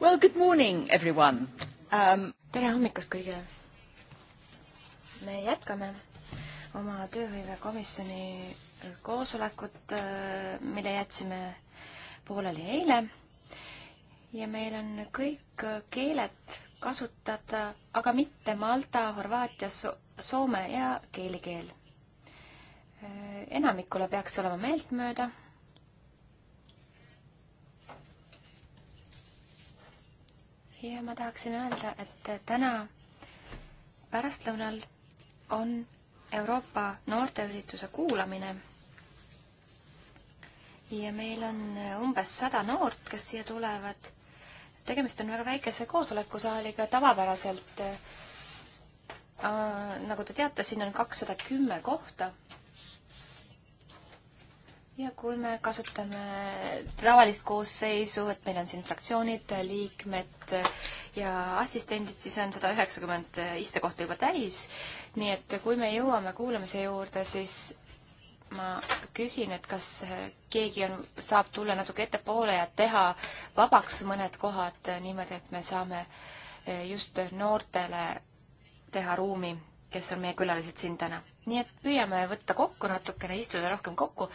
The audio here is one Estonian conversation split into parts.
Well, good morning, everyone um.... tere hommikust kõigile. me jätkame oma tööhõivekomisjoni koosolekut, äh, mille jätsime pooleli eile. ja meil on kõik keeled kasutada, aga mitte Malta, Horvaatia so, soome ja keelikeel. Äh, enamikule peaks olema meeltmööda ja ma tahaksin öelda, et täna pärastlõunal on Euroopa noorteürituse kuulamine. ja meil on umbes sada noort, kes siia tulevad. tegemist on väga väikese koosolekusaaliga, tavapäraselt äh, nagu te teate, siin on kakssada kümme kohta ja kui me kasutame tavalist koosseisu, et meil on siin fraktsioonid, liikmed ja assistendid, siis on sada üheksakümmend istekohta juba täis. nii et kui me jõuame kuulamise juurde, siis ma küsin, et kas keegi on, saab tulla natuke ettepoole ja teha vabaks mõned kohad niimoodi, et me saame just noortele teha ruumi, kes on meie külalised siin täna nii et püüame võtta kokku natukene, istuda rohkem kokku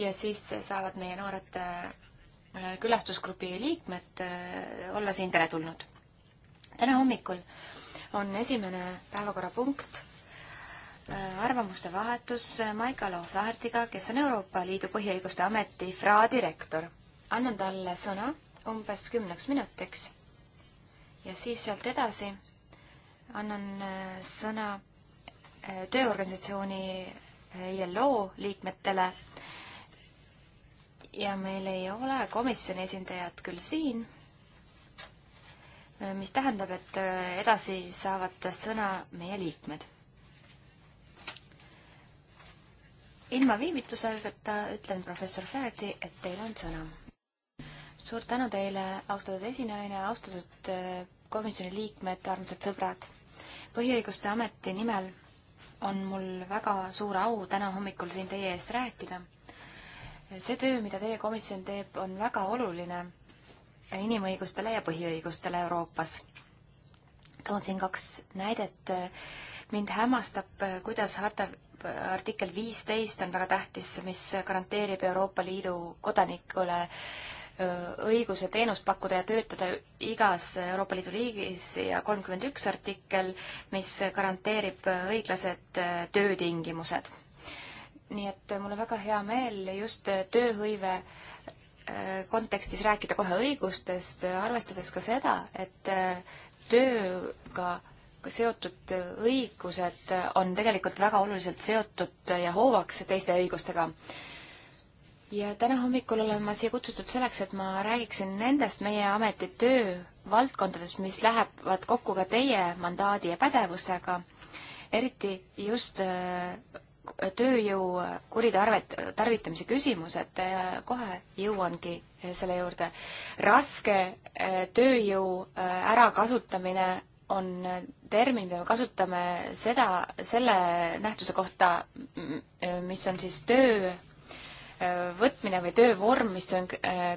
ja siis saavad meie noored äh, külastusgrupi liikmed äh, olla siin teretulnud. täna hommikul on esimene päevakorrapunkt äh, arvamuste vahetus Maicel O'Flahertiga, kes on Euroopa Liidu Põhiõiguste Ameti FRA direktor. annan talle sõna umbes kümneks minutiks ja siis sealt edasi annan sõna tööorganisatsiooni ILO liikmetele ja meil ei ole komisjoni esindajat küll siin, mis tähendab, et edasi saavad sõna meie liikmed. ilma viivituseta ütlen professor Flaherty, et teil on sõna. suur tänu teile, austatud esinaine, austatud äh, komisjoni liikmed, armsad sõbrad. põhiõiguste ameti nimel on mul väga suur au täna hommikul siin teie ees rääkida. see töö, mida teie komisjon teeb, on väga oluline inimõigustele ja põhiõigustele Euroopas. toon siin kaks näidet. mind hämmastab, kuidas harta artikkel viisteist on väga tähtis, mis garanteerib Euroopa Liidu kodanikule äh, õiguse teenust pakkuda ja töötada igas Euroopa Liidu riigis ja kolmkümmend üks artikkel, mis garanteerib õiglased töötingimused. nii et mul on väga hea meel just tööhõive kontekstis rääkida kohe õigustest, arvestades ka seda, et tööga seotud õigused on tegelikult väga oluliselt seotud ja hoovaks teiste õigustega ja täna hommikul olen ma siia kutsutud selleks, et ma räägiksin nendest meie ameti töövaldkondadest, mis lähevad kokku ka teie mandaadi ja pädevustega, eriti just äh, tööjõu kuritarvet, tarvitamise küsimus, et äh, kohe jõuangi äh, selle juurde. raske tööjõu ärakasutamine on termin, mida me kasutame seda, selle nähtuse kohta, mis on siis töö võtmine või töövorm, mis on äh,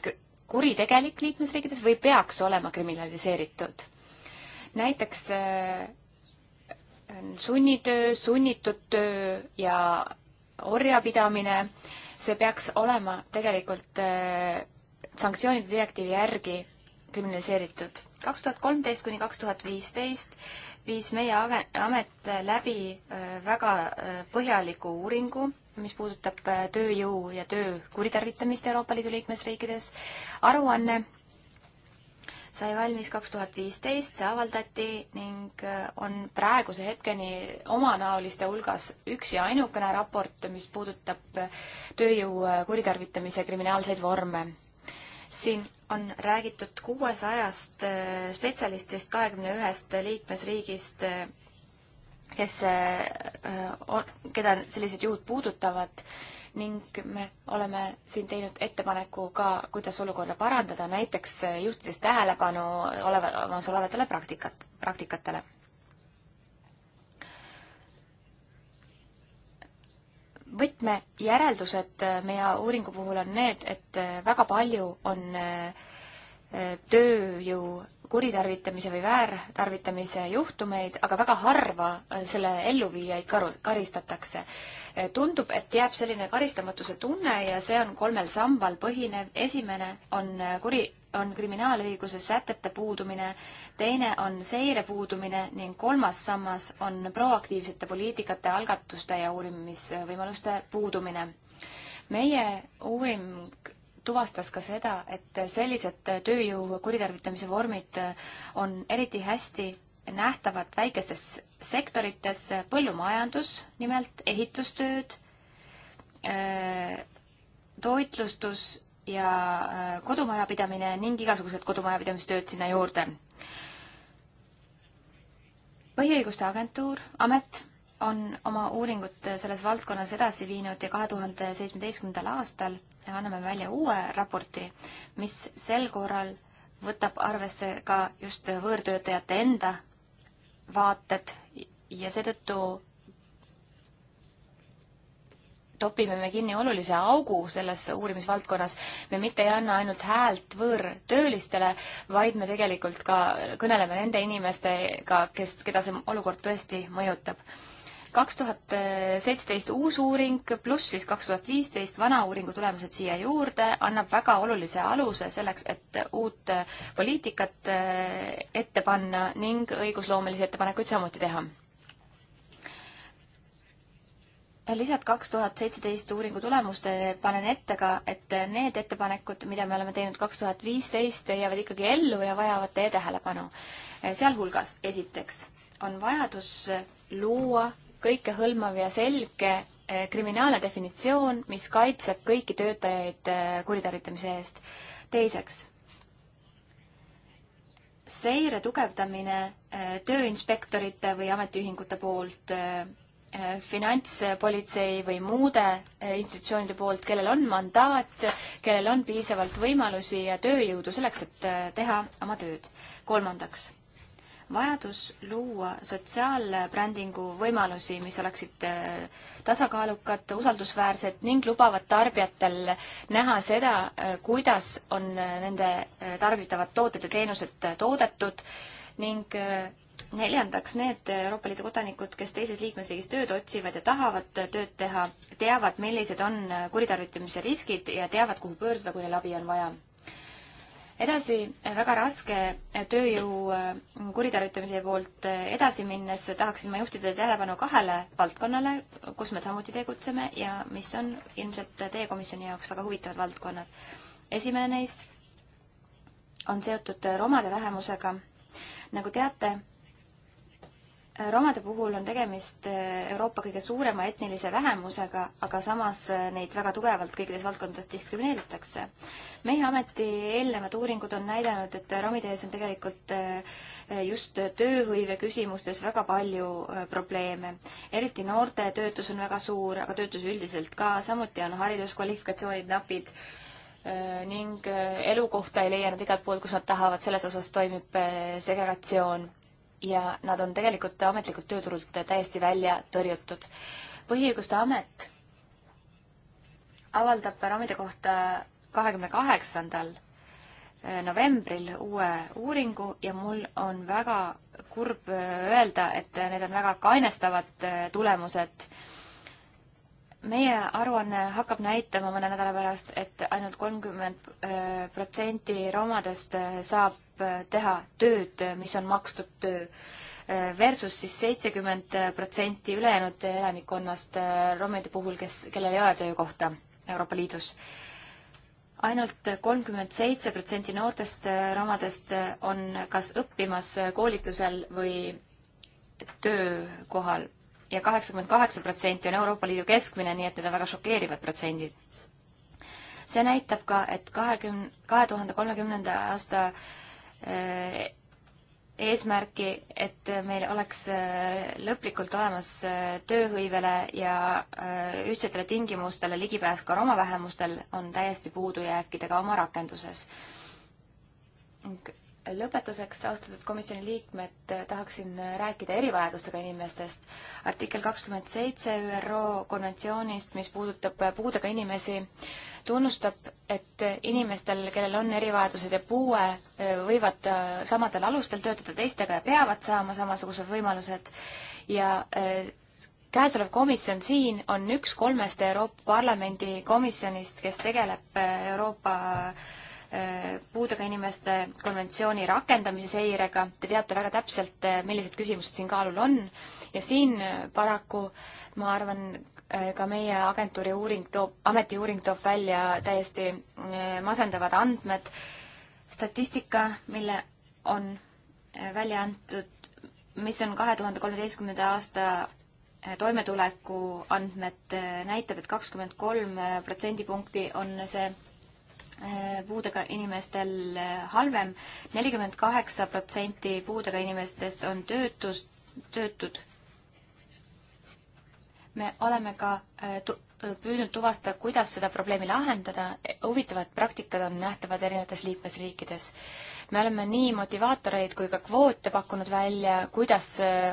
kuritegelik liikmesriikides või peaks olema kriminaliseeritud. näiteks äh, sunnitöö, sunnitud töö ja orjapidamine, see peaks olema tegelikult äh, sanktsioonide direktiivi järgi kriminaliseeritud. kaks tuhat kolmteist kuni kaks tuhat viisteist viis meie amet läbi väga põhjaliku uuringu mis puudutab äh, tööjõu ja töö kuritarvitamist Euroopa Liidu liikmesriikides. aruanne sai valmis kaks tuhat viisteist, see avaldati ning äh, on praeguse hetkeni omanäoliste hulgas üks ja ainukene raport, mis puudutab äh, tööjõu kuritarvitamise kriminaalseid vorme. siin on räägitud kuuesajast spetsialistist kahekümne ühest liikmesriigist kes, äh, keda sellised juhud puudutavad ning me oleme siin teinud ettepaneku ka, kuidas olukorda parandada, näiteks juhtides tähelepanu oleva, olemasolevatele praktikat, praktikatele. võtmejäreldused meie uuringu puhul on need, et väga palju on äh, tööjõu kuritarvitamise või väärtarvitamise juhtumeid, aga väga harva äh, selle elluviijaid karu, karistatakse. Äh, tundub, et jääb selline karistamatuse tunne ja see on kolmel sambal põhinev. esimene on äh, kuri, on kriminaalõiguse sätete puudumine, teine on seire puudumine ning kolmas sammas on proaktiivsete poliitikate, algatuste ja uurimisvõimaluste puudumine meie uuring tuvastas ka seda, et sellised tööjõu kuritarvitamise vormid on eriti hästi nähtavad väikestes sektorites, põllumajandus nimelt, ehitustööd, äh, toitlustus ja äh, kodumajapidamine ning igasugused kodumajapidamistööd sinna juurde. põhiõiguste agentuur, amet on oma uuringut selles valdkonnas edasi viinud ja kahe tuhande seitsmeteistkümnendal aastal anname välja uue raporti, mis sel korral võtab arvesse ka just võõrtöötajate enda vaated ja seetõttu topime me kinni olulise augu selles uurimisvaldkonnas. me mitte ei anna ainult häält võõrtöölistele, vaid me tegelikult ka kõneleme nende inimestega, kes, keda see olukord tõesti mõjutab kaks tuhat seitseteist uus uuring pluss siis kaks tuhat viisteist vana uuringu tulemused siia juurde annab väga olulise aluse selleks, et uut äh, poliitikat äh, ette panna ning õigusloomelisi ettepanekuid samuti teha. lisad kaks tuhat seitseteist uuringu tulemuste panen ette ka, et need ettepanekud, mida me oleme teinud kaks tuhat viisteist, jäävad ikkagi ellu ja vajavad teie tähelepanu. Äh, sealhulgas esiteks on vajadus luua kõikehõlmav ja selge eh, kriminaalne definitsioon, mis kaitseb kõiki töötajaid eh, kuritarvitamise eest. teiseks, seire tugevdamine eh, tööinspektorite või ametiühingute poolt, finantspolitsei või muude institutsioonide poolt, kellel on mandaat, kellel on piisavalt võimalusi ja tööjõudu selleks, et teha oma tööd. kolmandaks vajadus luua sotsiaalbrändingu võimalusi, mis oleksid äh, tasakaalukad, usaldusväärsed ning lubavad tarbijatel näha seda, äh, kuidas on äh, nende tarbitavad tooted ja teenused toodetud ning neljandaks, need Euroopa Liidu kodanikud, kes teises liikmesriigis tööd otsivad ja tahavad tööd teha, teavad, millised on kuritarvitamise riskid ja teavad, kuhu pöörduda, kui neil abi on vaja edasi, väga raske tööjõu äh, kuritarvitamise poolt äh, edasi minnes tahaksin ma juhtida tähelepanu kahele valdkonnale, kus me samuti tegutseme ja mis on ilmselt teie komisjoni jaoks väga huvitavad valdkonnad. esimene neist on seotud romade vähemusega. nagu teate, Romade puhul on tegemist eh, Euroopa kõige suurema etnilise vähemusega, aga samas eh, neid väga tugevalt kõikides valdkondades diskrimineeritakse. meie ameti eelnevad uuringud on näidanud, et romide ees on tegelikult eh, just tööhõive küsimustes väga palju probleeme. eriti noorte töötus on väga suur, aga töötus üldiselt ka, samuti on hariduskvalifikatsioonid napid ning elukohta ei leia nad igalt poolt, kus nad tahavad, selles osas toimib segregatsioon ja nad on tegelikult ametlikult tööturult täiesti välja tõrjutud. põhiõiguste amet avaldab raamide kohta kahekümne kaheksandal eh, novembril uue uuringu ja mul on väga kurb eh, öelda, et eh, need on väga kainestavad tulemused meie aruanne hakkab näitama mõne nädala pärast, et ainult kolmkümmend äh, protsenti romadest äh, saab äh, teha tööd, mis on makstud töö. Versus siis seitsekümmend protsenti ülejäänud elanikkonnast romide puhul, kes, kellel ei ole töökohta Euroopa Liidus ainult kolmkümmend seitse protsenti noortest romadest on kas õppimas koolitusel või töökohal ja kaheksakümmend kaheksa protsenti on Euroopa Liidu keskmine, nii et need on väga šokeerivad protsendid. see näitab ka, et kahekümne, kahe tuhande kolmekümnenda aasta äh, eesmärki, et meil oleks äh, lõplikult olemas äh, tööhõivele ja ühtsetele tingimustele ligipääs ka romavähemustel, on täiesti puudujääkidega oma rakenduses lõpetuseks, austatud komisjoni liikmed, tahaksin rääkida erivajadustega inimestest. artikkel kakskümmend seitse ÜRO konventsioonist, mis puudutab puudega inimesi, tunnustab, et inimestel, kellel on erivajadused ja puue, võivad samadel alustel töötada teistega ja peavad saama samasugused võimalused ja eh, käesolev komisjon siin on üks kolmest Euroopa Parlamendi komisjonist, kes tegeleb eh, Euroopa puudega inimeste konventsiooni rakendamise seirega. Te teate väga täpselt, eh, millised küsimused siin kaalul on ja siin eh, paraku ma arvan, eh, ka meie agentuuri uuring toob, ametiuuring toob välja täiesti masendavad andmed, statistika, mille on välja antud, mis on kahe tuhande kolmeteistkümnenda aasta toimetuleku andmed näitab et, et kakskümmend kolm protsendipunkti on see Äh, puudega inimestel äh, halvem. nelikümmend kaheksa protsenti puudega inimestest on töötus, töötud. me oleme ka äh, tu-, püüdnud tuvastada, kuidas seda probleemi lahendada. huvitavad praktikad on nähtavad erinevates liikmesriikides. me oleme nii motivaatoreid kui ka kvoote pakkunud välja, kuidas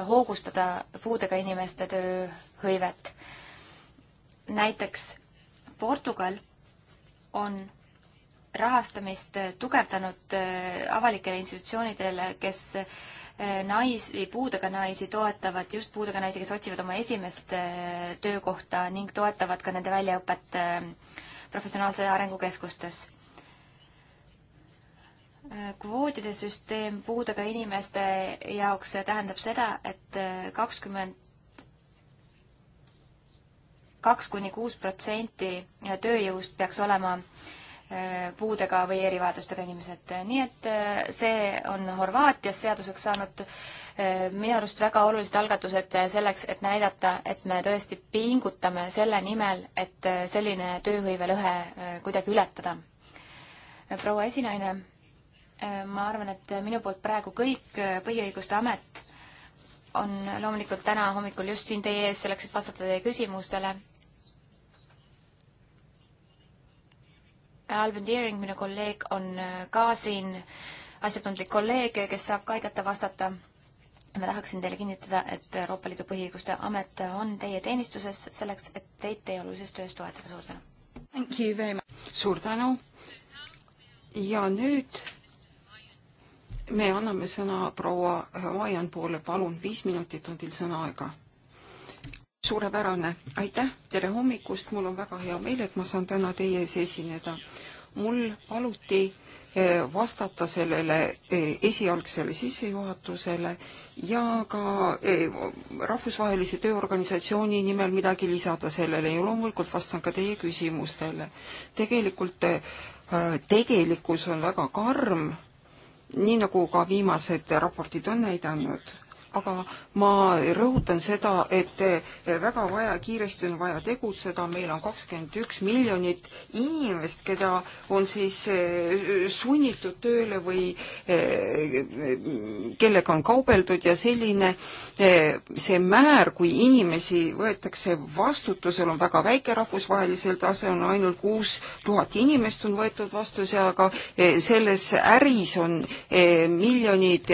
hoogustada puudega inimeste tööhõivet. näiteks Portugal on rahastamist tugevdanud äh, avalikele institutsioonidele, kes äh, naisi, puudega naisi toetavad, just puudega naisi, kes otsivad oma esimest äh, töökohta ning toetavad ka nende väljaõpet professionaalse arengukeskustes. kvootide süsteem puudega inimeste jaoks tähendab seda, et kakskümmend kaks kuni kuus protsenti tööjõust peaks olema äh, Äh, puudega või erivajadustega inimesed. nii et äh, see on Horvaatias seaduseks saanud äh, minu arust väga olulised algatused selleks, et näidata, et me tõesti pingutame selle nimel, et selline tööhõivelõhe kuidagi ületada. proua esinaine, ma arvan, et minu poolt praegu kõik, Põhiõiguste Amet on loomulikult täna hommikul just siin teie ees selleks, et vastata teie küsimustele Alvin Deering, minu kolleeg, on äh, ka siin asjatundlik kolleeg, kes saab ka aidata vastata. ma tahaksin teile kinnitada, et Euroopa Liidu Põhiõiguste Amet on teie teenistuses selleks, et teid teie olulises töös toetada. suur tänu! suur tänu! ja nüüd me anname sõna proua Maian poole, palun, viis minutit on teil sõna aega suurepärane, aitäh, tere hommikust, mul on väga hea meel, et ma saan täna teie ees esineda. mul paluti eh, vastata sellele eh, esialgsele sissejuhatusele ja ka eh, Rahvusvahelise Tööorganisatsiooni nimel midagi lisada sellele ja loomulikult vastan ka teie küsimustele. tegelikult tegelikkus on väga karm, nii nagu ka viimased raportid on näidanud aga ma rõhutan seda, et eh, väga vaja, kiiresti on vaja tegutseda, meil on kakskümmend üks miljonit inimest, keda on siis eh, sunnitud tööle või eh, kellega on kaubeldud ja selline see määr, kui inimesi võetakse vastutusel, on väga väike rahvusvahelisel tasemel, ainult kuus tuhat inimest on võetud vastuse, aga selles äris on miljonid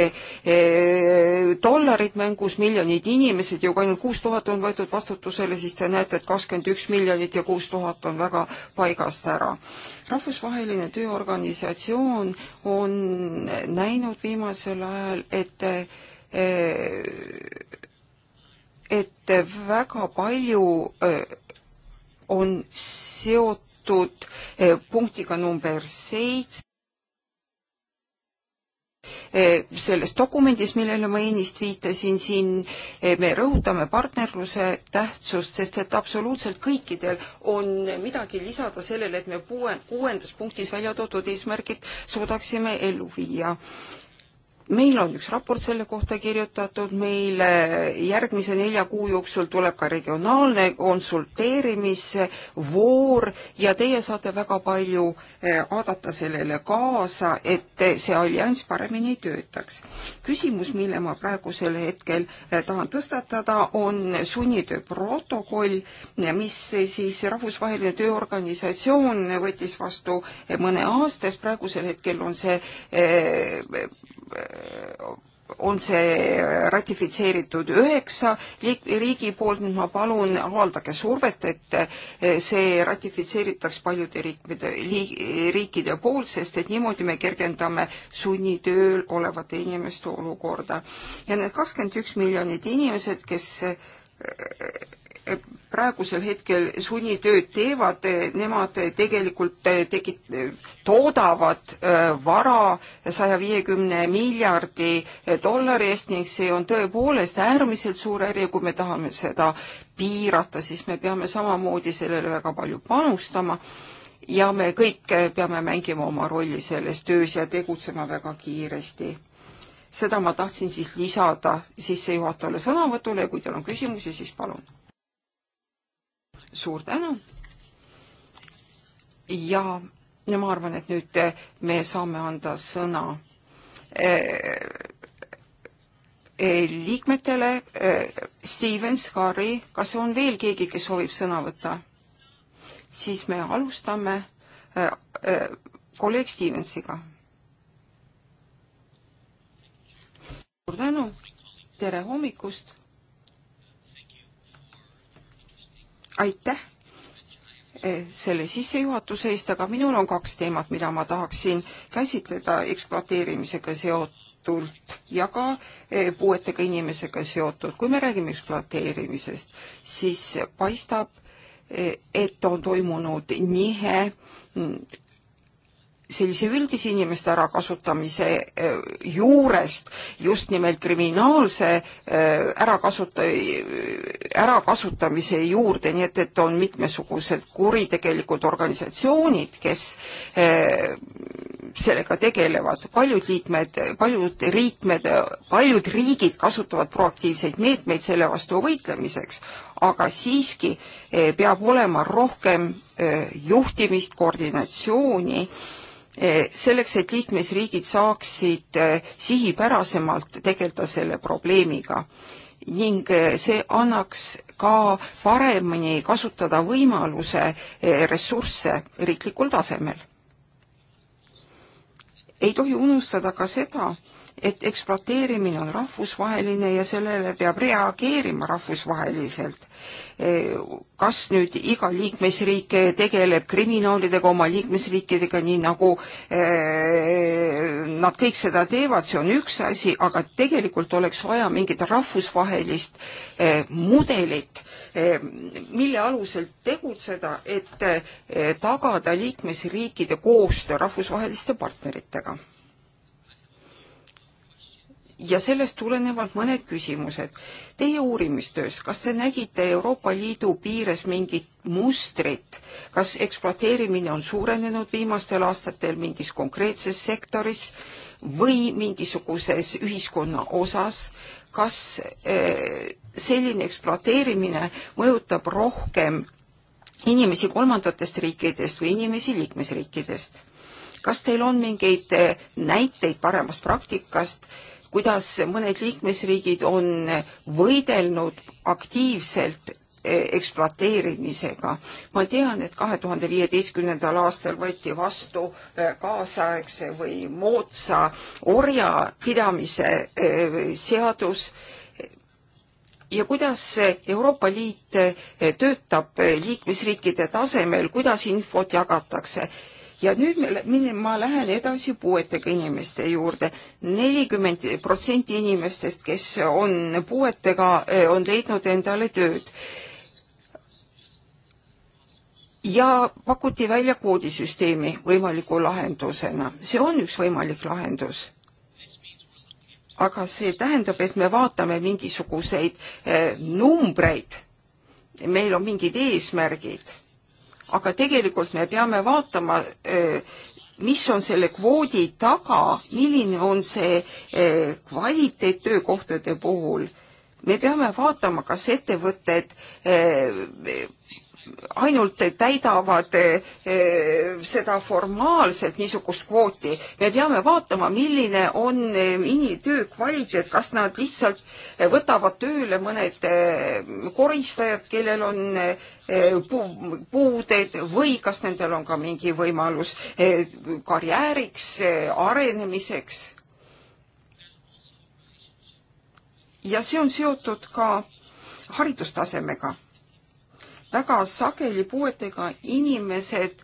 dollarid dollarit mängus, miljonid inimesed ja kui ainult kuus tuhat on võetud vastutusele, siis te näete, et kakskümmend üks miljonit ja kuus tuhat on väga paigast ära. rahvusvaheline Tööorganisatsioon on näinud viimasel ajal, et eh, et väga palju eh, on seotud eh, punktiga number seitse, Eh, selles dokumendis, millele ma ennist viitasin, siin eh, me rõhutame partnerluse tähtsust, sest et absoluutselt kõikidel on midagi lisada sellele, et me kuue, kuuendas punktis välja toodud eesmärgid suudaksime ellu viia meil on üks raport selle kohta kirjutatud, meile järgmise nelja kuu jooksul tuleb ka regionaalne konsulteerimisvoor ja teie saate väga palju eh, vaadata sellele kaasa, et see allianss paremini töötaks. küsimus, mille ma praegusel hetkel eh, tahan tõstatada, on sunnitöö protokoll, eh, mis siis Rahvusvaheline Tööorganisatsioon võttis vastu mõne aasta eest, praegusel hetkel on see on see ratifitseeritud üheksa riigi poolt, nüüd ma palun, avaldage survet, et eh, see ratifitseeritaks paljude riikide, riikide poolt, sest et niimoodi me kergendame sunnitööl olevate inimeste olukorda. ja need kakskümmend üks miljonit inimesed, kes eh, praegusel hetkel sunnitööd teevad, nemad tegelikult tegi-, toodavad äh, vara saja viiekümne miljardi dollari eest ning see on tõepoolest äärmiselt suur äri ja kui me tahame seda piirata, siis me peame samamoodi sellele väga palju panustama ja me kõik peame mängima oma rolli selles töös ja tegutsema väga kiiresti seda ma tahtsin siis lisada sissejuhatavale sõnavõtule ja kui teil on küsimusi, siis palun suur tänu. ja ma arvan, et nüüd me saame anda sõna eh, liikmetele. Eh, Steven Scarry, kas on veel keegi, kes soovib sõna võtta? siis me alustame eh, kolleeg Stevensiga. suur tänu, tere hommikust aitäh eh, selle sissejuhatuse eest, aga minul on kaks teemat, mida ma tahaksin käsitleda ekspluateerimisega seotult ja ka eh, puuetega inimesega seotult. kui me räägime ekspluateerimisest, siis paistab, eh, et on toimunud nihe mm, sellise üldise inimeste ärakasutamise eh, juurest just nimelt kriminaalse eh, ärakasuta-, ärakasutamise juurde, nii et, et on mitmesugused kuritegelikud organisatsioonid, kes eh, sellega tegelevad. paljud liikmed, paljud liikmed, paljud riigid kasutavad proaktiivseid meetmeid selle vastu võitlemiseks, aga siiski peab olema rohkem juhtimist, koordinatsiooni äh, Eh, selleks, et liikmesriigid saaksid eh, sihipärasemalt tegeleda selle probleemiga ning eh, see annaks ka paremini kasutada võimaluse ressursse riiklikul tasemel. ei tohi unustada ka seda, et ekspluateerimine on rahvusvaheline ja sellele peab reageerima rahvusvaheliselt. kas nüüd iga liikmesriik tegeleb kriminaalidega oma liikmesriikidega, nii nagu eh, nad kõik seda teevad, see on üks asi, aga tegelikult oleks vaja mingit rahvusvahelist eh, mudelit, eh, mille alusel tegutseda, et tagada liikmesriikide koostöö rahvusvaheliste partneritega ja sellest tulenevalt mõned küsimused. Teie uurimistöös, kas te nägite Euroopa Liidu piires mingit mustrit, kas ekspluateerimine on suurenenud viimastel aastatel mingis konkreetses sektoris või mingisuguses ühiskonna osas, kas eh, selline ekspluateerimine mõjutab rohkem inimesi kolmandatest riikidest või inimesi liikmesriikidest? kas teil on mingeid eh, näiteid paremast praktikast, kuidas mõned liikmesriigid on võidelnud aktiivselt e, ekspluateerimisega. ma tean, et kahe tuhande viieteistkümnendal aastal võeti vastu e, kaasaegse või moodsa orjapidamise e, seadus ja kuidas Euroopa Liit töötab liikmesriikide tasemel, kuidas infot jagatakse ja nüüd ma lähen edasi puuetega inimeste juurde. nelikümmend protsenti inimestest, kes on puuetega, eh, on leidnud endale tööd. ja pakuti välja koodisüsteemi võimaliku lahendusena. see on üks võimalik lahendus aga see tähendab, et me vaatame mingisuguseid eh, numbreid, meil on mingid eesmärgid aga tegelikult me peame vaatama, eh, mis on selle kvoodi taga, milline on see eh, kvaliteet töökohtade puhul me peame vaatama, kas ettevõtted eh, ainult täidavad eh, eh, seda formaalselt, niisugust kvooti. me peame vaatama, milline on eh, inimtöö kvaliteet, kas nad lihtsalt võtavad tööle mõned koristajad, kellel on puuded või kas nendel on ka mingi võimalus karjääriks, arenemiseks. ja see on seotud ka haridustasemega väga sageli puuetega inimesed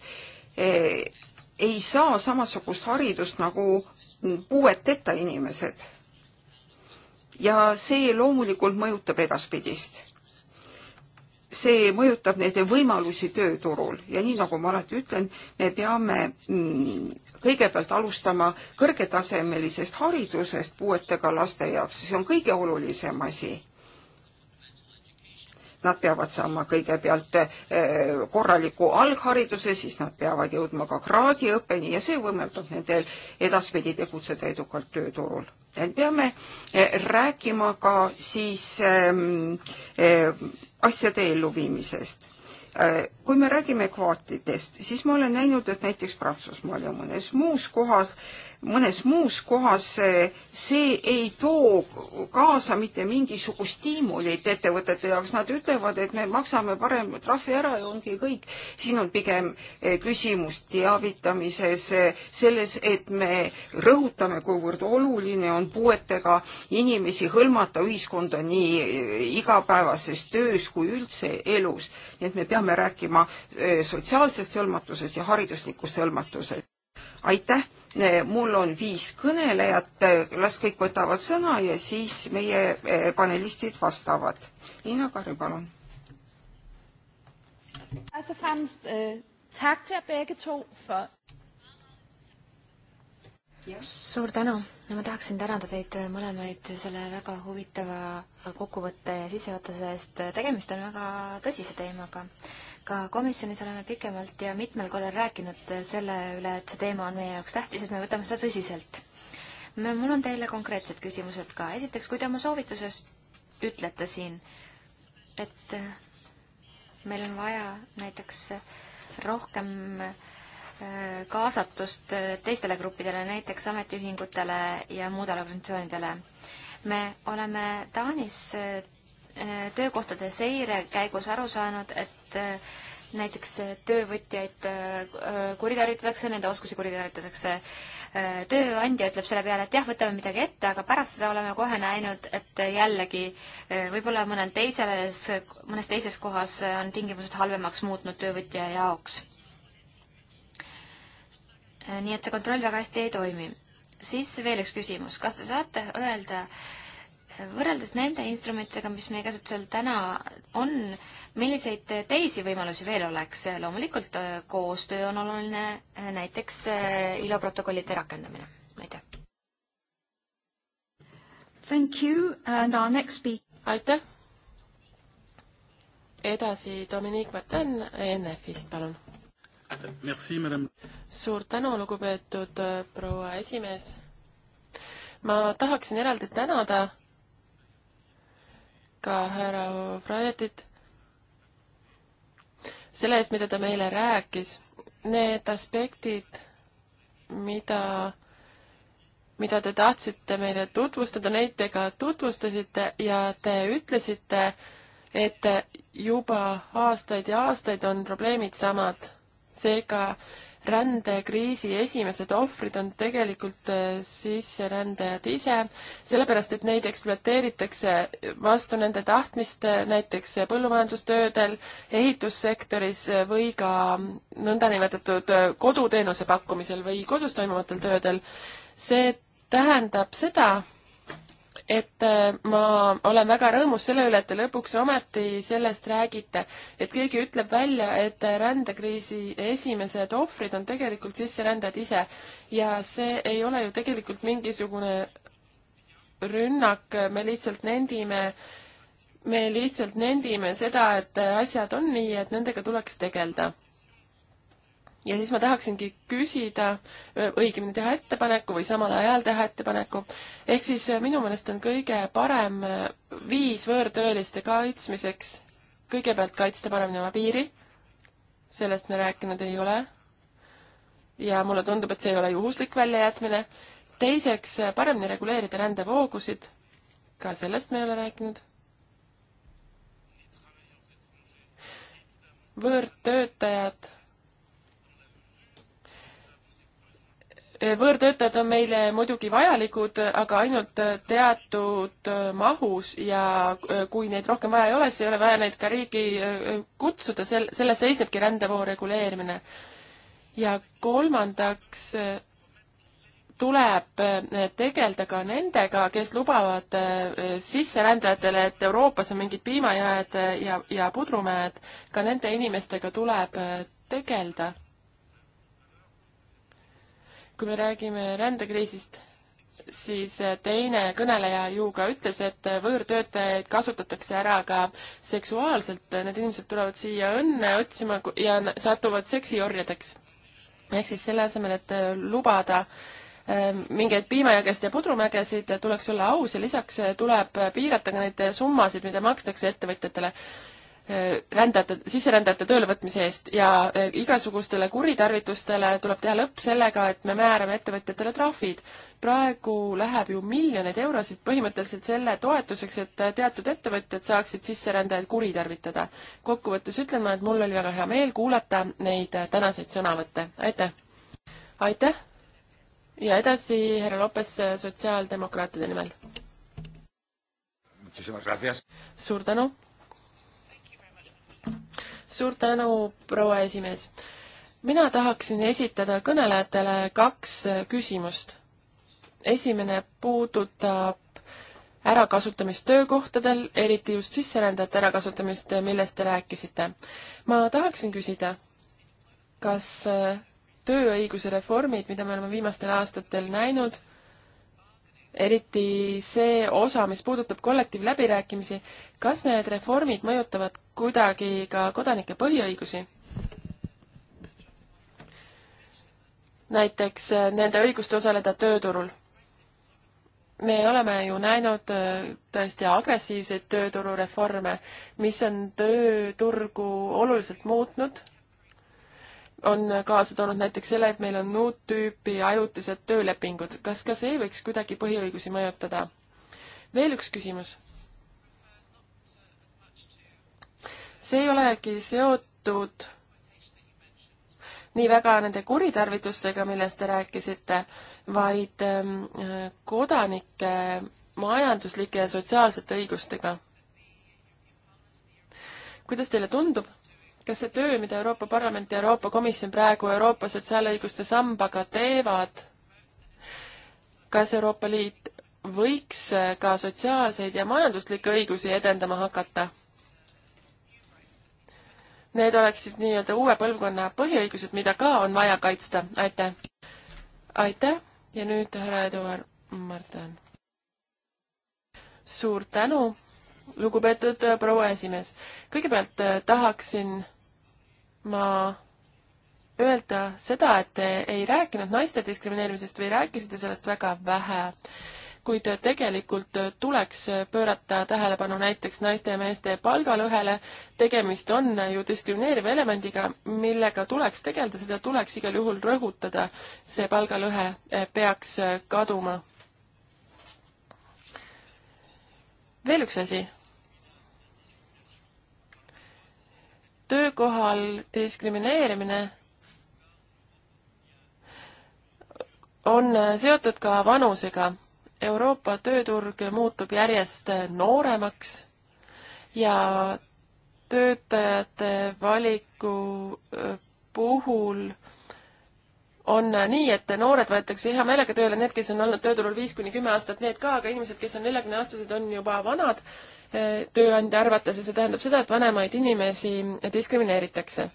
eh, ei saa samasugust haridust nagu puueteta inimesed. ja see loomulikult mõjutab edaspidist. see mõjutab nende võimalusi tööturul ja nii nagu ma alati ütlen, me peame mm, kõigepealt alustama kõrgetasemelisest haridusest puuetega laste jaoks, see on kõige olulisem asi nad peavad saama kõigepealt eh, korraliku alghariduse, siis nad peavad jõudma ka kraadiõppeni ja see võimaldab nendel edaspidi tegutseda edukalt tööturul. peame eh, rääkima ka siis ehm, eh, asjade elluviimisest kui me räägime kvaatidest, siis ma olen näinud, et näiteks Prantsusmaal ja mõnes muus kohas mõnes muus kohas, see ei too kaasa mitte mingisugust stiimulit ettevõtete jaoks, nad ütlevad, et me maksame parem trahvi ära ja ongi kõik. siin on pigem eh, küsimus teavitamises, eh, selles, et me rõhutame, kuivõrd oluline on puuetega inimesi hõlmata ühiskonda nii eh, igapäevases töös kui üldse elus. nii et me peame rääkima sotsiaalsest hõlmatusest ja hariduslikust hõlmatusest. aitäh! mul on viis kõnelejat, las kõik võtavad sõna ja siis meie eh, panelistid vastavad. Liina Karri, palun. Eh, suur tänu ja ma tahaksin tänada teid mõlemaid selle väga huvitava kokkuvõtte ja sissejuhatuse eest. tegemist on väga tõsise teemaga ka komisjonis oleme pikemalt ja mitmel korral rääkinud selle üle, et see teema on meie jaoks tähtis, et me võtame seda tõsiselt. mul on teile konkreetsed küsimused ka. esiteks, kui te oma soovituses ütlete siin, et meil on vaja näiteks rohkem äh, kaasatust teistele gruppidele, näiteks ametiühingutele ja muudele organisatsioonidele. me oleme Taanis äh, töökohtade seire käigus aru saanud, et äh, näiteks töövõtjaid äh, äh, kuritarvitatakse, nende oskusi kuritarvitatakse. tööandja ütleb selle peale, et jah, võtame midagi ette, aga pärast seda oleme kohe näinud, et jällegi võib-olla mõnel teises, mõnes teises kohas on tingimused halvemaks muutnud töövõtja jaoks. nii et see kontroll väga hästi ei toimi. siis veel üks küsimus, kas te saate öelda äh, võrreldes nende instrumentidega, mis meie käsutusel täna on, milliseid teisi võimalusi veel oleks? loomulikult äh, koostöö on oluline, äh, näiteks äh, ILO protokollide rakendamine. aitäh! Thank you and our next speaker. aitäh! edasi Dominique Martin ENF-ist, palun. Merci, madame. suur tänu, lugupeetud proua esimees. ma tahaksin eraldi tänada ka härra Frajatit selle eest, mida ta meile rääkis. Need aspektid, mida, mida te tahtsite meile tutvustada, neid te ka tutvustasite ja te ütlesite, et juba aastaid ja aastaid on probleemid samad. seega rändekriisi esimesed ohvrid on tegelikult äh, sisserändajad ise, sellepärast et neid ekspluateeritakse vastu nende tahtmist äh, näiteks põllumajandustöödel, ehitussektoris äh, või ka nõndanimetatud koduteenuse pakkumisel või kodus toimuvatel töödel. see tähendab seda, et äh, ma olen väga rõõmus selle üle, et te lõpuks ometi sellest räägite. et keegi ütleb välja, et äh, rändekriisi esimesed ohvrid on tegelikult sisserändajad ise ja see ei ole ju tegelikult mingisugune rünnak, me lihtsalt nendime, me lihtsalt nendime seda, et äh, asjad on nii, et nendega tuleks tegeleda ja siis ma tahaksingi küsida, õigemini teha ettepaneku või samal ajal teha ettepaneku, ehk siis minu meelest on kõige parem viis võõrtööliste kaitsmiseks kõigepealt kaitsta paremini oma piiri, sellest me rääkinud ei ole, ja mulle tundub, et see ei ole juhuslik väljajätmine, teiseks paremini reguleerida rändevoogusid, ka sellest me ei ole rääkinud võõrtöötajad võõrtöötajad on meile muidugi vajalikud, aga ainult teatud mahus ja äh, kui neid rohkem vaja ei ole, siis ei ole vaja neid ka riigi äh, kutsuda, sel-, selles seisnebki rändevoo reguleerimine. ja kolmandaks äh, tuleb tegeleda ka nendega, kes lubavad sisserändajatele, et Euroopas on mingid piimajääd ja, ja pudrumäed, ka nende inimestega tuleb tegeleda kui me räägime rändekriisist, siis teine kõneleja ju ka ütles, et võõrtöötajaid kasutatakse ära ka seksuaalselt, need inimesed tulevad siia õnne otsima ja satuvad seksiorjadeks. ehk siis selle asemel, et lubada ähm, mingeid piimajagesid ja pudrumägesid tuleks olla aus ja lisaks tuleb piirata ka neid summasid, mida makstakse ettevõtjatele rändajate, sisserändajate töölevõtmise eest ja eh, igasugustele kuritarvitustele tuleb teha lõpp sellega, et me määrame ettevõtjatele trahvid. praegu läheb ju miljoneid eurosid põhimõtteliselt selle toetuseks, et teatud ettevõtjad saaksid sisserändajaid kuritarvitada. kokkuvõttes ütlen ma, et mul oli väga hea meel kuulata neid tänaseid sõnavõtte, aitäh! aitäh! ja edasi härra Lopes sotsiaaldemokraatide nimel. suur tänu! suur tänu, proua esimees. mina tahaksin esitada kõnelejatele kaks äh, küsimust. esimene puudutab ärakasutamist töökohtadel, eriti just sisserändajate ärakasutamist, äh, millest te rääkisite. ma tahaksin küsida, kas äh, tööõiguse reformid, mida me oleme viimastel aastatel näinud, eriti see osa, mis puudutab kollektiivläbirääkimisi, kas need reformid mõjutavad kuidagi ka kodanike põhiõigusi? näiteks äh, nende õigust osaleda tööturul. me oleme ju näinud äh, tõesti agressiivseid tööturureforme, mis on tööturgu oluliselt muutnud on kaasa toonud näiteks selle, et meil on muud tüüpi ajutised töölepingud. kas ka see võiks kuidagi põhiõigusi mõjutada? veel üks küsimus. see ei olegi seotud nii väga nende kuritarvitustega, millest te rääkisite, vaid ähm, kodanike majanduslike ja sotsiaalsete õigustega. kuidas teile tundub? kas see töö, mida Euroopa Parlament ja Euroopa Komisjon praegu Euroopa sotsiaalõiguste sambaga teevad, kas Euroopa Liit võiks ka sotsiaalseid ja majanduslikke õigusi edendama hakata? Need oleksid nii-öelda uue põlvkonna põhiõigused, mida ka on vaja kaitsta. aitäh! aitäh ja nüüd härra Eduard Martin. suur tänu lugupeetud äh, proua esimees. kõigepealt äh, tahaksin ma öelda seda, et te ei rääkinud naiste diskrimineerimisest või rääkisite sellest väga vähe. kuid tegelikult tuleks pöörata tähelepanu näiteks naiste ja meeste palgalõhele. tegemist on ju diskrimineeriva elemendiga, millega tuleks tegeleda, seda tuleks igal juhul rõhutada. see palgalõhe peaks kaduma. veel üks asi töökohal diskrimineerimine on seotud ka vanusega. Euroopa tööturg muutub järjest nooremaks ja töötajate valiku äh, puhul äh, on nii, et noored võetakse hea meelega tööle, need, kes on olnud tööturul viis kuni kümme aastat, need ka, aga inimesed, kes on neljakümne aastased, on juba vanad eh, tööandja arvates ja see tähendab seda, et vanemaid inimesi diskrimineeritakse.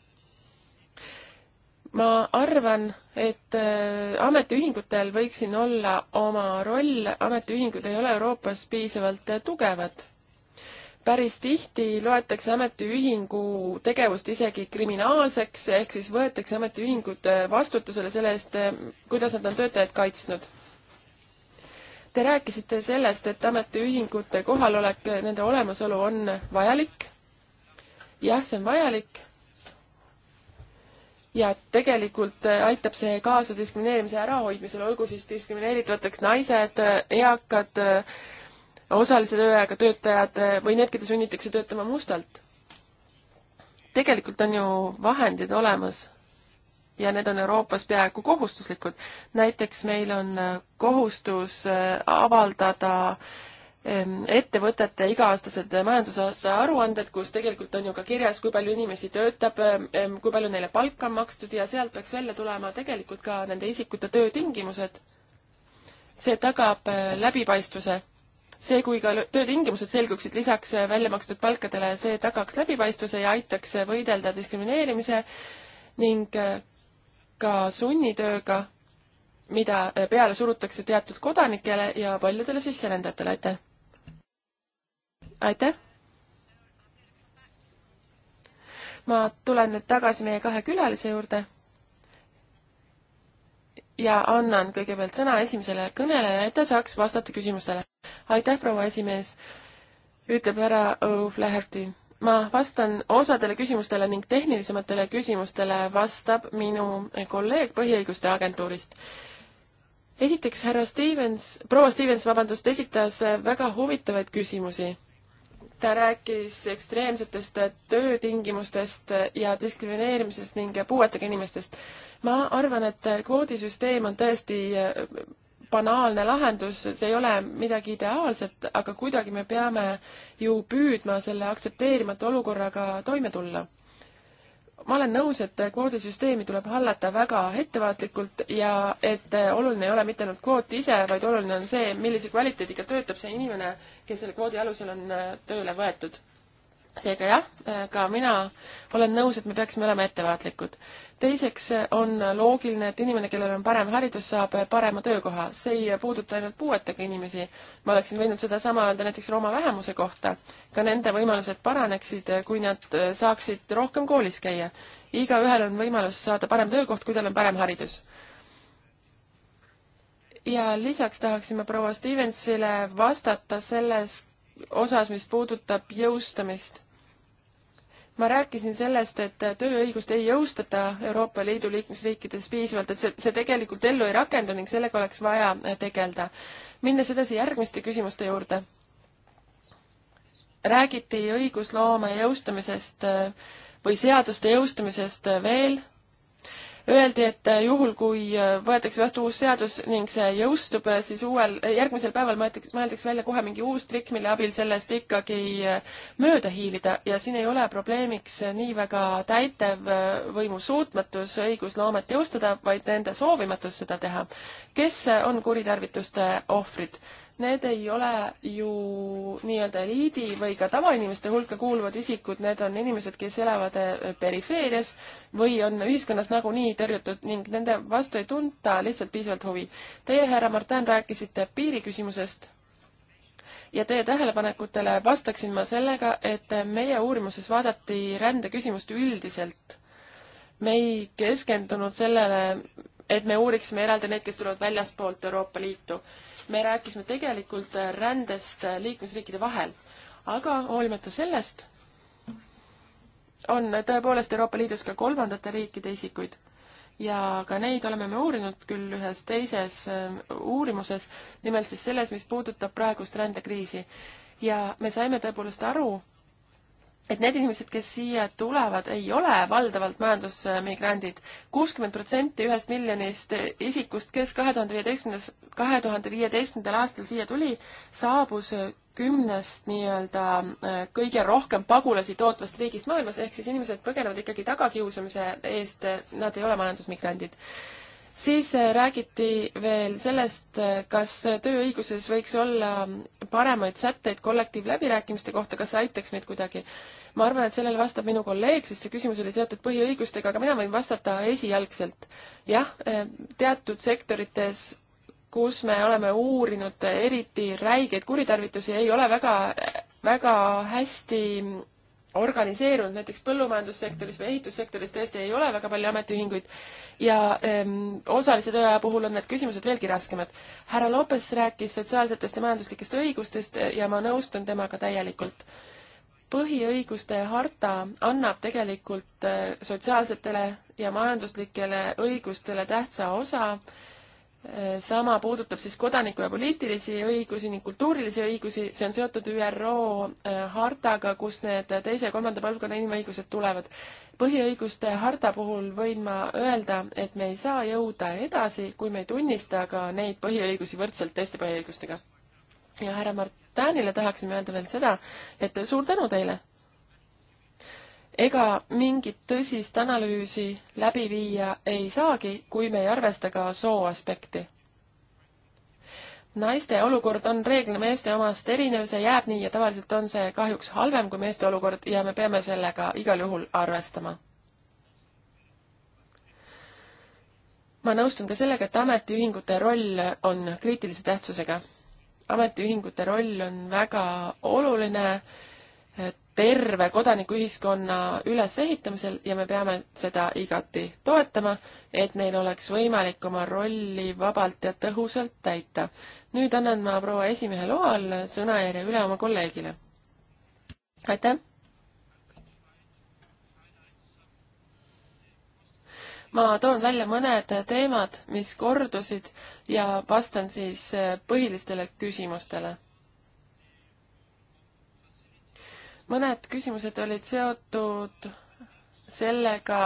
ma arvan, et eh, ametiühingutel võiks siin olla oma roll, ametiühingud ei ole Euroopas piisavalt eh, tugevad päris tihti loetakse ametiühingu tegevust isegi kriminaalseks, ehk siis võetakse ametiühingud äh, vastutusele selle eest, äh, kuidas nad on töötajaid kaitsnud. Te rääkisite sellest, et ametiühingute kohalolek, äh, nende olemasolu on vajalik. jah, see on vajalik. ja tegelikult aitab see kaasa diskrimineerimise ärahoidmisele, olgu siis diskrimineeritavateks naised, eakad, osalise tööajaga töötajad eh, või need, keda sunnitakse töötama mustalt. tegelikult on ju vahendid olemas ja need on Euroopas peaaegu kohustuslikud. näiteks meil on eh, kohustus eh, avaldada ehm, ettevõtete iga-aastased majandusaasta aruanded, kus tegelikult on ju ka kirjas, kui palju inimesi töötab, ehm, kui palju neile palka on makstud ja sealt peaks välja tulema tegelikult ka nende isikute töötingimused. see tagab läbipaistvuse see, kui ka töötingimused selguksid lisaks äh, välja makstud palkadele, see tagaks läbipaistvuse ja aitaks äh, võidelda diskrimineerimise ning äh, ka sunnitööga, mida peale surutakse teatud kodanikele ja paljudele sisserändajatele, aitäh! aitäh! ma tulen nüüd tagasi meie kahe külalise juurde ja annan kõigepealt sõna esimesele kõnelejale, et ta saaks vastata küsimustele. aitäh, proua esimees, ütleb härra O'Flaherty. ma vastan osadele küsimustele ning tehnilisematele küsimustele vastab minu kolleeg Põhiõiguste Agentuurist. esiteks härra Stevens, proua Stevens, vabandust, esitas väga huvitavaid küsimusi ta rääkis ekstreemsetest töötingimustest ja diskrimineerimisest ning puuetega inimestest ma arvan, et kvoodisüsteem on tõesti äh, banaalne lahendus, see ei ole midagi ideaalset, aga kuidagi me peame ju püüdma selle aktsepteerimata olukorraga toime tulla. ma olen nõus, et kvoodisüsteemi tuleb hallata väga ettevaatlikult ja et oluline ei ole mitte ainult kvoot ise, vaid oluline on see, millise kvaliteediga töötab see inimene, kes selle kvoodi alusel on äh, tööle võetud seega jah, ka mina olen nõus, et me peaksime olema ettevaatlikud. teiseks on loogiline, et inimene, kellel on parem haridus, saab parema töökoha. see ei puuduta ainult puuetega inimesi. ma oleksin võinud sedasama öelda näiteks Rooma vähemuse kohta. ka nende võimalused paraneksid, kui nad saaksid rohkem koolis käia. igaühel on võimalus saada parem töökoht, kui tal on parem haridus ja lisaks tahaksime proua Stevensile vastata selles osas, mis puudutab jõustamist ma rääkisin sellest, et tööõigust ei jõustata Euroopa Liidu liikmesriikides piisavalt, et see, see tegelikult ellu ei rakendu ning sellega oleks vaja äh, tegeleda. minnes edasi järgmiste küsimuste juurde. räägiti õigusloome jõustamisest äh, või seaduste jõustamisest äh, veel öeldi, et äh, juhul, kui äh, võetakse vastu uus seadus ning see jõustub, äh, siis uuel, järgmisel päeval mõeldakse, mõeldakse välja kohe mingi uus trikk, mille abil sellest ikkagi mööda hiilida ja siin ei ole probleemiks nii väga täitevvõimu suutmatus õigusloomet jõustada, vaid nende soovimatus seda teha. kes on kuritarvituste ohvrid? need ei ole ju nii-öelda eliidi või ka tavainimeste hulka kuuluvad isikud, need on inimesed, kes elavad eh, perifeerias või on ühiskonnas nagunii tõrjutud ning nende vastu ei tunta lihtsalt piisavalt huvi. Teie, härra Martin, rääkisite piiriküsimusest ja teie tähelepanekutele vastaksin ma sellega, et meie uurimuses vaadati rändeküsimust üldiselt. me ei keskendunud sellele, et me uuriksime eraldi neid, kes tulevad väljaspoolt Euroopa Liitu me rääkisime tegelikult rändest liikmesriikide vahel, aga hoolimata sellest on tõepoolest Euroopa Liidus ka kolmandate riikide isikuid ja ka neid oleme me uurinud küll ühes teises ähm, uurimuses, nimelt siis selles, mis puudutab praegust rändekriisi. ja me saime tõepoolest aru, et need inimesed, kes siia tulevad, ei ole valdavalt majandusmigrandid. kuuskümmend protsenti ühest miljonist isikust, kes kahe tuhande viieteistkümnendas, kahe tuhande viieteistkümnendal aastal siia tuli, saabus kümnest nii-öelda äh, kõige rohkem pagulasi tootvast riigist maailmas, ehk siis inimesed põgenevad ikkagi tagakiusamise eest, nad ei ole majandusmigrandid siis äh, räägiti veel sellest, äh, kas äh, tööõiguses võiks olla paremaid sätteid kollektiivläbirääkimiste kohta, kas see aitaks meid kuidagi. ma arvan, et sellele vastab minu kolleeg, sest see küsimus oli seotud põhiõigustega, aga mina võin vastata esialgselt. jah, teatud sektorites kus me oleme uurinud eriti räigeid kuritarvitusi, ei ole väga, väga hästi organiseerunud näiteks põllumajandussektoris või ehitussektoris tõesti ei ole väga palju ametiühinguid ja ähm, osalise tööaja puhul on need küsimused veelgi raskemad. härra Lopes rääkis sotsiaalsetest ja majanduslikest õigustest ja ma nõustun temaga täielikult. põhiõiguste harta annab tegelikult eh, sotsiaalsetele ja majanduslikele õigustele tähtsa osa äh, sama puudutab siis kodaniku- ja poliitilisi õigusi ning kultuurilisi õigusi, see on seotud ÜRO äh, hartaga, kust need teise ja kolmanda põlvkonna inimõigused tulevad. põhiõiguste harta puhul võin ma öelda, et me ei saa jõuda edasi, kui me ei tunnista ka neid põhiõigusi võrdselt teiste põhiõigustega. ja härra Martinile tahaksime öelda veel seda, et suur tänu teile ega mingit tõsist analüüsi läbi viia ei saagi, kui me ei arvesta ka soo aspekti. naiste olukord on reeglina meeste omast erinev, see jääb nii ja tavaliselt on see kahjuks halvem kui meeste olukord ja me peame sellega igal juhul arvestama. ma nõustun ka sellega, et ametiühingute roll on kriitilise tähtsusega. ametiühingute roll on väga oluline äh, terve kodanikuühiskonna ülesehitamisel ja me peame seda igati toetama, et neil oleks võimalik oma rolli vabalt ja tõhusalt täita. nüüd annan ma proua esimehe loal sõnajärje üle oma kolleegile. aitäh! ma toon välja mõned teemad, mis kordusid ja vastan siis põhilistele küsimustele mõned küsimused olid seotud sellega,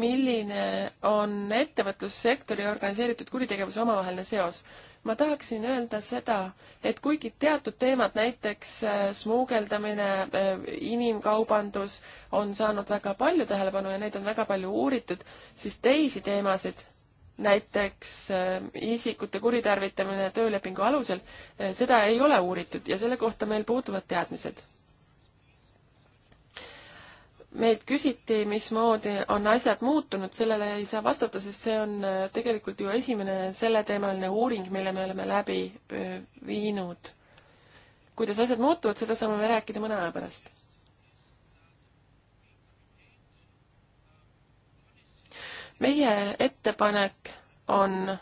milline on ettevõtlussektori ja organiseeritud kuritegevuse omavaheline seos. ma tahaksin öelda seda, et kuigi teatud teemad, näiteks äh, smuugeldamine, äh, inimkaubandus, on saanud väga palju tähelepanu ja neid on väga palju uuritud, siis teisi teemasid, näiteks äh, isikute kuritarvitamine töölepingu alusel, äh, seda ei ole uuritud ja selle kohta meil puuduvad teadmised. meilt küsiti, mismoodi on asjad muutunud, sellele ei saa vastata, sest see on äh, tegelikult ju esimene selleteemaline uuring, mille me oleme läbi viinud. kuidas asjad muutuvad, seda saame rääkida mõne aja pärast meie ettepanek on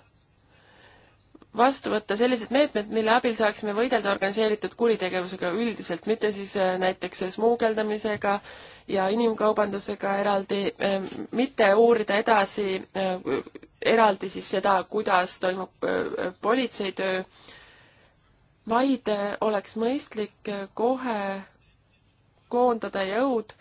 vastu võtta sellised meetmed, mille abil saaksime võidelda organiseeritud kuritegevusega üldiselt, mitte siis äh, näiteks äh, smuugeldamisega ja inimkaubandusega eraldi, ähm, mitte uurida edasi äh, eraldi siis seda, kuidas toimub politseitöö, vaid oleks mõistlik kohe koondada jõud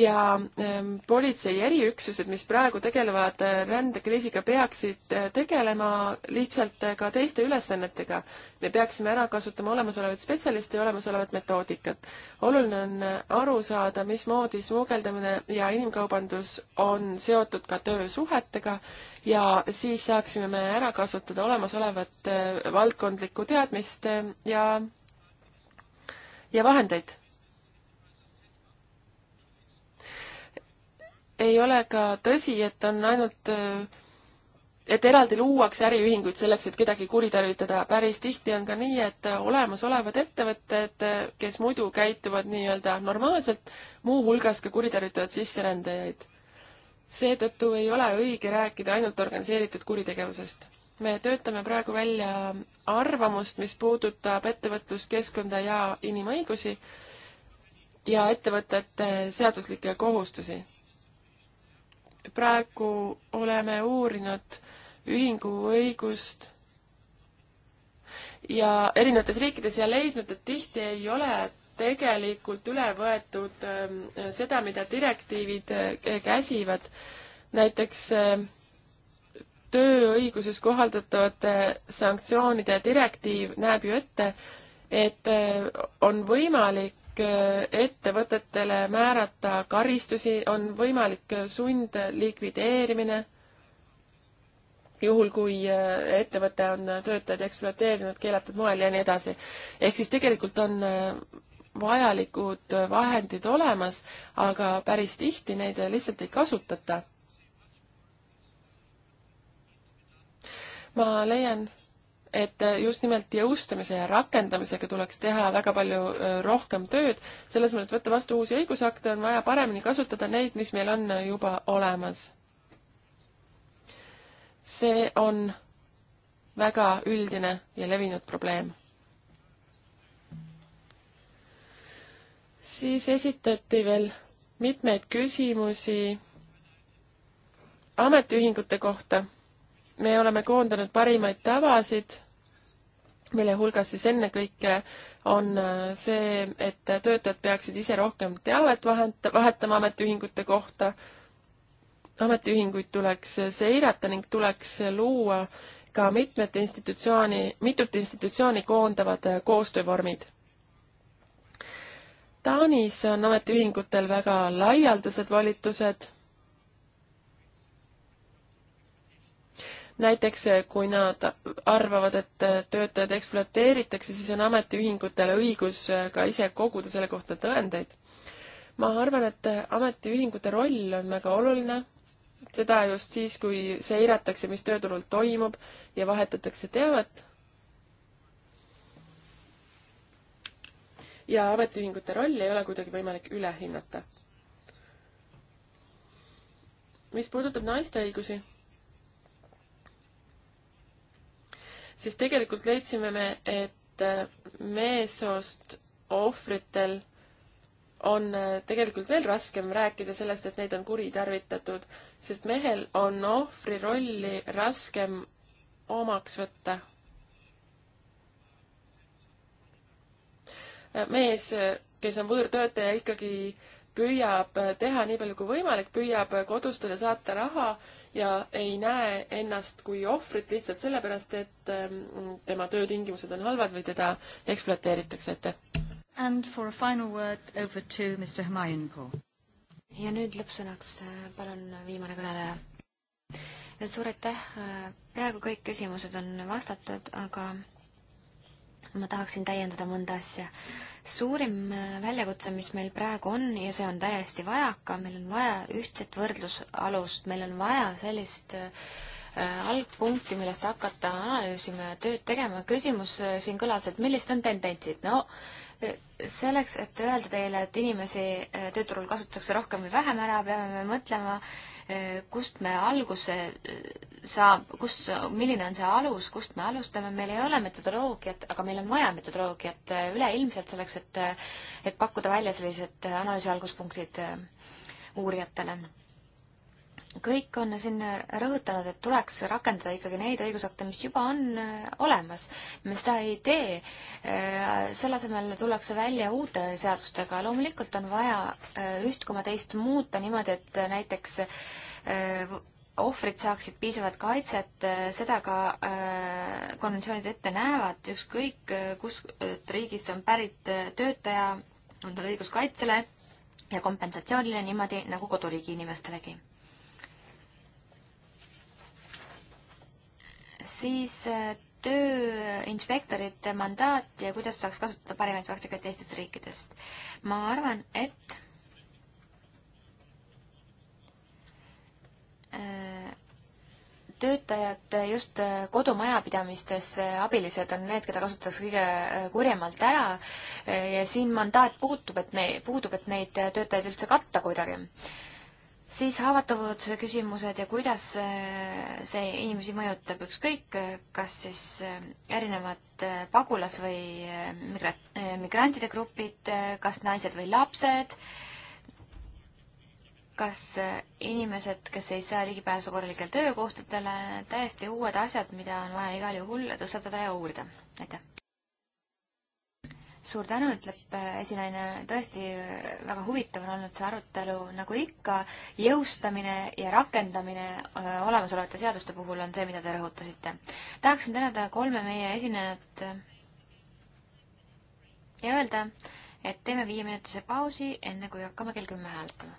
ja ehm, politsei eriüksused, mis praegu tegelevad äh, rändekriisiga, peaksid äh, tegelema lihtsalt äh, ka teiste ülesannetega. me peaksime ära kasutama olemasolevaid spetsialiste ja olemasolevat metoodikat. oluline on aru saada, mismoodi smugeldamine ja inimkaubandus on seotud ka töösuhetega ja siis saaksime me ära kasutada olemasolevat valdkondlikku teadmist ja ja vahendeid ei ole ka tõsi, et on ainult, et eraldi luuakse äriühinguid selleks, et kedagi kuritarvitada. päris tihti on ka nii, et olemasolevad ettevõtted, kes muidu käituvad nii-öelda normaalselt, muuhulgas ka kuritarvitavad sisserändajaid. seetõttu ei ole õige rääkida ainult organiseeritud kuritegevusest me töötame praegu välja arvamust, mis puudutab ettevõtluskeskkonda ja inimõigusi ja ettevõtete seaduslikke kohustusi praegu oleme uurinud ühingu õigust ja erinevates riikides ja leidnud, et tihti ei ole tegelikult üle võetud ähm, seda, mida direktiivid äh, käsivad. näiteks ähm, tööõiguses kohaldatavate sanktsioonide direktiiv näeb ju ette, et äh, on võimalik Äh, ettevõtetele määrata karistusi, on võimalik äh, sundlikvideerimine, juhul kui äh, ettevõte on töötajaid ekspluateerinud keelatud moel ja nii edasi. ehk siis tegelikult on vajalikud vahendid olemas, aga päris tihti neid lihtsalt ei kasutata. ma leian, et äh, just nimelt jõustamise ja rakendamisega tuleks teha väga palju äh, rohkem tööd, selles mõttes, et võtta vastu uusi õigusakte, on vaja paremini kasutada neid, mis meil on äh, juba olemas. see on väga üldine ja levinud probleem. siis esitati veel mitmeid küsimusi ametiühingute kohta me oleme koondanud parimaid tavasid, mille hulgas siis ennekõike on äh, see, et töötajad peaksid ise rohkem teavet vahend-, vahetama ametiühingute kohta, ametiühinguid tuleks seirata ning tuleks luua ka mitmed institutsiooni, mitut institutsiooni koondavad äh, koostöövormid. Taanis on ametiühingutel väga laialdased volitused näiteks eh, kui nad arvavad, et eh, töötajad ekspluateeritakse, siis on ametiühingutele õigus eh, ka ise koguda selle kohta tõendeid. ma arvan, et ametiühingute roll on väga oluline, seda just siis, kui seiratakse, mis tööturul toimub ja vahetatakse teavet. ja ametiühingute rolli ei ole kuidagi võimalik üle hinnata. mis puudutab naiste õigusi siis tegelikult leidsime me, et äh, meessoost ohvritel on äh, tegelikult veel raskem rääkida sellest, et neid on kuritarvitatud, sest mehel on ohvri rolli raskem omaks võtta. Äh, mees, kes on võõrtöötaja, ikkagi püüab teha nii palju kui võimalik, püüab kodustada, saata raha ja ei näe ennast kui ohvrit lihtsalt sellepärast, et ähm, tema töötingimused on halvad või teda ekspluateeritakse ette. And for a final word over to Mr Hmajenko. ja nüüd lõppsõnaks äh, palun viimane kõneleja. suur aitäh, äh, praegu kõik küsimused on vastatud, aga ma tahaksin täiendada mõnda asja. suurim äh, väljakutse, mis meil praegu on ja see on täiesti vajaka, meil on vaja ühtset võrdlusalust, meil on vaja sellist äh, äh, algpunkti, millest hakata analüüsima ja tööd tegema. küsimus siin kõlas, et millised on tendentsid? no selleks, et öelda teile, et inimesi tööturul kasutatakse rohkem või vähem ära, peame me mõtlema äh, kust me alguse saab, kus, milline on see alus, kust me alustame, meil ei ole metodoloogiat, aga meil on vaja metodoloogiat äh, üleilmselt selleks, et, äh, et pakkuda välja sellised analüüsi alguspunktid äh, uurijatele kõik on siin rõhutanud, et tuleks rakendada ikkagi neid õigusakte, mis juba on äh, olemas. me seda ei tee, äh, selle asemel tullakse välja uute seadustega, loomulikult on vaja äh, üht koma teist muuta niimoodi, et näiteks ohvrid saaksid piisavat kaitset, seda ka konventsioonid ette näevad, ükskõik kus riigist on pärit töötaja, on tal õigus kaitsele ja kompensatsioonile niimoodi nagu koduriigi inimestelegi siis äh, tööinspektorite mandaat ja kuidas saaks kasutada parimaid praktikaid teistest riikidest. ma arvan, et äh, töötajad just äh, kodumajapidamistes, abilised on need, keda kasutatakse kõige kurjemalt ära ja siin mandaat puutub, et ne-, puudub, et neid töötajaid üldse katta kuidagi siis haavatavuse küsimused ja kuidas äh, see inimesi mõjutab, ükskõik, äh, kas siis äh, erinevad pagulas- või migra-, migrantide grupid, kas naised või lapsed, kas inimesed, kes ei saa ligipääsu korralikele töökohtadele, täiesti uued asjad, mida on vaja igal juhul tõstatada ja uurida. aitäh! suur tänu, ütleb äh, esinaine, tõesti äh, väga huvitav on olnud see arutelu, nagu ikka, jõustamine ja rakendamine äh, olemasolevate seaduste puhul on see, mida te rõhutasite. tahaksin tänada kolme meie esinejat ja öelda, et teeme viieminutise pausi, enne kui hakkame kell kümme hääletama.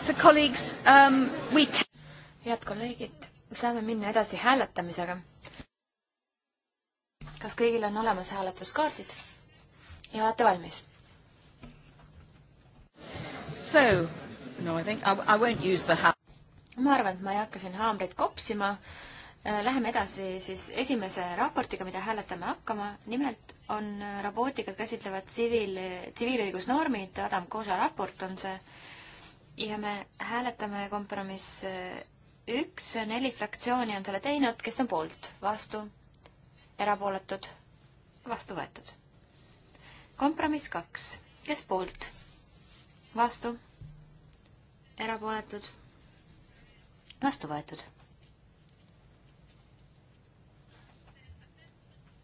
So colleagues um,, we can... head kolleegid, saame minna edasi hääletamisega. kas kõigil on olemas hääletuskaardid ja olete valmis? So, no I think I, I won't use the ha-. ma arvan, et ma ei hakka siin haamreid kopsima. Äh, läheme edasi siis esimese raportiga, mida hääletame hakkama. nimelt on äh, robootikat käsitlevad tsiviil, tsiviilõigusnormid, Adam Koosa raport on see ja me hääletame kompromiss eh, üks, neli fraktsiooni on selle teinud, kes on poolt, vastu, erapooletud, vastu võetud. kompromiss kaks, kes poolt, vastu, erapooletud, vastu võetud.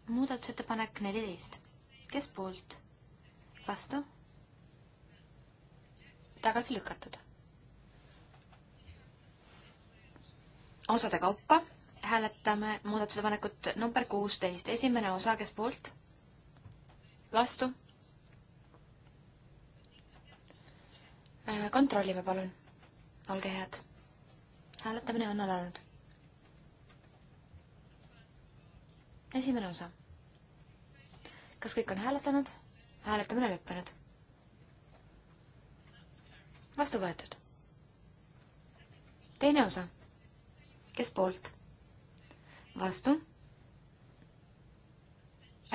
muudatusettepanek neliteist, kes poolt, vastu, tagasi lükatud osade kaupa hääletame muudatusettepanekut number kuusteist, esimene osa, kes poolt? vastu? Äh, kontrollime palun, olge head. hääletamine on alanud. esimene osa. kas kõik on hääletanud? hääletamine lõppenud. vastu võetud. teine osa kes poolt? vastu?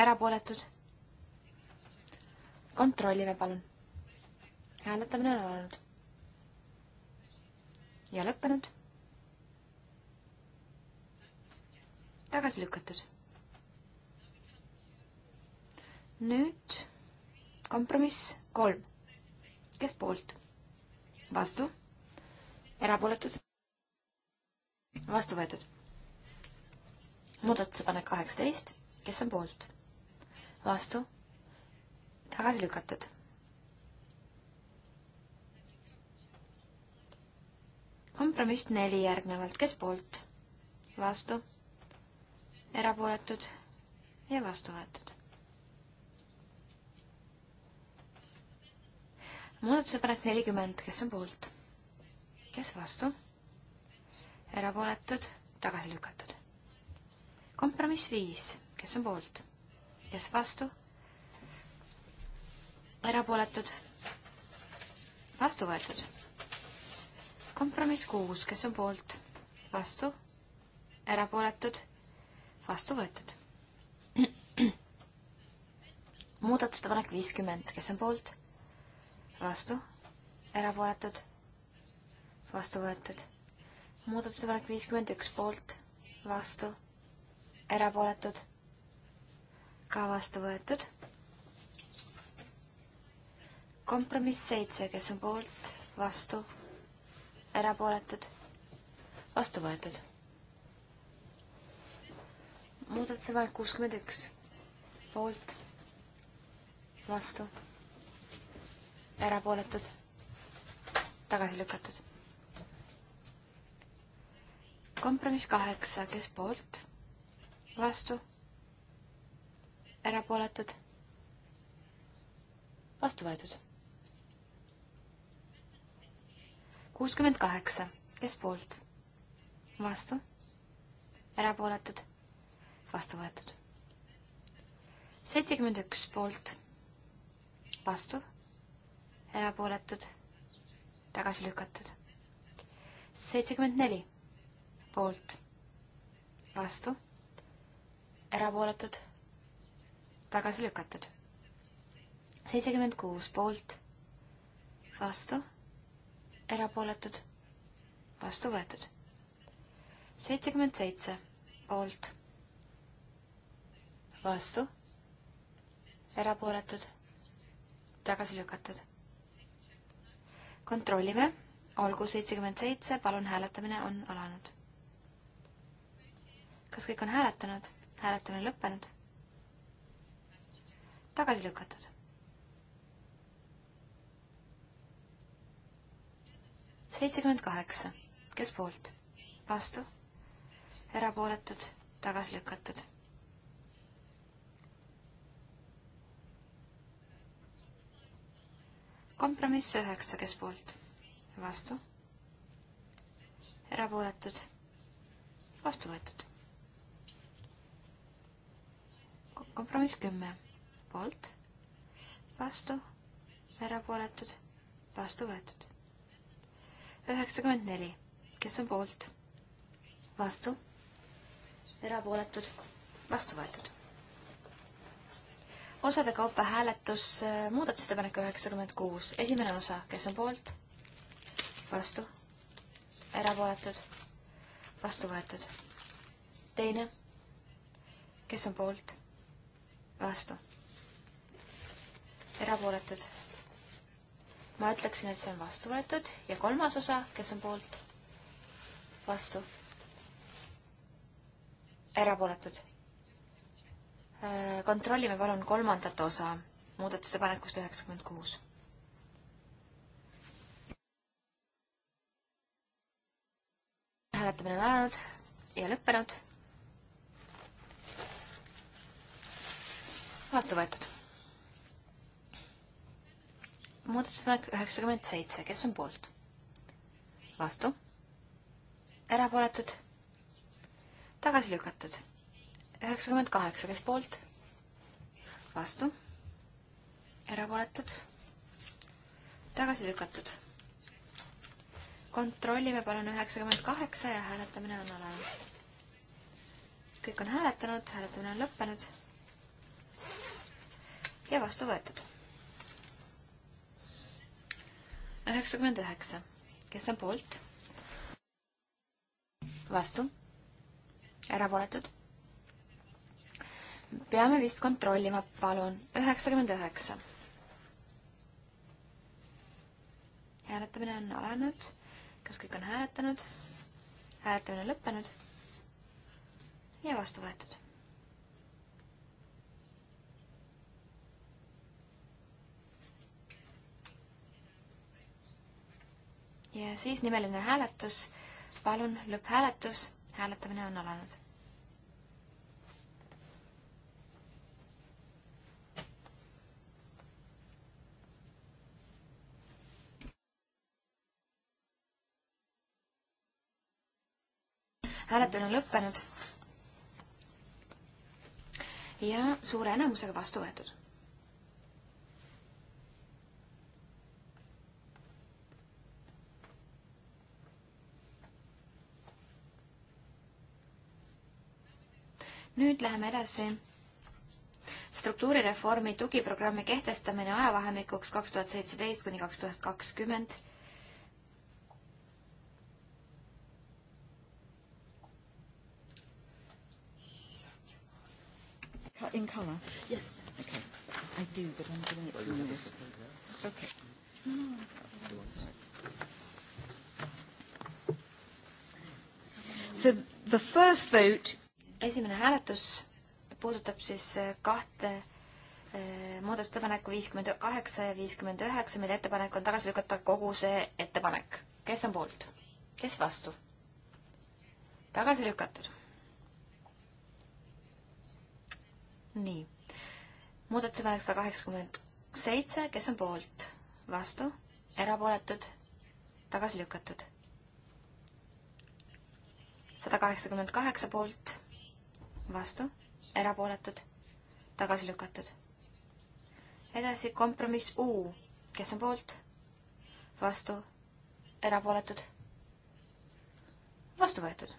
erapooletud? kontrollime, palun. hääletamine on alanud. ja lõppenud. tagasi lükatud. nüüd kompromiss kolm. kes poolt? vastu? erapooletud? vastu võetud. muudatusepanek kaheksateist, kes on poolt? vastu? tagasi lükatud. kompromiss neli järgnevalt, kes poolt? vastu? erapooletud ja vastu võetud. muudatusepanek nelikümmend, kes on poolt? kes vastu? erapooletud, tagasi lükatud. kompromiss viis, kes on poolt, kes vastu, erapooletud, vastu võetud. kompromiss kuus, kes on poolt, vastu, erapooletud, vastu võetud. muudatusettepanek viiskümmend, kes on poolt, vastu, erapooletud, vastu võetud muudatusettepanek viiskümmend üks poolt, vastu, erapooletud, ka vastu võetud. kompromiss seitse, kes on poolt, vastu, erapooletud, vastu võetud. muudatusettepanek kuuskümmend üks, poolt, vastu, erapooletud, tagasi lükatud kompromiss kaheksa, kes poolt? vastu? erapooletud? vastu võetud. kuuskümmend kaheksa, kes poolt? vastu? erapooletud? vastu võetud. seitsekümmend üks poolt, vastu, erapooletud, tagasi lükatud. seitsekümmend neli poolt, vastu, erapooletud, tagasi lükatud. seitsekümmend kuus poolt, vastu, erapooletud, vastu võetud. seitsekümmend seitse poolt, vastu, erapooletud, tagasi lükatud. kontrollime, olgu seitsekümmend seitse, palun hääletamine on alanud kas kõik on hääletanud? hääletamine lõppenud. tagasi lükatud. seitsekümmend kaheksa, kes poolt? vastu? erapooletud? tagasi lükatud? kompromiss üheksa, kes poolt? vastu? erapooletud? vastu võetud kompromiss kümme poolt, vastu, erapooletud, vastu võetud. üheksakümmend neli, kes on poolt, vastu, erapooletud, vastu võetud osade kaupa hääletus äh, muudatusettepanek üheksakümmend kuus. esimene osa, kes on poolt? vastu? erapooletud? vastu võetud. teine? kes on poolt? vastu. erapooletud. ma ütleksin, et see on vastu võetud ja kolmas osa, kes on poolt, vastu, erapooletud. Äh, kontrollime palun kolmandat osa muudatusettepanekust üheksakümmend kuus. hääletamine on alanud ja lõppenud vastu võetud. muudatusettepanek üheksakümmend seitse, kes on poolt? vastu? erapooletud? tagasi lükatud. üheksakümmend kaheksa, kes poolt? vastu? erapooletud? tagasi lükatud kontrollime palun üheksakümmend kaheksa ja hääletamine on alanud. kõik on hääletanud, hääletamine on lõppenud ja vastu võetud. üheksakümmend üheksa, kes on poolt? vastu? erapooletud? peame vist kontrollima, palun. üheksakümmend üheksa. hääletamine on alanud. kas kõik on hääletanud? hääletamine on lõppenud. ja vastu võetud. ja siis nimeline hääletus. palun, lõpphääletus. hääletamine on alanud. hääletamine on lõppenud ja suure enamusega vastu võetud nüüd läheme edasi struktuurireformi tugiprogrammi kehtestamine ajavahemikuks kaks tuhat seitseteist kuni kaks tuhat kakskümmend. In color? Yes. Okay. I do, but I'm doing it from this. It's okay. No, no, no. So the first vote esimene hääletus puudutab siis äh, kahte äh, muudatusettepaneku viiskümmend kaheksa ja viiskümmend üheksa, mille ettepanek on tagasi lükata kogu see ettepanek. kes on poolt? kes vastu? tagasi lükatud. nii. muudatusettepanek sada kaheksakümmend seitse, kes on poolt? vastu? erapooletud? tagasi lükatud. sada kaheksakümmend kaheksa poolt vastu, erapooletud, tagasi lükatud. edasi kompromiss U, kes on poolt, vastu, erapooletud, vastu võetud.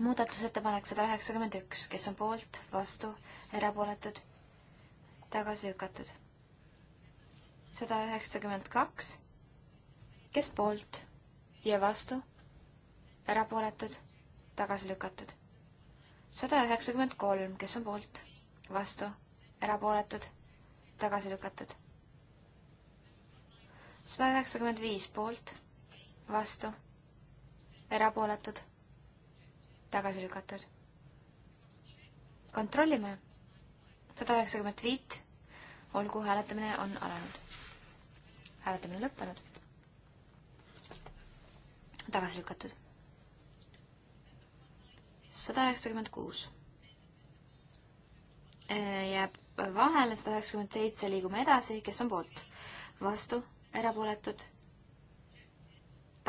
muudatusettepanek sada üheksakümmend üks, kes on poolt, vastu, erapooletud, tagasi lükatud. sada üheksakümmend kaks, kes poolt ja vastu, erapooletud, tagasi lükatud sada üheksakümmend kolm, kes on poolt, vastu, erapooletud, tagasi lükatud. sada üheksakümmend viis poolt, vastu, erapooletud, tagasi lükatud. kontrollime. sada üheksakümmend viit, olgu hääletamine on alanud. hääletamine lõppenud. tagasi lükatud sada üheksakümmend kuus äh, jääb vahele, sada üheksakümmend seitse, liigume edasi, kes on poolt? vastu, erapooletud,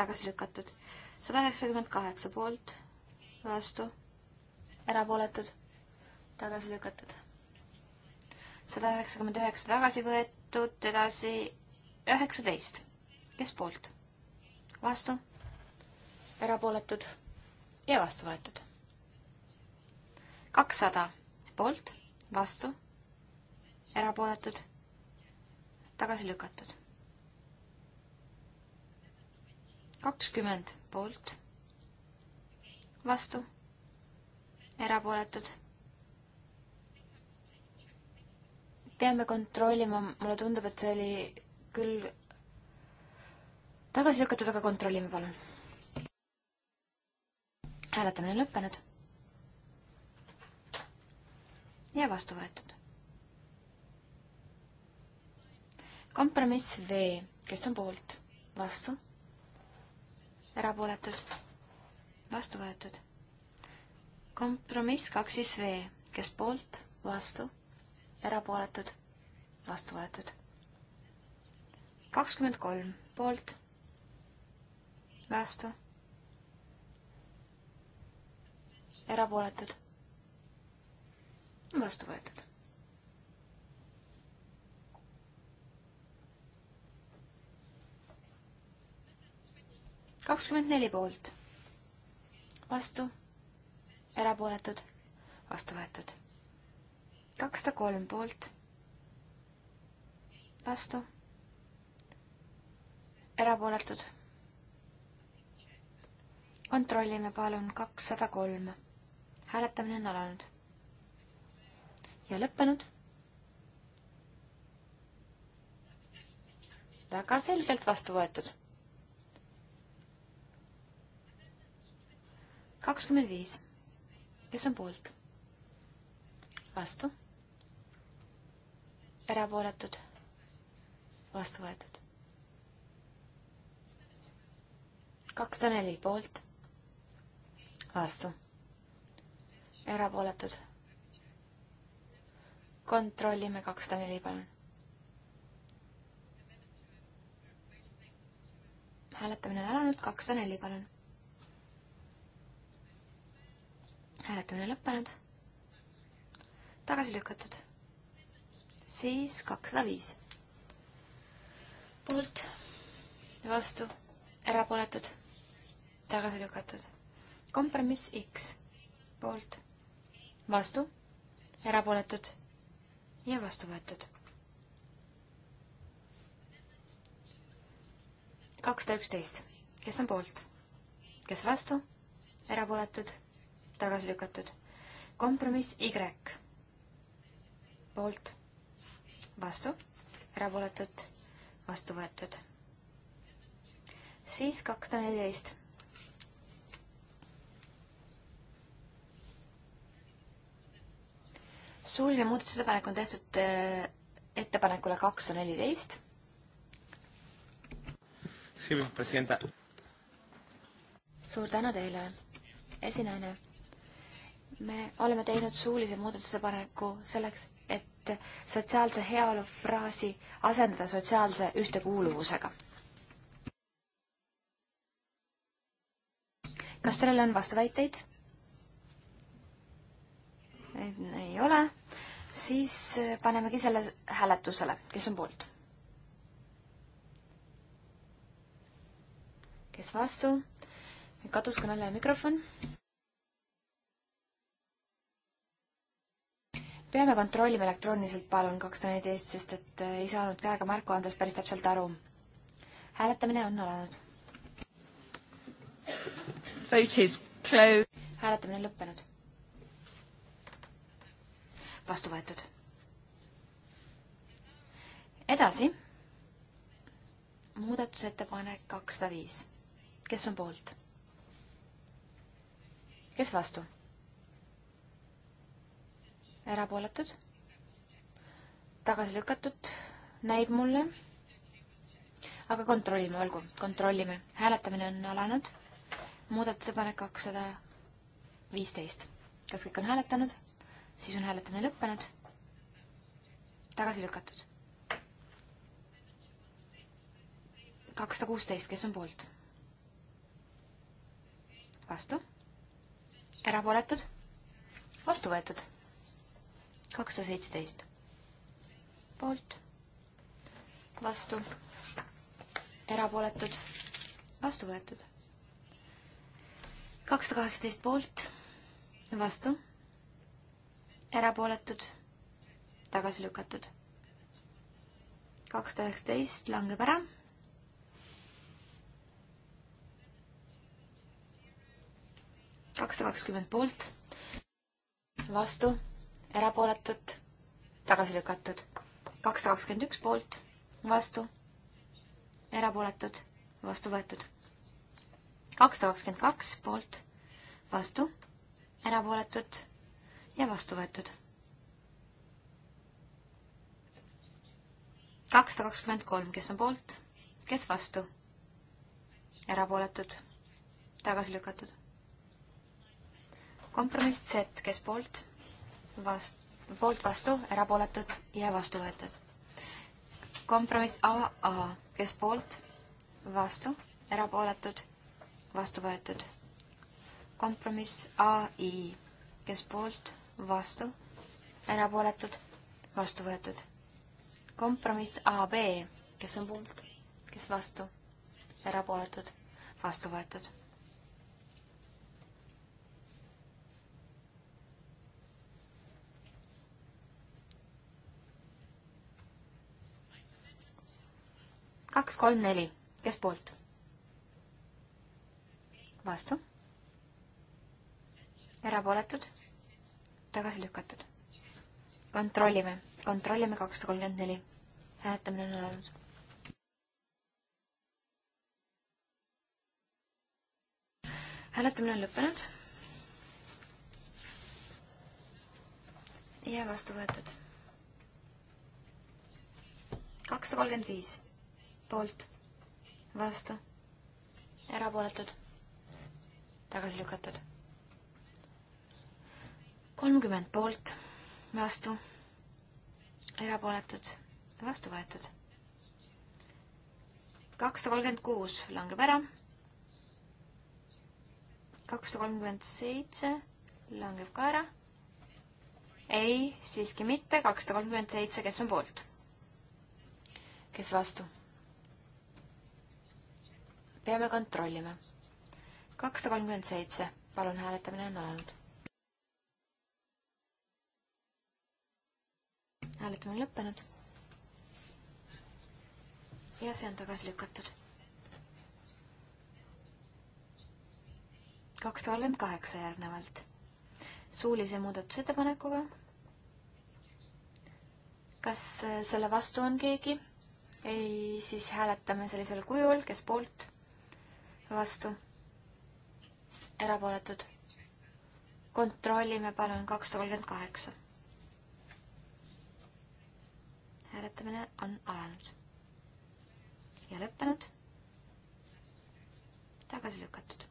tagasi lükatud. sada üheksakümmend kaheksa poolt, vastu, erapooletud, tagasi lükatud. sada üheksakümmend üheksa tagasi võetud, edasi üheksateist. kes poolt? vastu, erapooletud ja vastu võetud kakssada poolt, vastu, erapooletud, tagasi lükatud. kakskümmend poolt, vastu, erapooletud peame kontrollima, mulle tundub, et see oli küll tagasi lükatud, aga kontrollime palun. hääletamine lõppenud ja vastu võetud. kompromiss V, kes on poolt, vastu, erapooletud, vastu võetud. kompromiss kaks siis V, kes poolt, vastu, erapooletud, vastu võetud. kakskümmend kolm poolt, vastu, erapooletud vastu võetud. kakskümmend neli poolt, vastu, erapooletud, vastu võetud. kakssada kolm poolt, vastu, erapooletud. kontrollime palun kakssada kolm. hääletamine on alanud ja lõppenud. väga selgelt vastu võetud. kakskümmend viis. kes on poolt? vastu. erapooletud. vastu võetud. kakssada neli poolt. vastu. erapooletud kontrollime kakssada neli, palun. hääletamine on alanud, kakssada neli, palun. hääletamine lõppenud. tagasi lükatud. siis kakssada viis. poolt, vastu, erapooletud, tagasi lükatud. kompromiss X, poolt, vastu, erapooletud ja vastu võetud. kakssada üksteist, kes on poolt, kes vastu, erapooletud, tagasi lükatud. kompromiss Y, poolt, vastu, erapooletud, vastu võetud. siis kakssada neliteist suuline muudatusettepanek on tehtud äh, ettepanekule kakssada neliteist. suur tänu teile, esinaine. me oleme teinud suulise muudatusepaneku selleks, et sotsiaalse heaolu fraasi asendada sotsiaalse ühtekuuluvusega. kas sellele on vastuväiteid? ei ole, siis äh, panemegi selle hääletusele, kes on poolt. kes vastu? kadus kõneleja mikrofon. peame kontrollima elektrooniliselt, palun, kaks tuhat neliteist, sest et äh, ei saanud käega märku andes päris täpselt aru. hääletamine on alanud. hääletamine lõppenud vastu võetud. edasi, muudatusettepanek kakssada viis. kes on poolt? kes vastu? erapooletud? tagasi lükatud, näib mulle. aga kontrollime, olgu, kontrollime. hääletamine on alanud. muudatusepanek kakssada viisteist. kas kõik on hääletanud? siis on hääletamine lõppenud. tagasi lükatud. kakssada kuusteist, kes on poolt? vastu. erapooletud? vastu võetud. kakssada seitseteist. poolt. vastu. erapooletud. vastu võetud. kakssada kaheksateist poolt. vastu erapooletud, tagasi lükatud. kakssada üheksateist langeb ära. kakssada kakskümmend poolt, vastu, erapooletut, tagasi lükatud. kakssada kakskümmend üks poolt, vastu, erapooletud, vastu võetud. kakssada kakskümmend kaks poolt, vastu, erapooletud ja vastu võetud. kakssada kakskümmend kolm, kes on poolt, kes vastu? erapooletud, tagasi lükatud. kompromiss Z, kes poolt, vast-, poolt vastu, erapooletud ja vastu võetud. kompromiss AA, kes poolt, vastu, erapooletud, vastu võetud. kompromiss AI, kes poolt vastu, erapooletud, vastu võetud. kompromiss AB, kes on poolt, kes vastu, erapooletud, vastu võetud. kaks, kolm, neli, kes poolt? vastu erapooletud, tagasi lükatud. kontrollime, kontrollime kakssada kolmkümmend neli. hääletamine on alanud. hääletamine on lõppenud. ja vastu võetud. kakssada kolmkümmend viis poolt, vastu, erapooletud, tagasi lükatud kolmkümmend poolt, vastu, erapooletud, vastu võetud. kakssada kolmkümmend kuus langeb ära. kakssada kolmkümmend seitse langeb ka ära. ei, siiski mitte, kakssada kolmkümmend seitse, kes on poolt? kes vastu? peame kontrollima. kakssada kolmkümmend seitse, palun, hääletamine on alanud hääletamine on lõppenud. ja see on tagasi lükatud. kaks kolmkümmend kaheksa järgnevalt suulise muudatusettepanekuga. kas äh, selle vastu on keegi? ei, siis hääletame sellisel kujul, kes poolt, vastu, erapooletud. kontrollime palun kakssada kolmkümmend kaheksa hääletamine on alanud ja lõppenud, tagasi lükatud.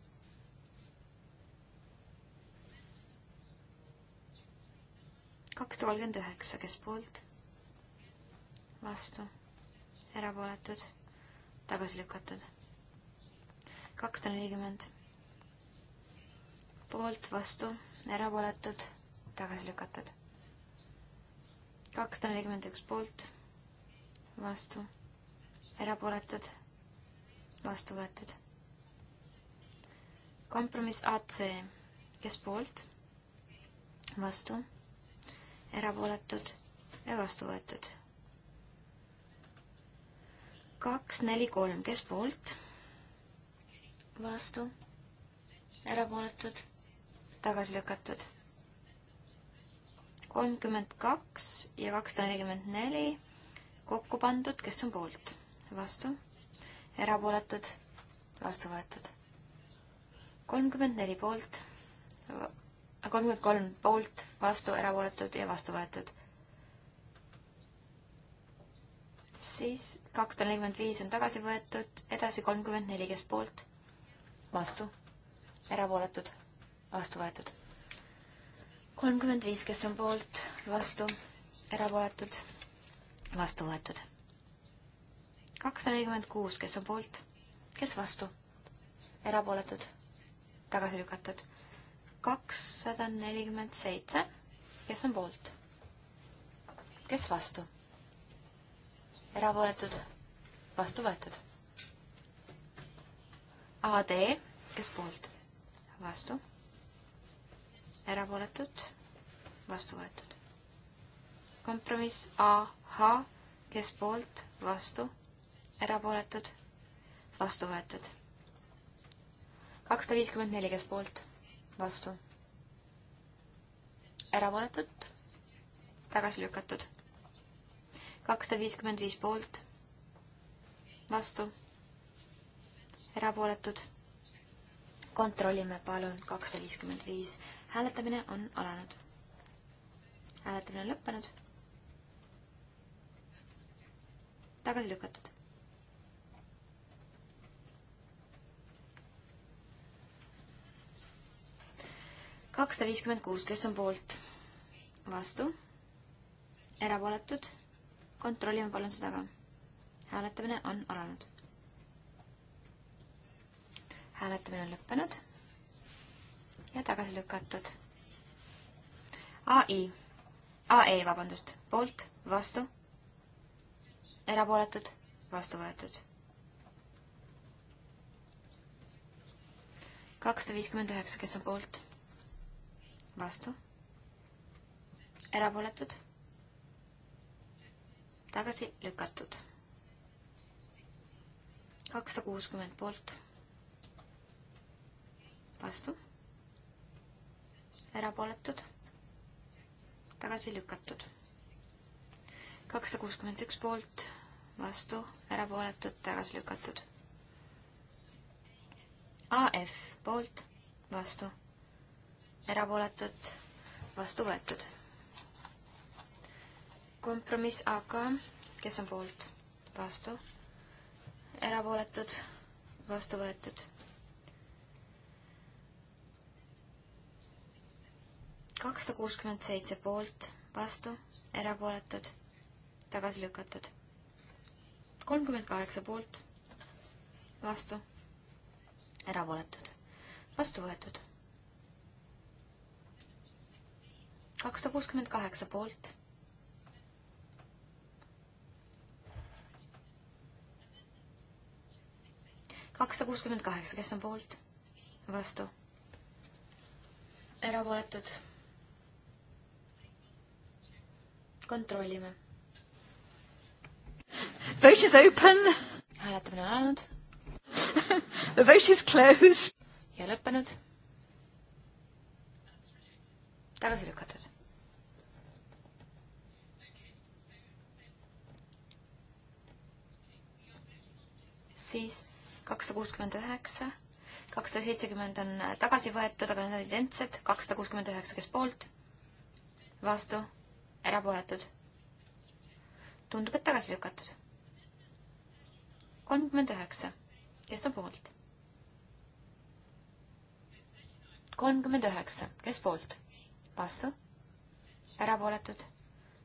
kakssada kolmkümmend üheksa, kes poolt, vastu, erapooletud, tagasi lükatud. kakssada nelikümmend, poolt, vastu, erapooletud, tagasi lükatud kakssada nelikümmend üks poolt, vastu, erapooletud, vastu võetud. kompromiss AC, kes poolt, vastu, erapooletud ja vastu võetud. kaks, neli, kolm, kes poolt, vastu, erapooletud, tagasi lükatud kolmkümmend kaks ja kakssada nelikümmend neli kokku pandud, kes on poolt? vastu. erapooletud? vastu võetud. kolmkümmend neli poolt, äh, kolmkümmend kolm poolt, vastu, erapooletud ja vastu võetud. siis kakssada nelikümmend viis on tagasi võetud, edasi kolmkümmend neli, kes poolt? vastu. erapooletud? vastu võetud kolmkümmend viis, kes on poolt, vastu, erapooletud, vastu võetud. kakssada nelikümmend kuus, kes on poolt, kes vastu, erapooletud, tagasi lükatud. kakssada nelikümmend seitse, kes on poolt, kes vastu, erapooletud, vastu võetud. AD, kes poolt, vastu erapooletud, vastu võetud. kompromiss AH, kes poolt, vastu, erapooletud, vastu võetud. kakssada viiskümmend neli, kes poolt, vastu, erapooletud, tagasi lükatud. kakssada viiskümmend viis poolt, vastu, erapooletud kontrollime palun kakssada viiskümmend viis hääletamine on alanud. hääletamine on lõppenud. tagasi lükatud. kakssada viiskümmend kuus, kes on poolt? vastu? erapooletud? kontrollime palun seda ka. hääletamine on alanud. hääletamine on lõppenud ja tagasi lükatud. ai, ae, vabandust, poolt, vastu, erapooletud, vastu võetud. kakssada viiskümmend üheksa, kes on poolt, vastu, erapooletud, tagasi lükatud. kakssada kuuskümmend poolt, vastu erapooletud, tagasi lükatud. kakssada kuuskümmend üks poolt, vastu, erapooletud, tagasi lükatud. AF poolt, vastu, erapooletud, vastu võetud. kompromiss AK, kes on poolt, vastu, erapooletud, vastu võetud kakssada kuuskümmend seitse poolt, vastu, erapooletud, tagasi lükatud. kolmkümmend kaheksa poolt, vastu, erapooletud, vastu võetud. kakssada kuuskümmend kaheksa poolt kakssada kuuskümmend kaheksa, kes on poolt? vastu? erapooletud? kontrollime. Vote is open. hääletamine on alanud The vote is closed. ja lõppenud. tagasi lükatud. siis kakssada kuuskümmend üheksa, kakssada seitsekümmend on tagasi võetud, aga need on identsed, kakssada kuuskümmend üheksa, kes poolt, vastu erapooletud. tundub, et tagasi lükatud. kolmkümmend üheksa, kes on poolt? kolmkümmend üheksa, kes poolt? vastu, erapooletud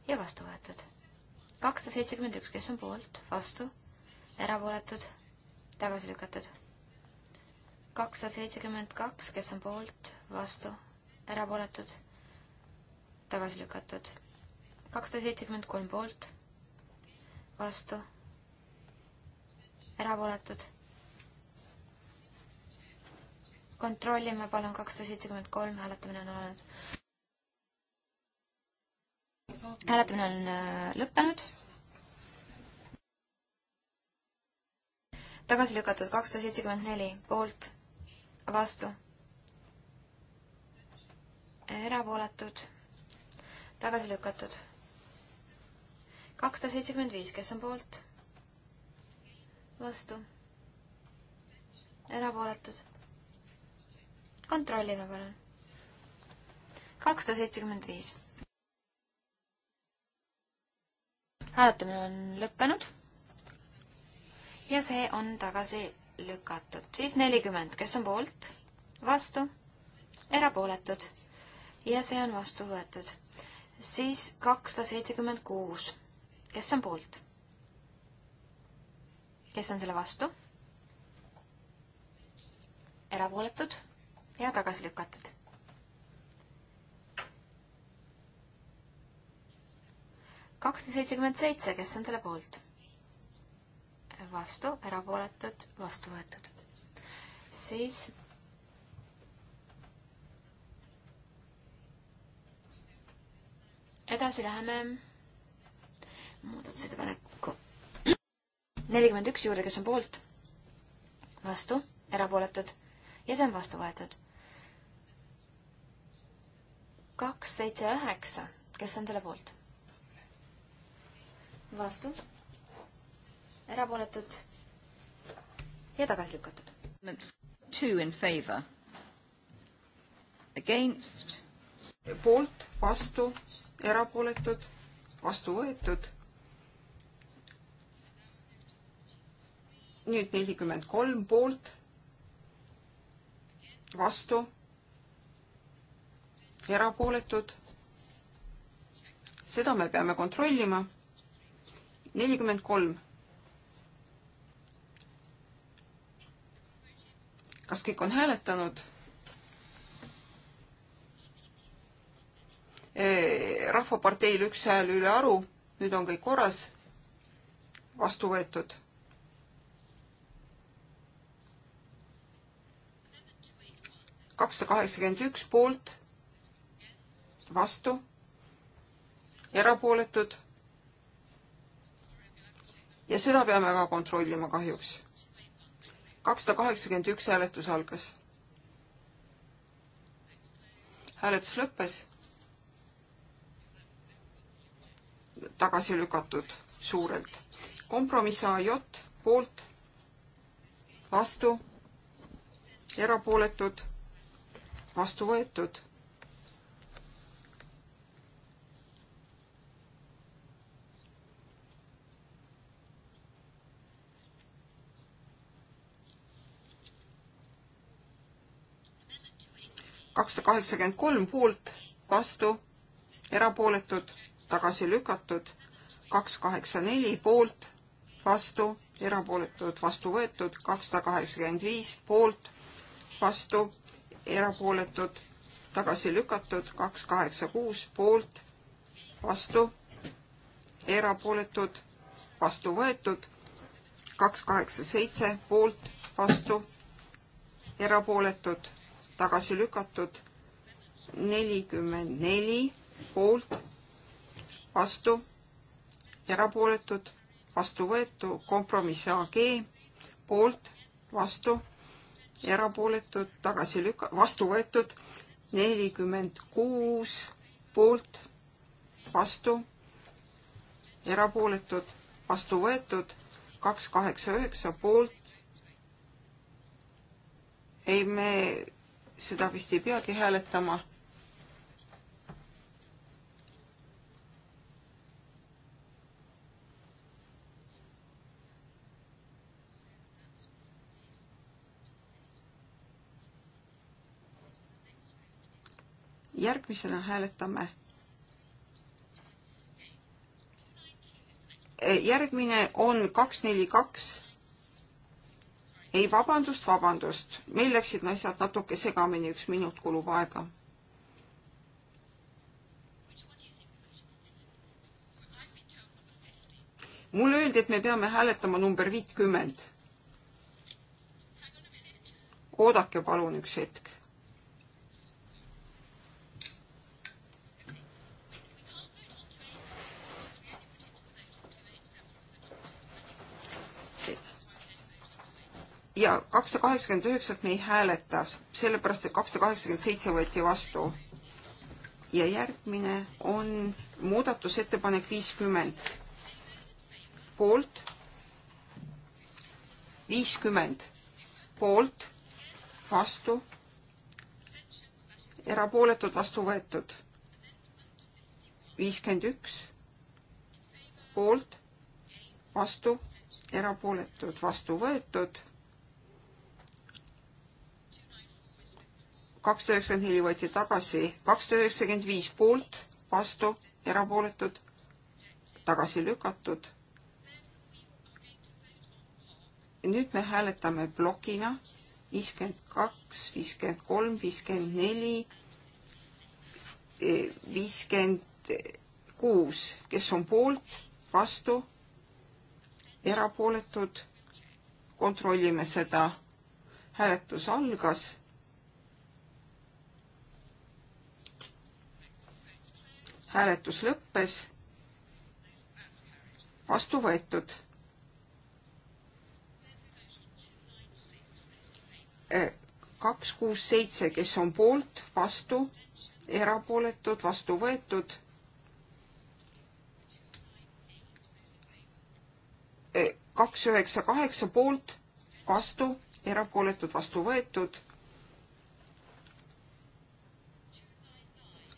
ja vastu võetud. kakssada seitsekümmend üks, kes on poolt, vastu, erapooletud, tagasi lükatud. kakssada seitsekümmend kaks, kes on poolt, vastu, erapooletud tagasi lükatud kakssada seitsekümmend kolm poolt, vastu, erapooletud. kontrollime palun kakssada seitsekümmend kolm, hääletamine on alanud. hääletamine on äh, lõppenud. tagasi lükatud kakssada seitsekümmend neli poolt, vastu erapooletud, tagasi lükatud kakssada seitsekümmend viis, kes on poolt? vastu? erapooletud? kontrollime palun. kakssada seitsekümmend viis. hääletamine on lõppenud. ja see on tagasi lükatud. siis nelikümmend, kes on poolt? vastu? erapooletud? ja see on vastu võetud. siis kakssada seitsekümmend kuus kes on poolt? kes on selle vastu? erapooletud ja tagasi lükatud. kakssada seitsekümmend seitse, kes on selle poolt? vastu, erapooletud, vastu võetud. siis edasi läheme muudatusettepaneku nelikümmend üks juurde, kes on poolt, vastu, erapooletud ja see on vastu võetud. kaks, seitse, üheksa, kes on selle poolt? vastu, erapooletud ja tagasi lükatud. Two in favor, against. poolt, vastu, erapooletud, vastu võetud nüüd nelikümmend kolm poolt, vastu, erapooletud. seda me peame kontrollima. nelikümmend kolm. kas kõik on hääletanud? rahvaparteil üks hääl üle aru, nüüd on kõik korras, vastu võetud kakssada kaheksakümmend üks poolt, vastu, erapooletud. ja seda peame ka kontrollima kahjuks. kakssada kaheksakümmend üks hääletus algas. hääletus lõppes. tagasi lükatud suurelt. kompromiss AJ poolt, vastu, erapooletud vastu võetud. kakssada kaheksakümmend kolm poolt, vastu, erapooletud, tagasi lükatud, kaks kaheksa neli poolt, vastu, erapooletud, vastu võetud, kakssada kaheksakümmend viis poolt, vastu, erapooletud, tagasi lükatud, kaks kaheksa kuus poolt, vastu, erapooletud, vastu võetud, kaks kaheksa seitse poolt, vastu, erapooletud, tagasi lükatud, nelikümmend neli poolt, vastu, erapooletud, vastu võetu, kompromiss AG, poolt, vastu erapooletud, tagasi lükka-, vastu võetud, nelikümmend kuus poolt, vastu, erapooletud, vastu võetud, kaks kaheksa üheksa poolt. ei, me seda vist ei peagi hääletama järgmisena hääletame. E, järgmine on kaks, neli, kaks. ei, vabandust, vabandust, meil läksid asjad natuke segamini, üks minut kulub aega. mulle öeldi, et me peame hääletama number viitkümmend. oodake palun üks hetk. ja kakssada kaheksakümmend üheksat me ei hääleta, sellepärast et kakssada kaheksakümmend seitse võeti vastu. ja järgmine on muudatusettepanek viiskümmend. poolt, viiskümmend, poolt, vastu, erapooletud, vastu võetud. viiskümmend üks, poolt, vastu, erapooletud, vastu võetud kakssada üheksakümmend neli võeti tagasi, kakssada üheksakümmend viis poolt, vastu, erapooletud, tagasi lükatud. nüüd me hääletame plokina viiskümmend kaks, viiskümmend kolm, viiskümmend neli, eh, viiskümmend kuus, kes on poolt, vastu, erapooletud, kontrollime seda. hääletus algas hääletus lõppes. vastu võetud. Äh, kaks, kuus, seitse, kes on poolt, vastu, erapooletud, vastu võetud äh, kaks üheksa kaheksa poolt, vastu, erapooletud, vastu võetud.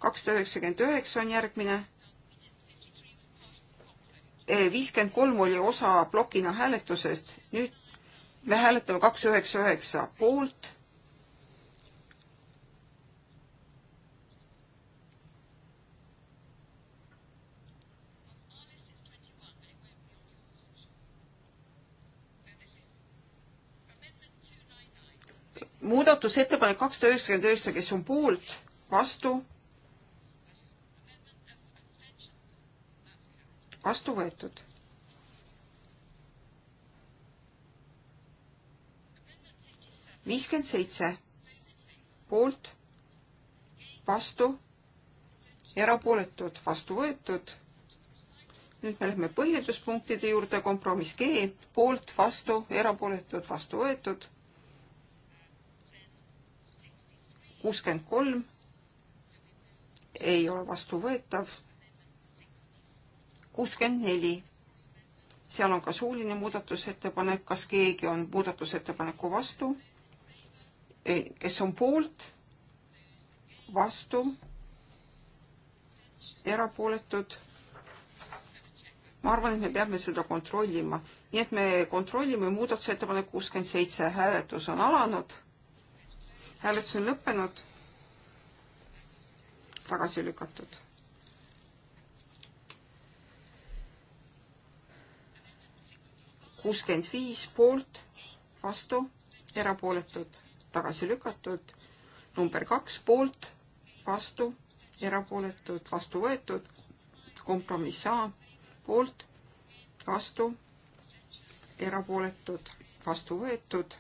kakssada üheksakümmend üheksa on järgmine. Eh, viiskümmend kolm oli osa plokina hääletusest, nüüd me hääletame kaks üheksa üheksa poolt. muudatusettepanek kakssada üheksakümmend üheksa, kes on poolt, vastu vastu võetud. viiskümmend seitse poolt, vastu, erapooletud, vastu võetud. nüüd me lähme põhjenduspunktide juurde, kompromiss G, poolt, vastu, erapooletud, vastu võetud. kuuskümmend kolm ei ole vastuvõetav kuuskümmend neli. seal on ka suuline muudatusettepanek, kas keegi on muudatusettepaneku vastu? kes on poolt? vastu? erapooletud? ma arvan, et me peame seda kontrollima, nii et me kontrollime muudatusettepanek kuuskümmend seitse, hääletus on alanud. hääletus on lõppenud. tagasi lükatud kuuskümmend viis poolt, vastu, erapooletud, tagasi lükatud. number kaks poolt, vastu, erapooletud, vastu võetud. kompromiss A poolt, vastu, erapooletud, vastu võetud.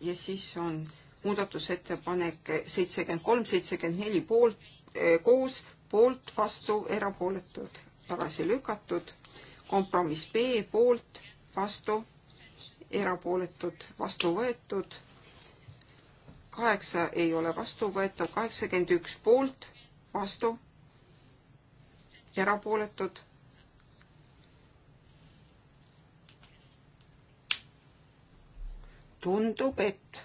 ja siis on muudatusettepanek seitsekümmend kolm, seitsekümmend neli poolt eh,, koos poolt, vastu, erapooletud, tagasi lükatud. kompromiss B poolt, vastu, erapooletud, vastu võetud. kaheksa ei ole vastuvõetav, kaheksakümmend üks poolt, vastu, erapooletud. tundub, et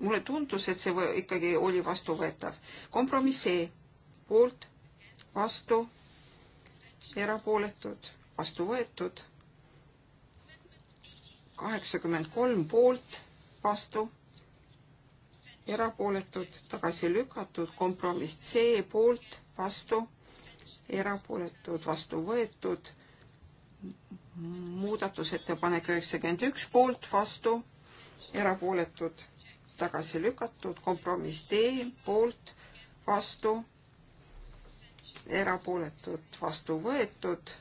mulle tundus, et see ikkagi oli vastuvõetav. kompromiss E, poolt, vastu, erapooletud, vastu võetud, kaheksakümmend kolm poolt, vastu, erapooletud, tagasi lükatud, kompromiss C poolt, vastu, erapooletud, vastu võetud, muudatusettepanek üheksakümmend üks poolt, vastu, erapooletud tagasi lükatud, kompromiss D poolt, vastu, erapooletud, vastu võetud.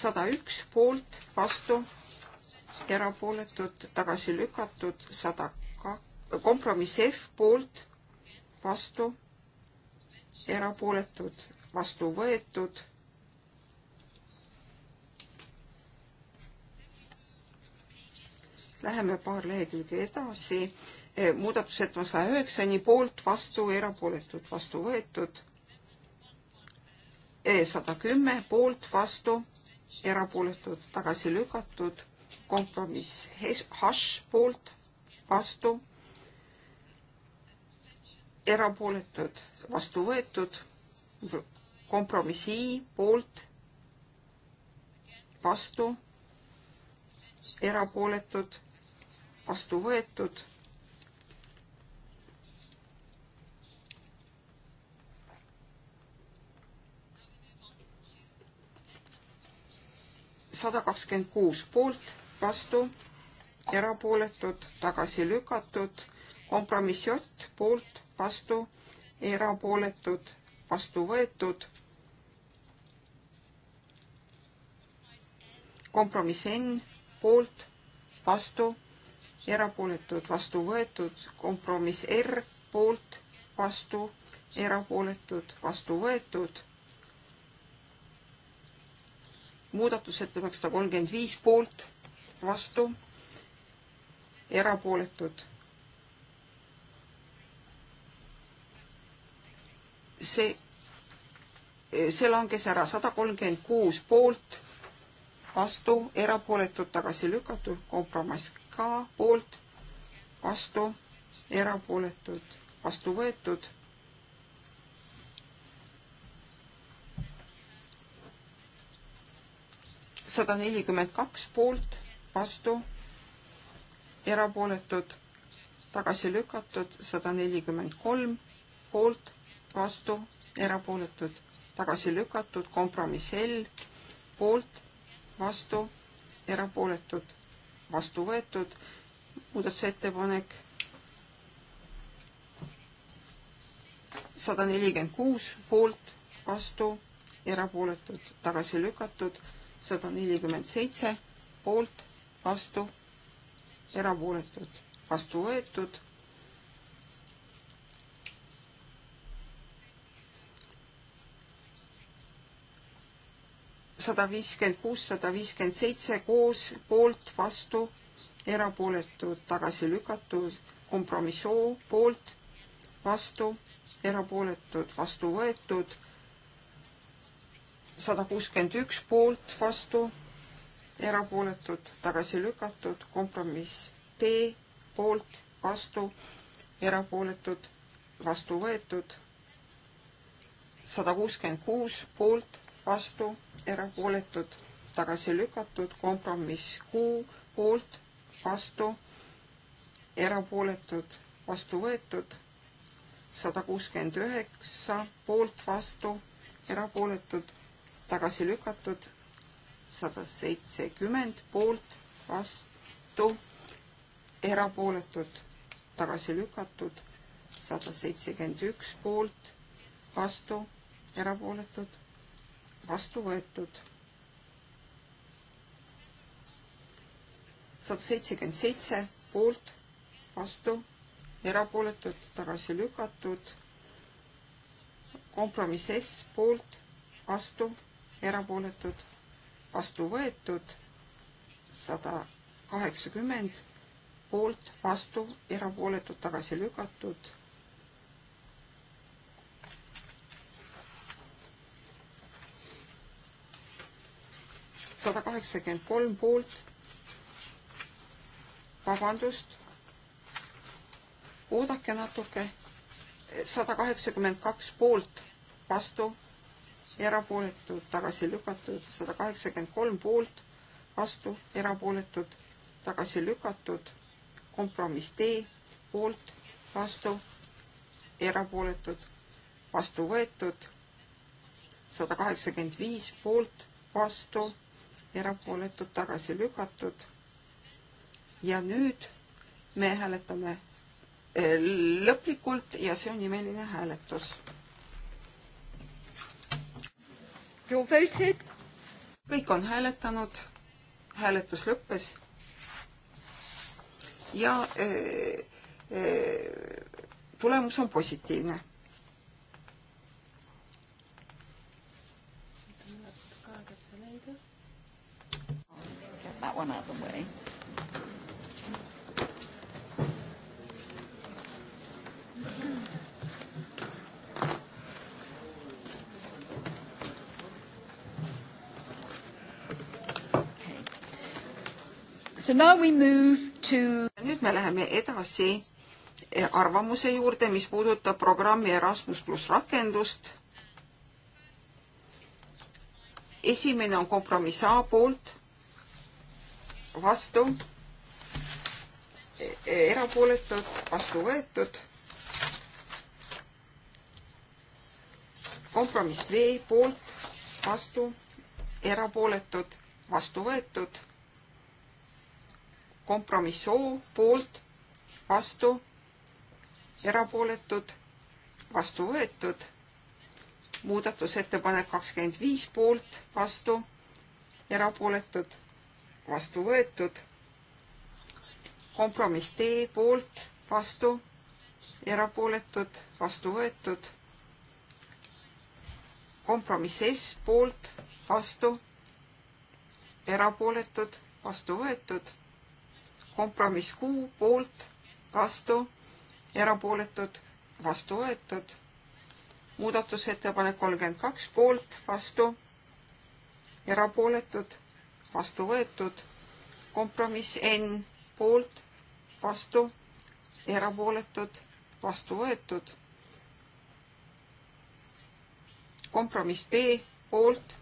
sada üks poolt, vastu, erapooletud, tagasi lükatud, sada kak-, kompromiss F poolt, vastu, erapooletud, vastu võetud Läheme paar lehekülge edasi. Eh, muudatusettepanek saja üheksani poolt, vastu, erapooletud, vastu võetud. Eh, sada kümme poolt, vastu, erapooletud, tagasi lükatud. kompromiss, hašš poolt, vastu, erapooletud, vastu võetud. kompromissi poolt vastu, erapooletud, vastu võetud. sada kakskümmend kuus poolt, vastu, erapooletud, tagasi lükatud, kompromissjott poolt, vastu, erapooletud, vastu võetud kompromiss N poolt, vastu, erapooletud, vastu võetud, kompromiss R poolt, vastu, erapooletud, vastu võetud. muudatusettepanek sada kolmkümmend viis poolt, vastu, erapooletud see, see langes ära sada kolmkümmend kuus poolt, vastu, erapooletud, tagasi lükatud, kompromiss K poolt, vastu, erapooletud, vastu võetud. sada nelikümmend kaks poolt, vastu, erapooletud, tagasi lükatud, sada nelikümmend kolm poolt, vastu, erapooletud, tagasi lükatud, kompromiss L, poolt, vastu, erapooletud vastu võetud. muudatusettepanek sada nelikümmend kuus poolt, vastu, erapooletud, tagasi lükatud, sada nelikümmend seitse poolt, vastu, erapooletud, vastu võetud sada viiskümmend kuus, sada viiskümmend seitse koos poolt, vastu, erapooletud, tagasi lükatud, kompromiss O poolt, vastu, erapooletud, vastu võetud, sada kuuskümmend üks poolt, vastu, erapooletud, tagasi lükatud, kompromiss B poolt, vastu, erapooletud, vastu võetud, sada kuuskümmend kuus poolt, vastu erapooletud, tagasi lükatud, kompromiss Q poolt, vastu, erapooletud, vastu võetud, sada kuuskümmend üheksa poolt, vastu, erapooletud, tagasi lükatud, sada seitsekümmend poolt, vastu, erapooletud, tagasi lükatud, sada seitsekümmend üks poolt, vastu, erapooletud, vastu võetud. sada seitsekümmend seitse poolt, vastu, erapooletud, tagasi lükatud. kompromiss S poolt, vastu, erapooletud, vastu võetud. sada kaheksakümmend poolt, vastu, erapooletud, tagasi lükatud sada kaheksakümmend kolm poolt, vabandust, oodake natuke, sada kaheksakümmend kaks poolt, vastu, erapooletud, tagasi lükatud, sada kaheksakümmend kolm poolt, vastu, erapooletud, tagasi lükatud, kompromiss D, poolt, vastu, erapooletud, vastu võetud, sada kaheksakümmend viis poolt, vastu erapooletud, tagasi lükatud. ja nüüd me hääletame eh, lõplikult ja see on nimeline hääletus. kõik on hääletanud, hääletus lõppes ja öö, eh, öö, eh, tulemus on positiivne that one out of the way. So now we move to nüüd me läheme edasi eh, arvamuse juurde, mis puudutab programmi Erasmus pluss rakendust. esimene on kompromiss A poolt vastu, erapooletud, vastu võetud. kompromiss V poolt, vastu, erapooletud, vastu võetud. kompromiss O poolt, vastu, erapooletud, vastu võetud. muudatusettepanek kakskümmend viis poolt, vastu, erapooletud vastu võetud. kompromiss D poolt, vastu, erapooletud, vastu võetud. kompromiss S poolt, vastu, erapooletud, vastu võetud. kompromiss Q poolt, vastu, erapooletud, vastu võetud. muudatusettepanek kolmkümmend kaks poolt, vastu, erapooletud vastu võetud. kompromiss N poolt, vastu, erapooletud, vastu võetud. kompromiss B poolt.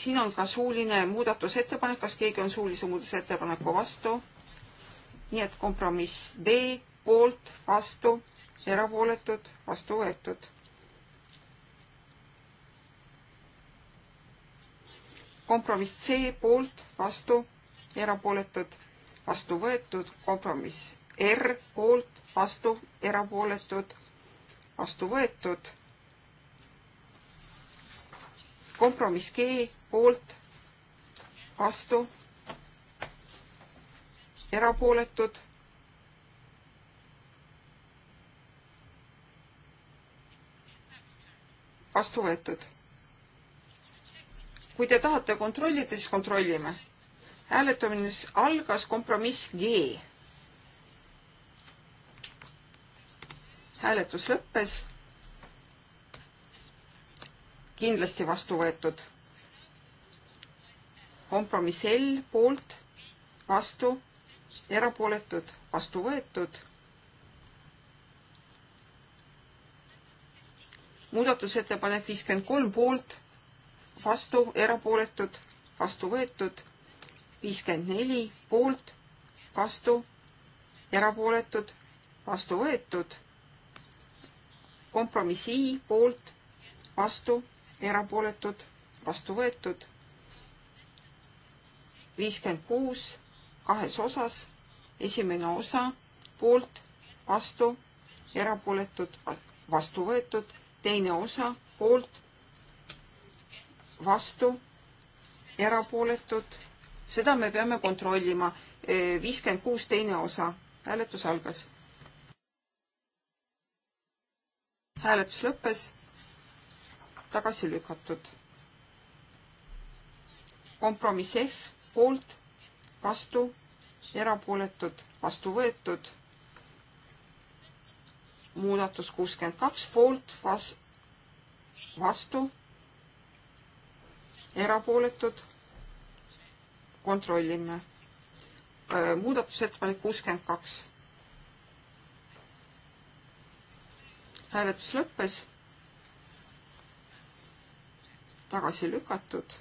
siin on ka suuline muudatusettepanek, kas keegi on suulise muudatusettepaneku vastu? nii et kompromiss B poolt, vastu, erapooletud, vastu võetud kompromiss C poolt, vastu, erapooletud, vastu võetud, kompromiss R poolt, vastu, erapooletud, vastu võetud. kompromiss G poolt, vastu, erapooletud vastu võetud kui te tahate kontrollida, siis kontrollime. hääletamine algas kompromiss G. hääletus lõppes. kindlasti vastu võetud. kompromiss L poolt, vastu, erapooletud, vastu võetud. muudatusettepanek viiskümmend kolm poolt vastu, erapooletud, vastu võetud, viiskümmend neli poolt, vastu, erapooletud, vastu võetud, kompromiss I poolt, vastu, erapooletud, vastu võetud, viiskümmend kuus kahes osas, esimene osa poolt, vastu, erapooletud, vastu võetud, teine osa poolt vastu, erapooletud, seda me peame kontrollima. viiskümmend kuus teine osa, hääletus algas. hääletus lõppes, tagasi lükatud. kompromiss F, poolt, vastu, erapooletud, vastu võetud. muudatus kuuskümmend kaks, poolt, vastu vastu, erapooletud, kontrollime. Äh, muudatusettepanek kuuskümmend kaks. hääletus lõppes. tagasi lükatud.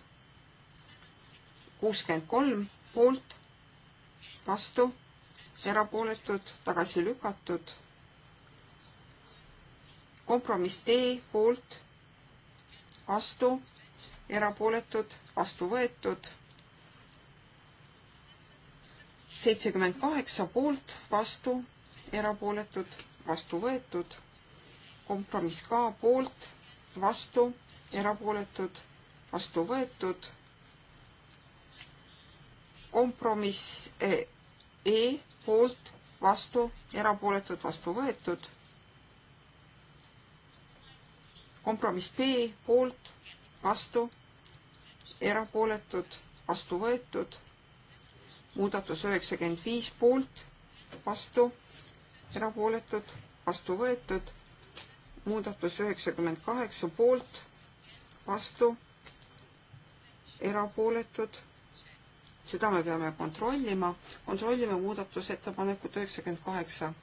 kuuskümmend kolm poolt, vastu, erapooletud, tagasi lükatud. kompromiss D poolt, vastu erapooletud, vastu võetud. seitsekümmend kaheksa poolt, vastu, erapooletud, vastu võetud. kompromiss ka poolt, vastu, erapooletud, vastu võetud. kompromiss E, e poolt, vastu, erapooletud, vastu võetud kompromiss B poolt, vastu, erapooletud, vastu võetud. muudatus üheksakümmend viis poolt, vastu, erapooletud, vastu võetud. muudatus üheksakümmend kaheksa poolt, vastu, erapooletud. seda me peame kontrollima, kontrollime muudatusettepanekut üheksakümmend kaheksa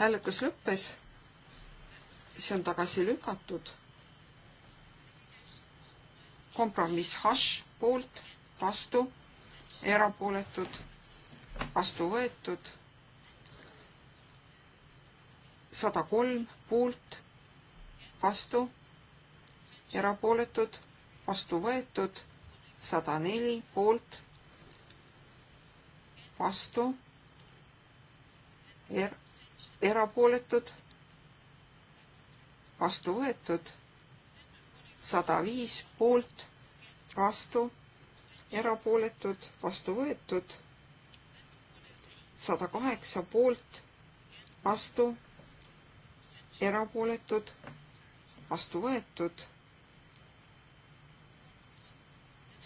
hääletus lõppes. see on tagasi lükatud. kompromiss hash poolt, vastu, erapooletud, vastu võetud. sada kolm poolt, vastu, erapooletud, vastu võetud, sada neli poolt, vastu er-, erapooletud, vastu võetud, sada viis poolt, vastu, erapooletud, vastu võetud, sada kaheksa poolt, vastu, erapooletud, vastu võetud,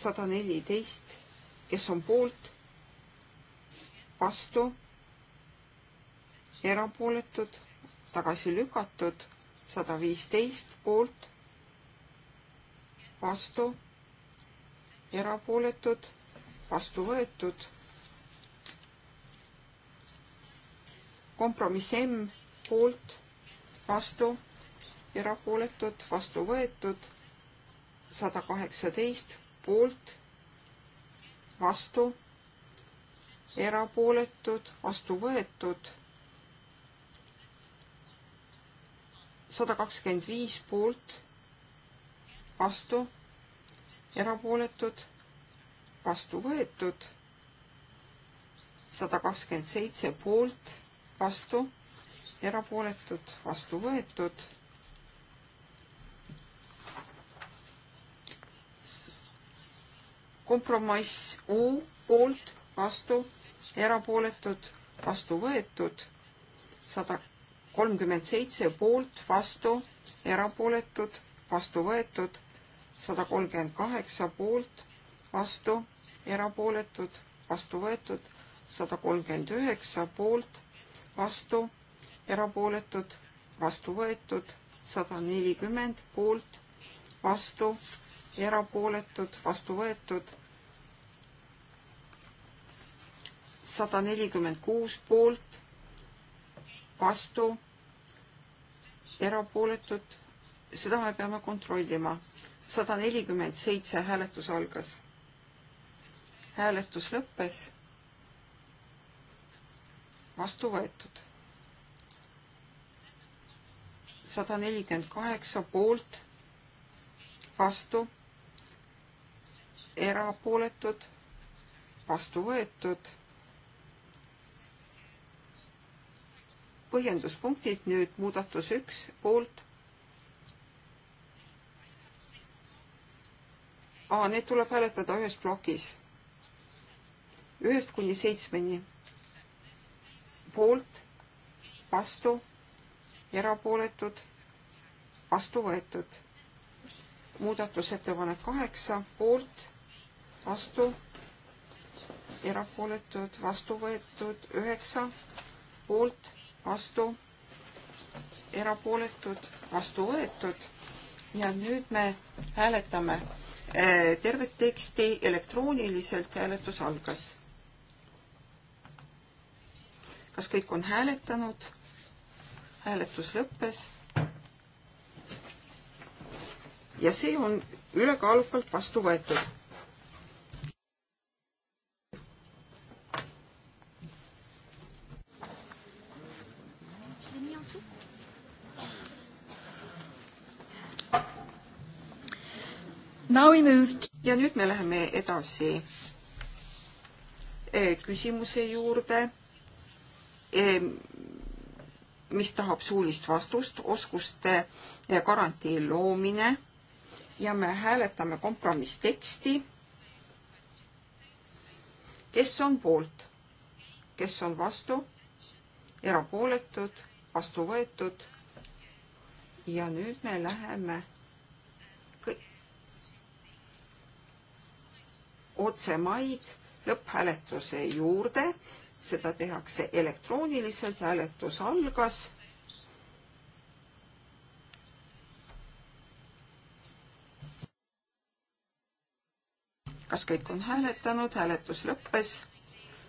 sada neliteist, kes on poolt, vastu erapooletud, tagasi lükatud, sada viisteist poolt, vastu, erapooletud, vastu võetud. kompromiss M poolt, vastu, erapooletud, vastu võetud, sada kaheksateist poolt, vastu, erapooletud, vastu võetud sada kakskümmend viis poolt, vastu, erapooletud, vastu võetud, sada kakskümmend seitse poolt, vastu, erapooletud, vastu võetud kompromiss U poolt vastu, erapooletud, vastu võetud, sada kolmkümmend seitse poolt, vastu, erapooletud, vastu võetud, sada kolmkümmend kaheksa poolt, vastu, erapooletud, vastu võetud, sada kolmkümmend üheksa poolt, vastu, erapooletud, vastu võetud, sada nelikümmend poolt, vastu, erapooletud, vastu võetud, sada nelikümmend kuus poolt, vastu erapooletud, seda me peame kontrollima. sada nelikümmend seitse hääletus algas. hääletus lõppes. vastu võetud. sada nelikümmend kaheksa poolt, vastu, erapooletud, vastu võetud põhjenduspunktid nüüd muudatus üks poolt. aa, need tuleb hääletada ühes plokis. ühest kuni seitsmeni. poolt, vastu, erapooletud, vastu võetud. muudatusettepanek kaheksa, poolt, vastu, erapooletud, vastu võetud, üheksa, poolt vastu, erapooletud, vastu võetud. ja nüüd me hääletame eh, tervet teksti elektrooniliselt, hääletus algas. kas kõik on hääletanud? hääletus lõppes. ja see on ülekaalukalt vastu võetud ja nüüd me läheme edasi eh, küsimuse juurde, eh, mis tahab suulist vastust, oskuste eh, garantii loomine ja me hääletame kompromissteksti. kes on poolt, kes on vastu, erapooletud, vastu võetud. ja nüüd me läheme otsemaid lõpphääletuse juurde. seda tehakse elektrooniliselt, hääletus algas. kas kõik on hääletanud, hääletus lõppes.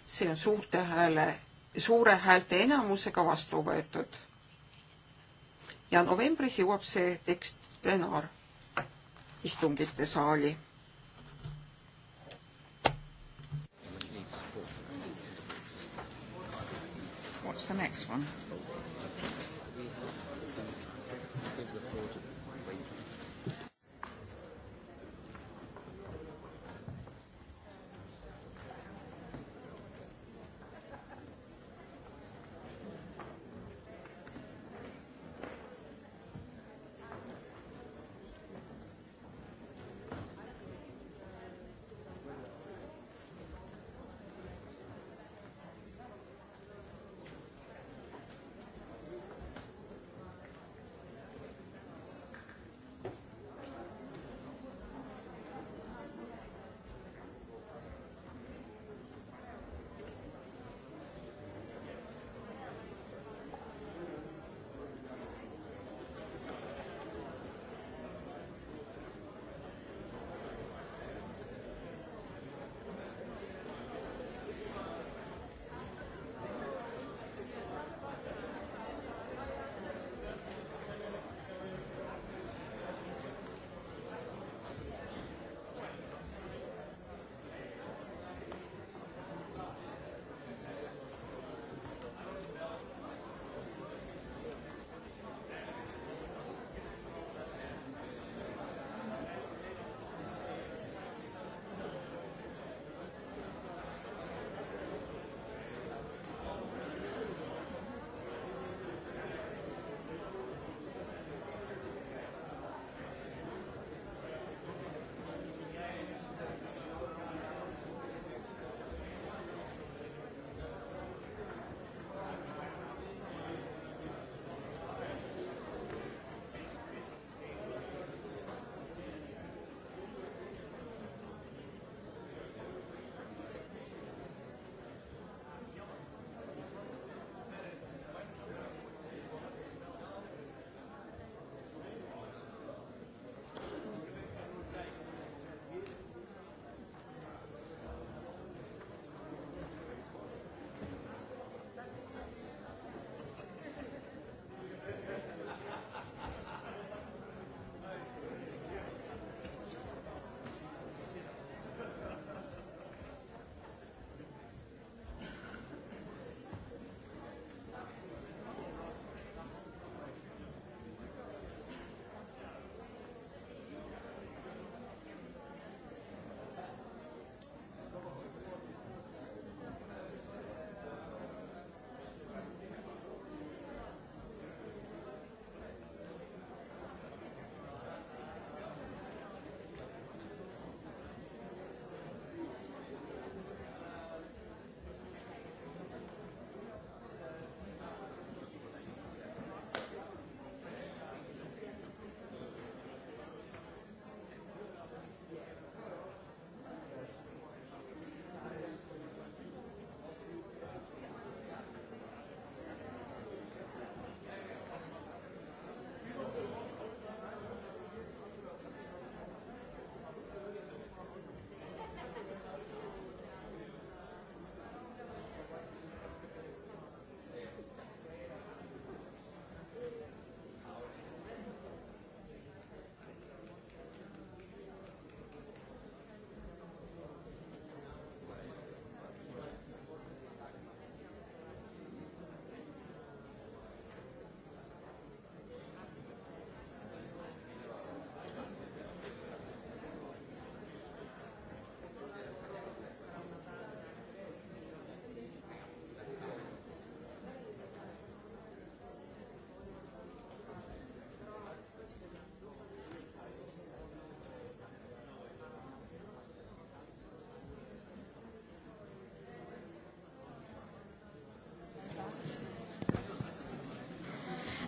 see on suurte hääle, suure häälte enamusega vastu võetud. ja novembris jõuab see tekst plenaaristungite saali what's the next one?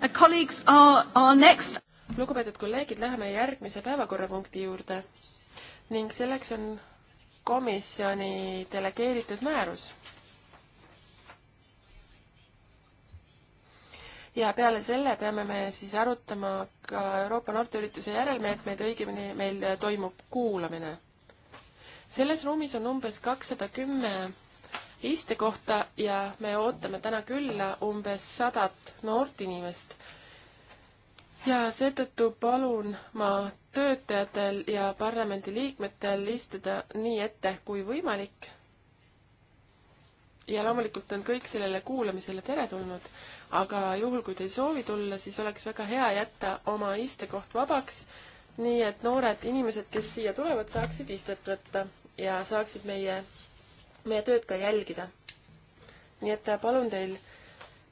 Uh, colleagues, our, our next... lugupeetud kolleegid, läheme järgmise päevakorrapunkti juurde ning selleks on komisjoni delegeeritud määrus. ja peale selle peame me siis arutama ka Euroopa noorteürituse järelmeetmeid, õigemini meil toimub kuulamine. selles ruumis on umbes kakssada kümme istekohta ja me ootame täna külla umbes sadat noort inimest. ja seetõttu palun ma töötajatel ja parlamendiliikmetel istuda nii ette kui võimalik. ja loomulikult on kõik sellele kuulamisele teretulnud, aga juhul, kui te ei soovi tulla, siis oleks väga hea jätta oma istekoht vabaks nii et noored inimesed, kes siia tulevad, saaksid istet võtta ja saaksid meie, meie tööd ka jälgida nii et äh, palun teil,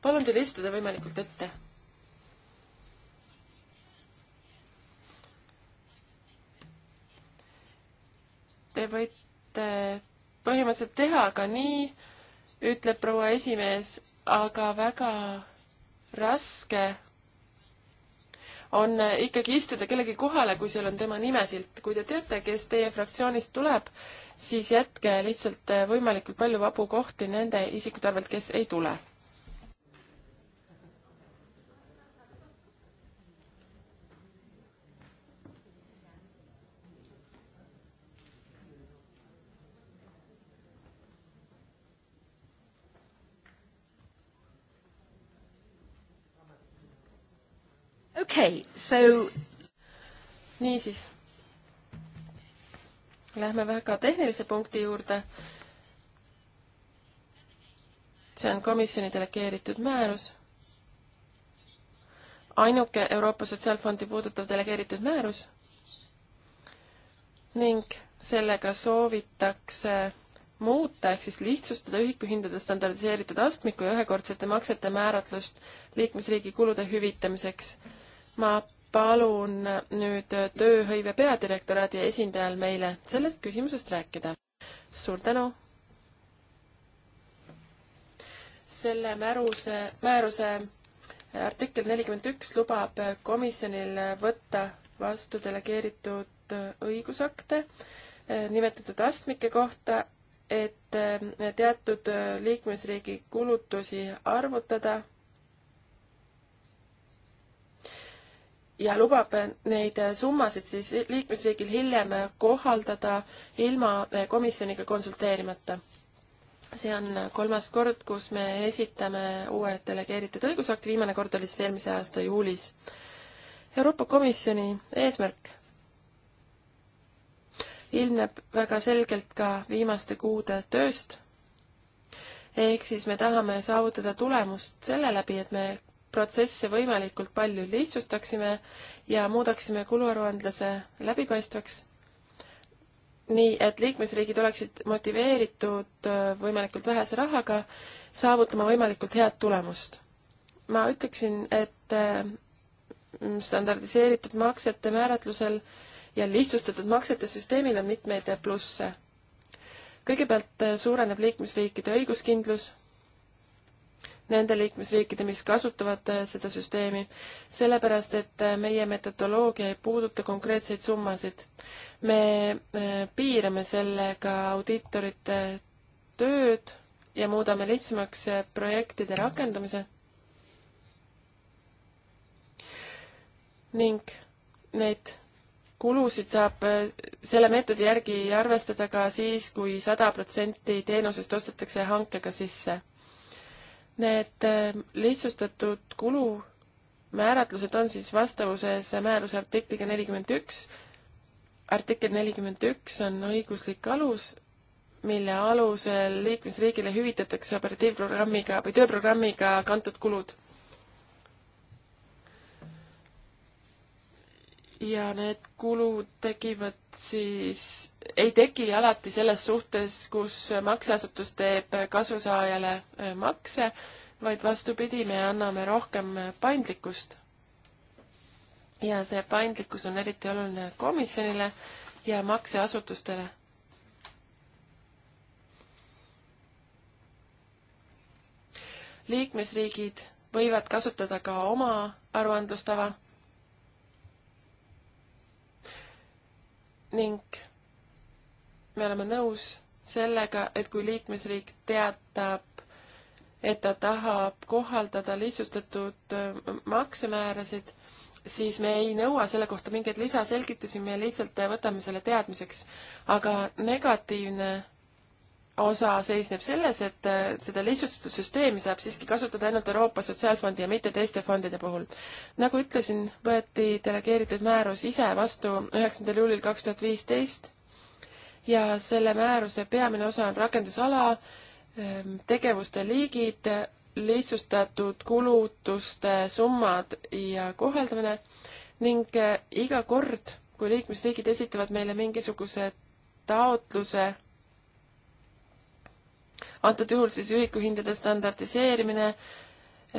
palun teil istuda võimalikult ette. Te võite põhimõtteliselt teha ka nii, ütleb proua esimees, aga väga raske on äh, ikkagi istuda kellegi kohale, kui seal on tema nimesilt. kui te teate, kes teie fraktsioonist tuleb, siis jätke lihtsalt äh, võimalikult palju vabu kohti nende isikute arvelt, kes ei tule okei okay,, so. niisiis. Lähme väga tehnilise punkti juurde. see on komisjoni delegeeritud määrus. ainuke Euroopa Sotsiaalfondi puudutav delegeeritud määrus ning sellega soovitakse muuta ehk siis lihtsustada ühikuhindade standardiseeritud astmiku ja ühekordsete maksete määratlust liikmesriigi kulude hüvitamiseks ma palun nüüd tööhõive peadirektoraadi esindajal meile sellest küsimusest rääkida. suur tänu! selle määruse, määruse artikkel nelikümmend üks lubab komisjonil võtta vastu delegeeritud õigusakte eh, nimetatud astmike kohta, et eh, teatud eh, liikmesriigi kulutusi arvutada ja lubab neid summasid siis liikmesriigil hiljem kohaldada ilma komisjoniga konsulteerimata. see on kolmas kord, kus me esitame uue delegeeritud õigusakti, viimane kord oli siis eelmise aasta juulis. Euroopa Komisjoni eesmärk ilmneb väga selgelt ka viimaste kuude tööst, ehk siis me tahame saavutada tulemust selle läbi, et me protsesse võimalikult palju lihtsustaksime ja muudaksime kuluaruandluse läbipaistvaks, nii et liikmesriigid oleksid motiveeritud äh, võimalikult vähese rahaga saavutama võimalikult head tulemust. ma ütleksin, et äh, standardiseeritud maksete määratlusel ja lihtsustatud maksete süsteemil on mitmeid plusse. kõigepealt äh, suureneb liikmesriikide õiguskindlus nende liikmesriikide, mis kasutavad äh, seda süsteemi, sellepärast et äh, meie metodoloogia ei puuduta konkreetseid summasid. me äh, piirame sellega audiitorite tööd ja muudame lihtsamaks projektide rakendamise ning need kulusid saab selle meetodi järgi arvestada ka siis kui, kui sada protsenti teenusest ostetakse hankega sisse Need äh, lihtsustatud kulumääratlused on siis vastavuses määruse artikliga nelikümmend üks. artikkel nelikümmend üks on õiguslik alus, mille alusel liikmesriigile hüvitatakse operatiivprogrammiga või tööprogrammiga kantud kulud ja need kulud tekivad siis, ei teki alati selles suhtes, kus makseasutus teeb kasusaajale äh, makse, vaid vastupidi, me anname rohkem paindlikkust. ja see paindlikkus on eriti oluline komisjonile ja makseasutustele. liikmesriigid võivad kasutada ka oma aruandlustava ning me oleme nõus sellega, et kui liikmesriik teatab, et ta tahab kohaldada lihtsustatud äh, maksemäärasid, siis me ei nõua selle kohta mingeid lisaselgitusi, me lihtsalt võtame selle teadmiseks. aga negatiivne osa seisneb selles, et äh, seda lihtsustatud süsteemi saab siiski kasutada ainult Euroopa Sotsiaalfondi ja mitte teiste fondide puhul. nagu ütlesin, võeti delegeeritud määrus ise vastu üheksandal juulil kaks tuhat viisteist ja selle määruse peamine osa on rakendusala, ähm, tegevuste liigid, lihtsustatud kulutuste summad ja koheldamine ning äh, iga kord, kui liikmesriigid esitavad meile mingisuguse taotluse antud juhul siis ühikuhindade standardiseerimine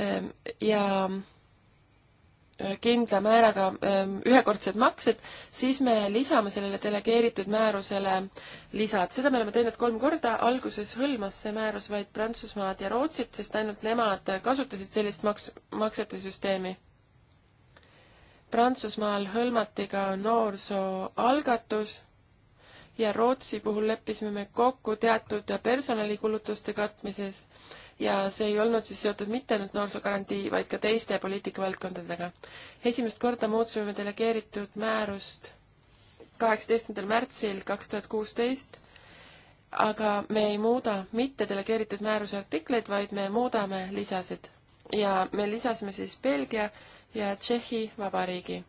ähm, ja äh, kindla määraga ähm, ühekordsed maksed, siis me lisame sellele delegeeritud määrusele lisad. seda me oleme teinud kolm korda, alguses hõlmas see määrus vaid Prantsusmaad ja Rootsit, sest ainult nemad kasutasid sellist maks-, maksete süsteemi. Prantsusmaal hõlmati ka noorsooalgatus ja Rootsi puhul leppisime me kokku teatud personalikulutuste katmises ja see ei olnud siis seotud mitte ainult noorsoogarantii, vaid ka teiste poliitikavaldkondadega. esimest korda muutsime me delegeeritud määrust kaheksateistkümnendal märtsil kaks tuhat kuusteist, aga me ei muuda mitte delegeeritud määruse artikleid, vaid me muudame lisasid. ja me lisasime siis Belgia ja Tšehhi Vabariigi.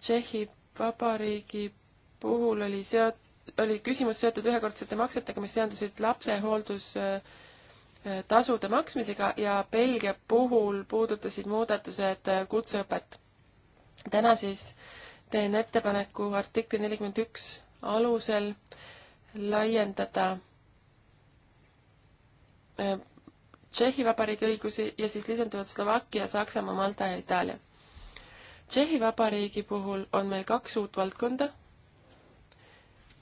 Tšehhi Vabariigi puhul oli seot-, oli küsimus seotud ühekordsete maksetega, mis seondusid lapsehooldustasude äh, maksmisega ja Belgia puhul puudutasid muudatused äh, kutseõpet. täna siis teen ettepaneku artikli nelikümmend üks alusel laiendada äh, Tšehhi Vabariigi õigusi ja siis lisanduvad Slovakkia, Saksamaa, Malta ja Itaalia. Tšehhi Vabariigi puhul on meil kaks uut valdkonda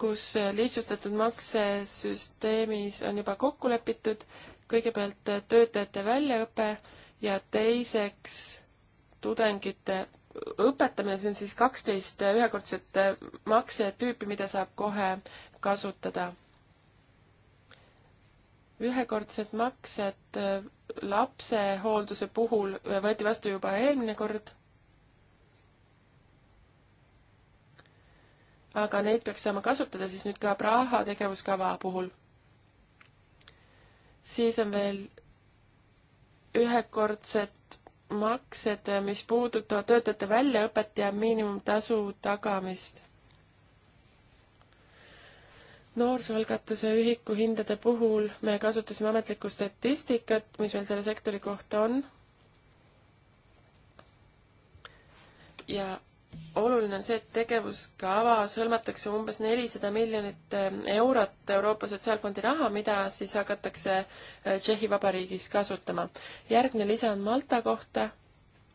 kus lihtsustatud maksesüsteemis on juba kokku lepitud kõigepealt töötajate väljaõpe ja teiseks tudengite õpetamine, see on siis kaksteist ühekordset maksetüüpi, mida saab kohe kasutada. ühekordsed maksed lapsehoolduse puhul võeti vastu juba eelmine kord aga neid peaks saama kasutada siis nüüd ka Praha tegevuskava puhul. siis on veel ühekordsed maksed, mis puudutavad töötajate väljaõpet ja miinimumtasu tagamist. noorsoolgatuse ühiku hindade puhul me kasutasime ametlikku statistikat, mis meil selle sektori kohta on. ja oluline on see, et tegevuskava sõlmatakse umbes nelisada miljonit eh, eurot Euroopa Sotsiaalfondi raha, mida siis hakatakse eh, Tšehhi Vabariigis kasutama. järgmine lisa on Malta kohta.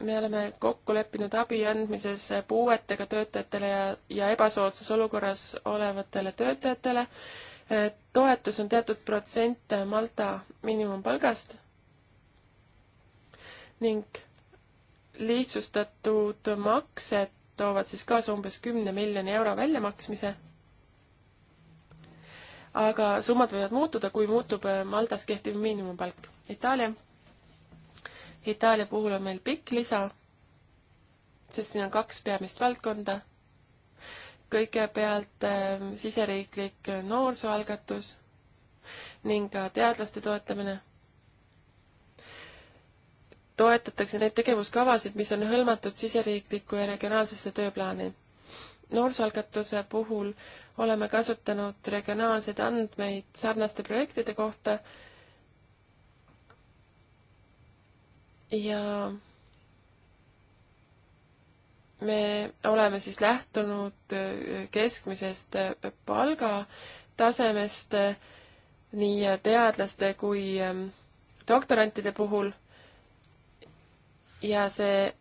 me oleme kokku leppinud abi andmises eh, puuetega töötajatele ja, ja ebasoodsas olukorras olevatele töötajatele. toetus on teatud protsent Malta miinimumpalgast ning lihtsustatud maksed toovad siis kaasa umbes kümne miljoni euro väljamaksmise. aga summad võivad muutuda, kui muutub äh, Maltas kehtiv miinimumpalk. Itaalia. Itaalia puhul on meil pikk lisa, sest siin on kaks peamist valdkonda. kõigepealt äh, siseriiklik äh, noorsooalgatus ning ka teadlaste toetamine toetatakse neid tegevuskavasid, mis on hõlmatud siseriiklikku ja regionaalsesse tööplaani. noorsoalgatuse puhul oleme kasutanud regionaalseid andmeid sarnaste projektide kohta ja me oleme siis lähtunud keskmisest palgatasemest nii teadlaste kui ähm, doktorantide puhul ja see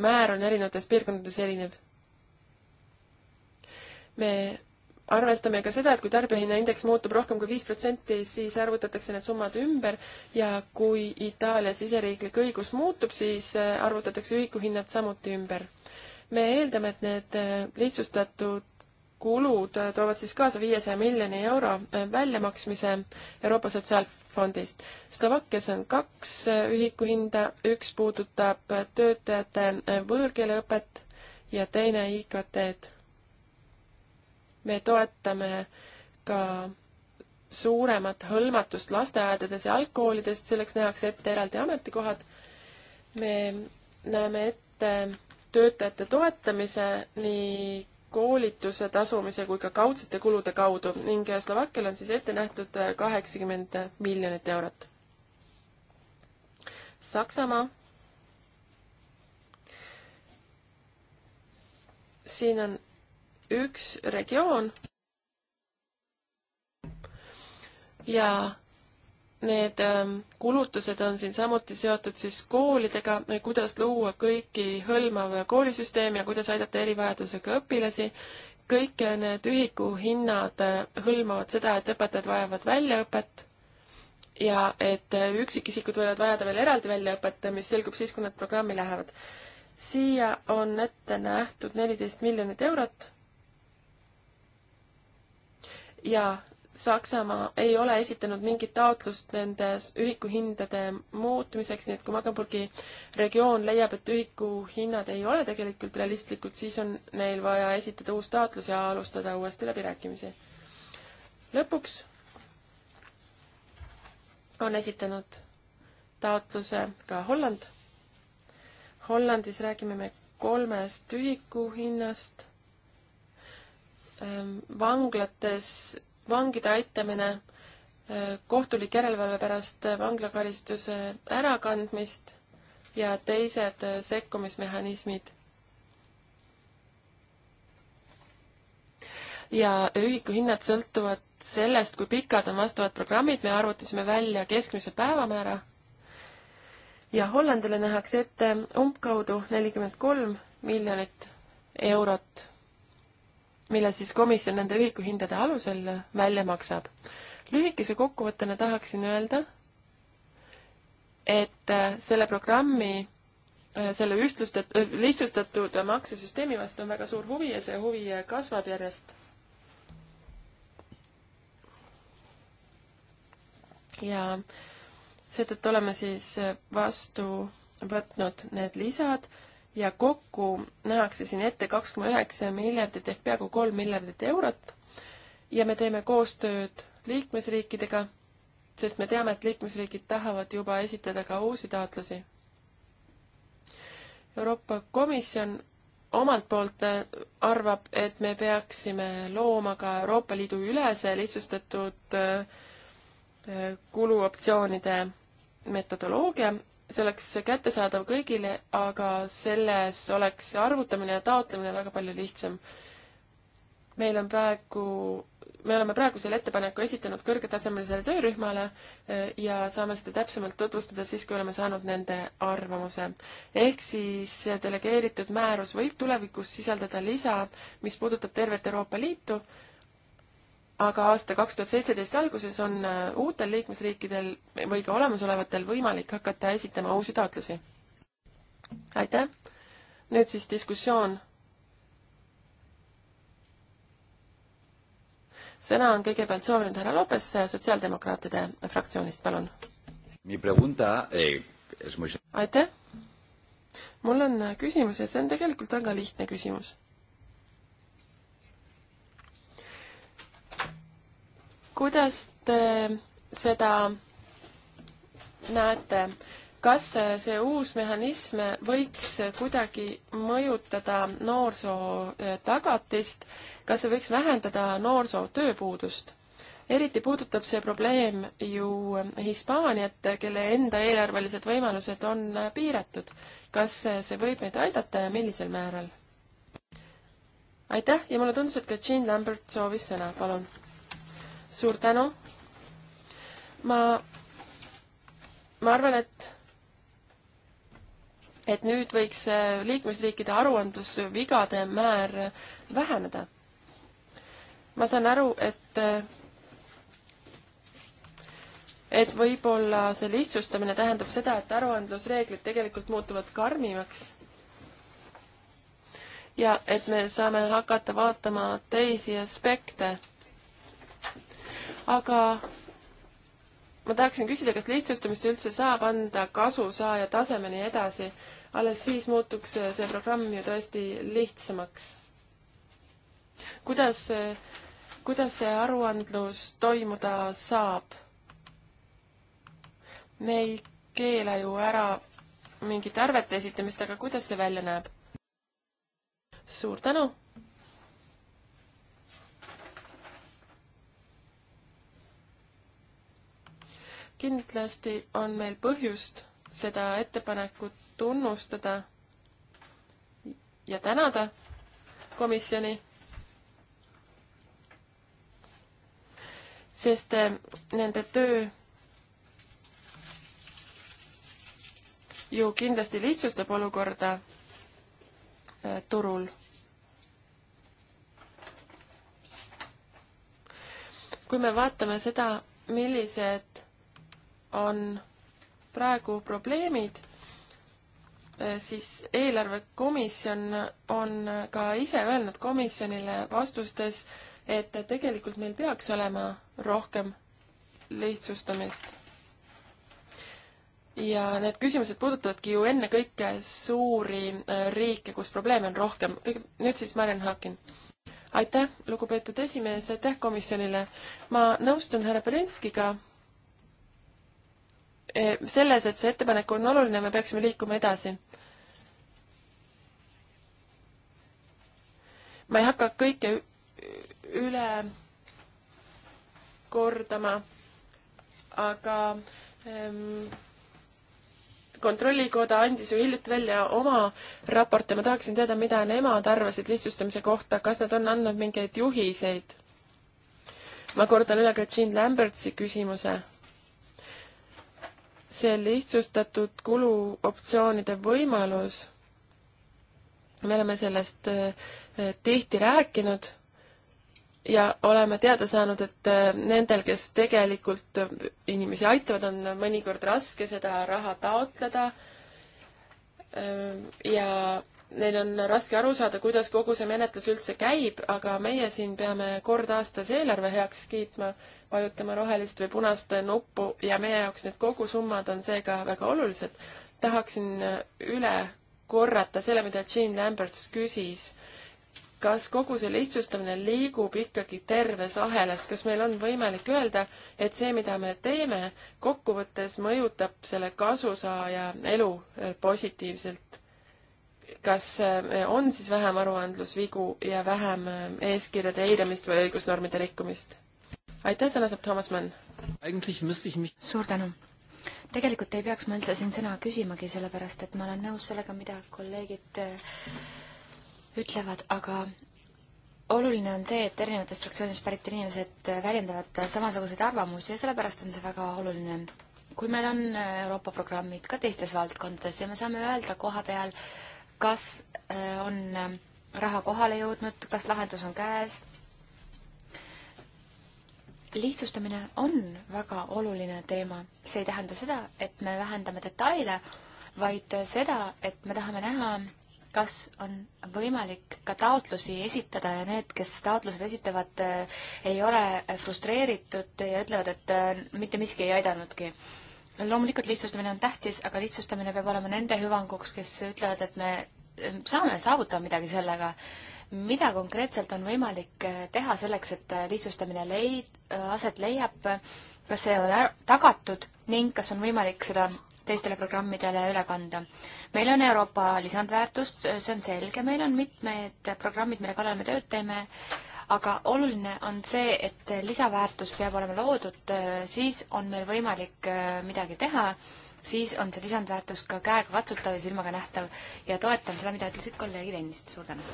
määr on erinevates piirkondades erinev. me arvestame ka seda, et kui tarbijahinnaindeks muutub rohkem kui viis protsenti, siis arvutatakse need summad ümber ja kui Itaalia siseriiklik õigus muutub, siis arvutatakse ühikuhinnad samuti ümber. me eeldame, et need lihtsustatud kulud toovad siis kaasa viiesaja miljoni euro eh, väljamaksmise Euroopa Sotsiaalfondist. Slovakkias on kaks eh, ühikuhinda, üks puudutab töötajate eh, võõrkeeleõpet ja teine IKT-d. me toetame ka suuremat hõlmatust lasteaedades ja algkoolidest, selleks nähakse ette eraldi ametikohad. me näeme ette töötajate toetamise nii koolituse tasumise kui ka kaudsete kulude kaudu ning Slovakkial on siis ette nähtud äh, kaheksakümmend miljonit eurot. Saksamaa. siin on üks regioon ja Need ähm, kulutused on siin samuti seotud siis koolidega, äh, kuidas luua kõiki hõlmav koolisüsteem ja kuidas aidata erivajadusega õpilasi. kõik need ühikuhinnad äh, hõlmavad seda, et õpetajad vajavad väljaõpet ja et äh, üksikisikud võivad vajada veel eraldi väljaõpet, mis selgub siis, kui nad programmi lähevad. siia on ette nähtud neliteist miljonit eurot ja Saksamaa ei ole esitanud mingit taotlust nende ühikuhindade muutmiseks, nii et kui Magdeburgi regioon leiab, et ühikuhinnad ei ole tegelikult realistlikud, siis on neil vaja esitada uus taotlus ja alustada uuesti läbirääkimisi. lõpuks on esitanud taotluse ka Holland. Hollandis räägime me kolmest ühikuhinnast ehm, vanglates vangide aitamine, äh, kohtulik järelevalve pärast äh, vanglakaristuse äh, ärakandmist ja teised sekkumismehhanismid. ja ühikuhinnad sõltuvad sellest, kui pikad on vastavad programmid, me arvutasime välja keskmise päevamäära ja Hollandile nähakse ette umbkaudu nelikümmend kolm miljonit eurot mille siis komisjon nende ühikuhindade alusel välja maksab. lühikese kokkuvõttena tahaksin öelda, et äh, selle programmi, äh, selle ühtlustat-, äh, lihtsustatud maksesüsteemi vastu on väga suur huvi ja see huvi kasvab järjest. ja seetõttu oleme siis vastu võtnud need lisad ja kokku nähakse siin ette kaks koma üheksa miljardit ehk peaaegu kolm miljardit eurot. ja me teeme koostööd liikmesriikidega, sest me teame, et liikmesriigid tahavad juba esitada ka uusi taotlusi. Euroopa Komisjon omalt poolt arvab, et me peaksime looma ka Euroopa Liidu ülese lihtsustatud äh, äh, kuluoptsioonide metodoloogia see oleks kättesaadav kõigile, aga selles oleks arvutamine ja taotlemine väga palju lihtsam. meil on praegu, me oleme praegu selle ettepaneku esitanud kõrgetasemelisele töörühmale e, ja saame seda täpsemalt tutvustada siis, kui oleme saanud nende arvamuse. ehk siis delegeeritud määrus võib tulevikus sisaldada lisa, mis puudutab tervet Euroopa Liitu aga aasta kaks tuhat seitseteist alguses on äh, uutel liikmesriikidel või ka olemasolevatel võimalik hakata esitama uusi taotlusi. aitäh! nüüd siis diskussioon. sõna on kõigepealt soovinud härra Lopes äh, Sotsiaaldemokraatide fraktsioonist, palun. Eh, aitäh! mul on äh, küsimus ja see on tegelikult väga lihtne küsimus kuidas te seda näete? kas see uus mehhanism võiks kuidagi mõjutada noorsootagatist, eh, kas see võiks vähendada noorsootööpuudust? eriti puudutab see probleem ju Hispaaniat, kelle enda eelarvelised võimalused on piiratud. kas see võib meid aidata ja millisel määral? aitäh ja mulle tundus, et ka Jean Lambert soovis sõna, palun suur tänu. ma, ma arvan, et et nüüd võiks äh, liikmesriikide aruandlusvigade määr väheneda. ma saan aru, et äh, et võib-olla see lihtsustamine tähendab seda, et aruandlusreeglid tegelikult muutuvad karmimaks. ja et me saame hakata vaatama teisi aspekte aga ma tahaksin küsida, kas lihtsustamist üldse saab anda kasusaaja tasemeni edasi, alles siis muutuks see programm ju tõesti lihtsamaks. kuidas, kuidas see aruandlus toimuda saab? me ei keela ju ära mingit arvete esitamist, aga kuidas see välja näeb? suur tänu! kindlasti on meil põhjust seda ettepanekut tunnustada ja tänada komisjoni, sest eh, nende töö ju kindlasti lihtsustab olukorda eh, turul. kui me vaatame seda, millised on praegu probleemid, eh, siis eelarvekomisjon on ka ise öelnud komisjonile vastustes, et tegelikult meil peaks olema rohkem lihtsustamist. ja need küsimused puudutavadki ju ennekõike suuri eh, riike, kus probleeme on rohkem. nüüd siis Mariann Haakin. aitäh, lugupeetud esimees, aitäh komisjonile. ma nõustun härra Berenskiga Eh, selles, et see ettepanek on oluline, me peaksime liikuma edasi. ma ei hakka kõike üle kordama, aga ähm, kontrollikoda andis ju hiljuti välja oma raporti, ma tahaksin teada, mida nemad arvasid lihtsustamise kohta, kas nad on andnud mingeid juhiseid? ma kordan üle ka Jean Lambertsi küsimuse see lihtsustatud kuluoptsioonide võimalus, me oleme sellest eh, tihti rääkinud ja oleme teada saanud, et eh, nendel, kes tegelikult inimesi aitavad, on mõnikord raske seda raha taotleda ehm, ja neil on raske aru saada, kuidas kogu see menetlus üldse käib, aga meie siin peame kord aastas eelarve heaks kiitma, vajutama rohelist või punast nuppu ja meie jaoks need kogusummad on seega väga olulised. tahaksin üle korrata selle, mida Jean Lamberts küsis. kas kogu see lihtsustamine liigub ikkagi terves ahelas, kas meil on võimalik öelda, et see, mida me teeme, kokkuvõttes mõjutab selle kasusaaja elu positiivselt? kas eh, on siis vähem aruandlusvigu ja vähem eh, eeskirjade eiramist või õigusnormide rikkumist? aitäh, sõna saab Toomas Mann. suur tänu. tegelikult ei peaks ma üldse siin sõna küsimagi, sellepärast et ma olen nõus sellega, mida kolleegid eh, ütlevad, aga oluline on see, et erinevatest fraktsioonidest pärit inimesed väljendavad samasuguseid arvamusi ja sellepärast on see väga oluline. kui meil on Euroopa programmid ka teistes valdkondades ja me saame öelda koha peal, kas äh, on äh, raha kohale jõudnud, kas lahendus on käes. lihtsustamine on väga oluline teema, see ei tähenda seda, et me vähendame detaile, vaid seda, et me tahame näha, kas on võimalik ka taotlusi esitada ja need, kes taotlused esitavad, äh, ei ole frustreeritud ja ütlevad, et mitte miski ei aidanudki loomulikult lihtsustamine on tähtis, aga lihtsustamine peab olema nende hüvanguks, kes ütlevad, et me saame saavutada midagi sellega. mida konkreetselt on võimalik eh, teha selleks, et eh, lihtsustamine leid-, eh, aset leiab, kas see on tagatud ning kas on võimalik seda teistele programmidele üle kanda. meil on Euroopa lisandväärtust, see on selge, meil on mitmed programmid, mille kallal me tööd teeme, aga oluline on see, et lisaväärtus peab olema loodud, siis on meil võimalik äh, midagi teha, siis on see lisandväärtus ka käega katsutav ja silmaga nähtav ja toetan seda, mida ütlesid kolleegid ennist, suur tänu.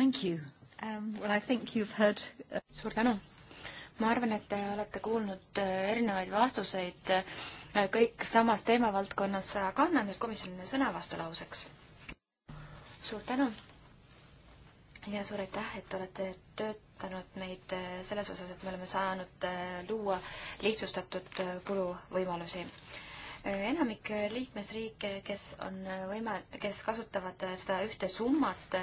Thank you um,. Well I think you have heard. Uh, suur tänu. ma arvan, et te olete kuulnud äh, erinevaid vastuseid äh, kõik samas teemavaldkonnas, aga annan nüüd komisjonile sõna vastulauseks suur tänu ja suur aitäh, et olete töötanud meid äh, selles osas, et me oleme saanud äh, luua lihtsustatud äh, kuluvõimalusi enamik liikmesriike, kes on võima-, kes kasutavad seda ühte summat,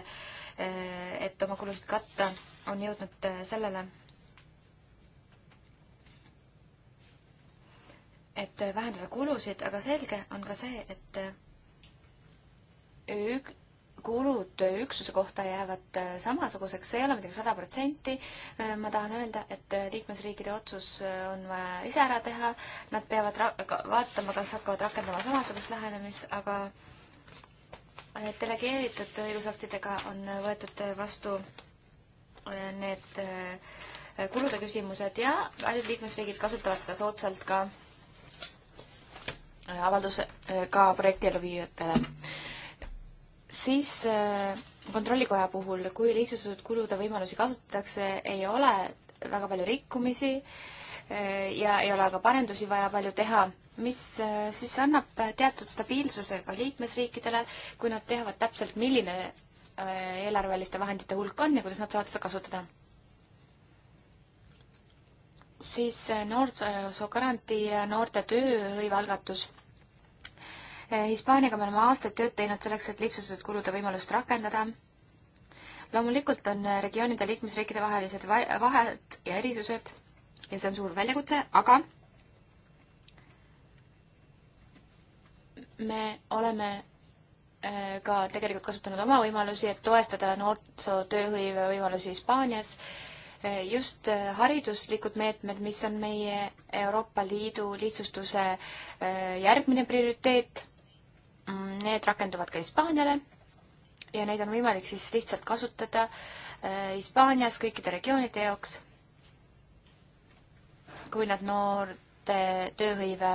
et oma kulusid katta, on jõudnud sellele, et vähendada kulusid, aga selge on ka see, et ük-, kulud üksuse kohta jäävad äh, samasuguseks, see ei ole muidugi sada protsenti. Äh, ma tahan öelda, et äh, liikmesriikide otsus on vaja ise ära teha, nad peavad ka vaatama, kas hakkavad rakendama samasugust lähenemist, aga delegeeritud õigusaktidega on võetud vastu need kulude küsimused ja paljud liikmesriigid kasutavad seda soodsalt ka avalduse, ka projekti elluviijatele siis äh, kontrollikoja puhul, kui lihtsustatud kulude võimalusi kasutatakse, ei ole väga palju rikkumisi äh, ja ei ole ka parendusi vaja palju teha, mis äh, siis annab teatud stabiilsuse ka liikmesriikidele, kui nad teavad täpselt, milline eelarveliste vahendite hulk on ja kuidas nad saavad seda kasutada. siis noorsoogarantii ja noorte tööhõive algatus Eh, Hispaaniaga me oleme aastaid tööd teinud selleks, et lihtsustatud kulude võimalust rakendada. loomulikult on eh, regioonide liikmesriikide vahelised vahed ja erisused ja see on suur väljakutse, aga me oleme eh, ka tegelikult kasutanud oma võimalusi, et toestada noorsootööhõive võimalusi Hispaanias. just hariduslikud meetmed, mis on meie Euroopa Liidu lihtsustuse järgmine prioriteet. Mm, need rakenduvad ka Hispaaniale ja neid on võimalik siis lihtsalt kasutada äh, Hispaanias kõikide regioonide jaoks, kui nad noorte tööhõive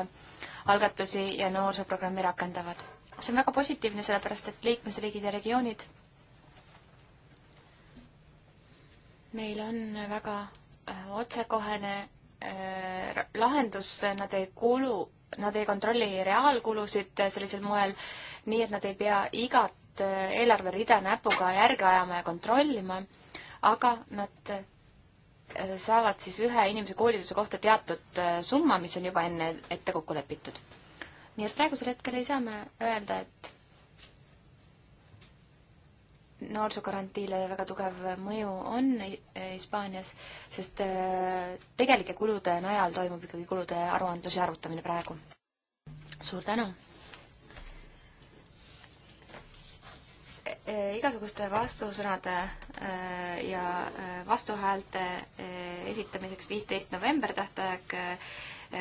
algatusi ja noorsooprogrammi rakendavad. see on väga positiivne, sellepärast et liikmesriigid ja regioonid, neil on väga äh, otsekohene äh, lahendus, nad ei kulu nad ei kontrolli reaalkulusid sellisel moel, nii et nad ei pea igat äh, eelarverida näpuga järge ajama ja kontrollima, aga nad äh, saavad siis ühe inimese koolituse kohta teatud äh, summa, mis on juba enne ette kokku lepitud. nii et praegusel hetkel ei saa me öelda, et noorsoogarantiile väga tugev mõju on Hispaanias, sest äh, tegelike kulude najal toimub ikkagi kulude aruandlus ja arvutamine praegu. suur tänu! Äh, igasuguste vastusõnade äh, ja vastuhäälte esitamiseks viisteist november tähtaeg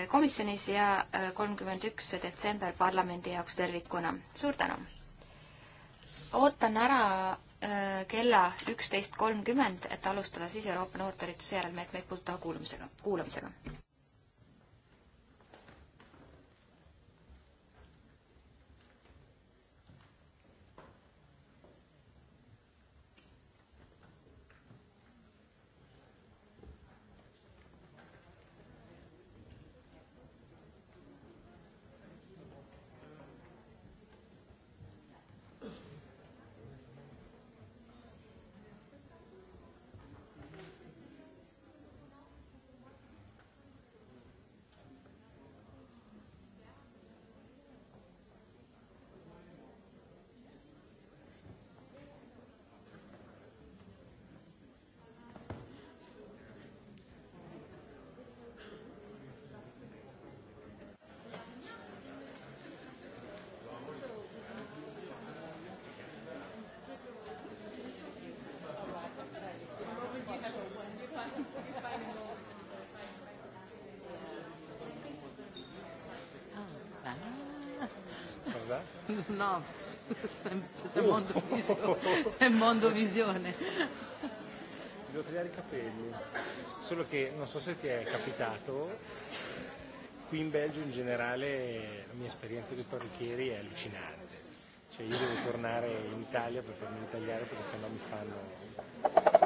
komisjonis ja kolmkümmend üks detsember parlamendi jaoks tervikuna. suur tänu! ootan ära Äh, kella üksteist kolmkümmend, et alustada siis Euroopa noorteürituse järelmeetmeid puudutava kuulamisega, kuulamisega. no, se mondo, se mondo visione. Devo tagliare i capelli, solo che non so se ti è capitato, qui in Belgio in generale la mia esperienza con i parrucchieri è allucinante. Cioè io devo tornare in Italia per farmi tagliare perché sennò mi fanno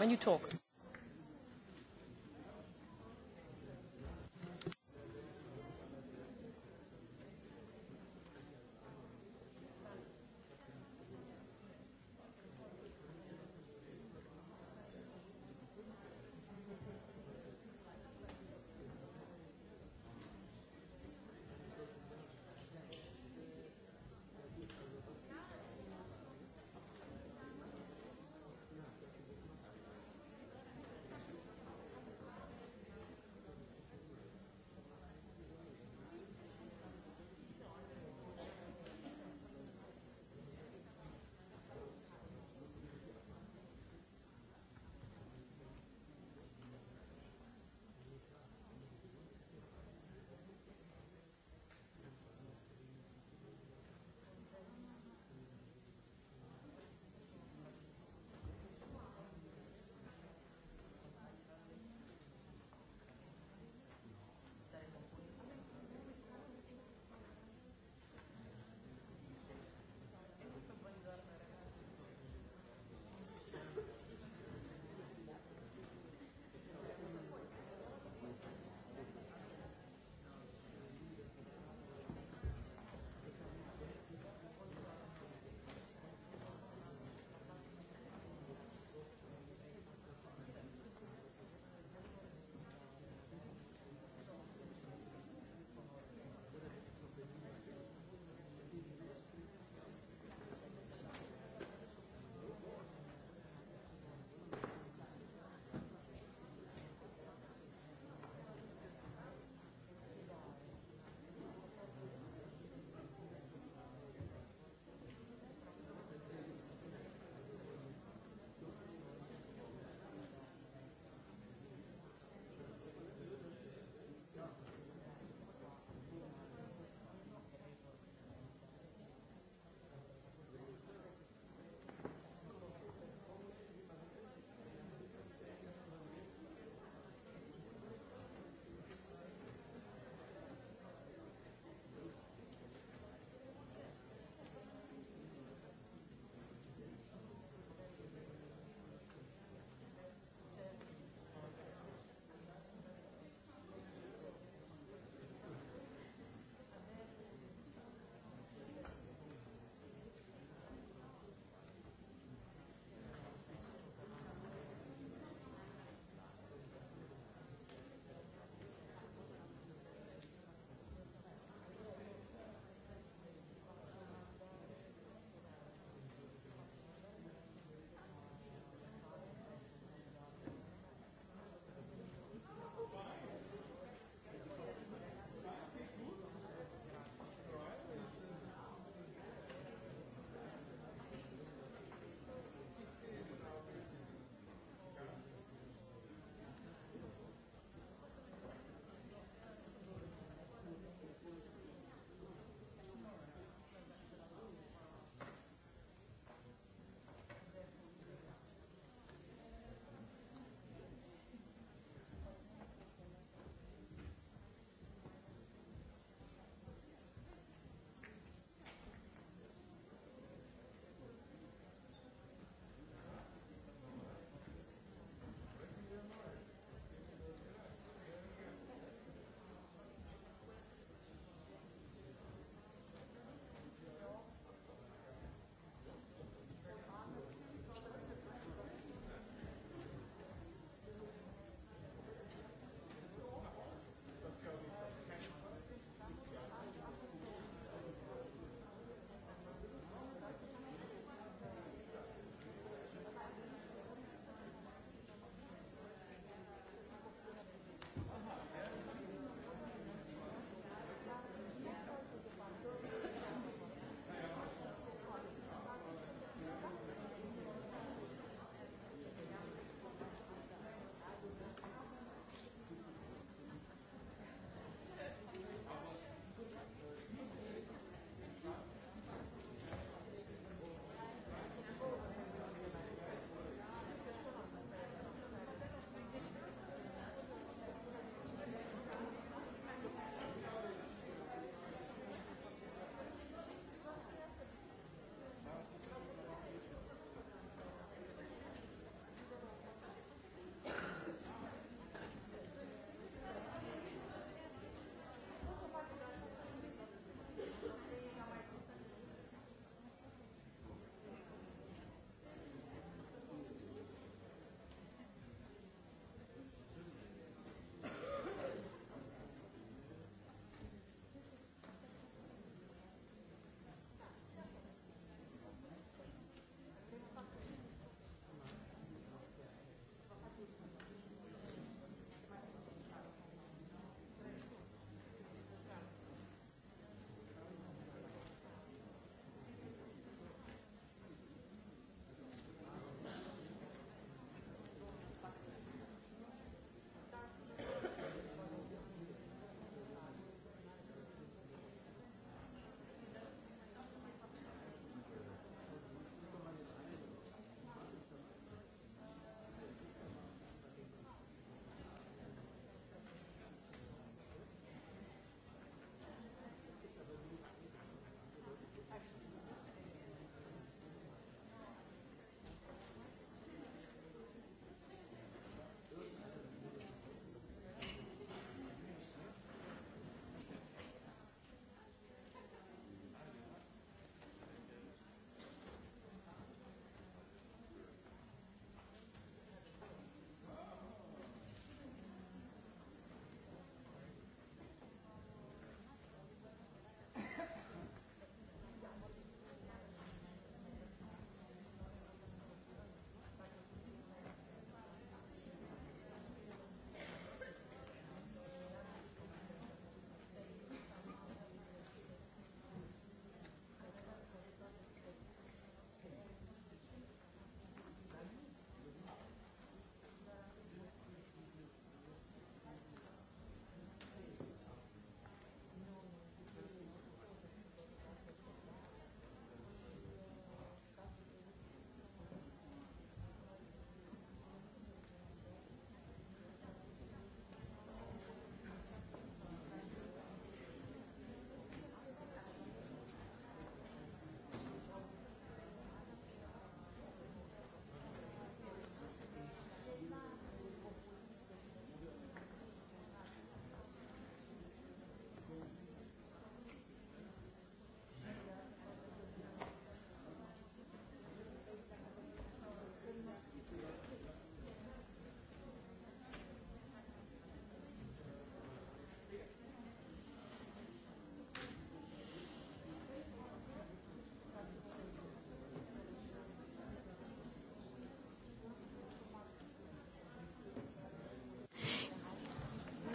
when you talk.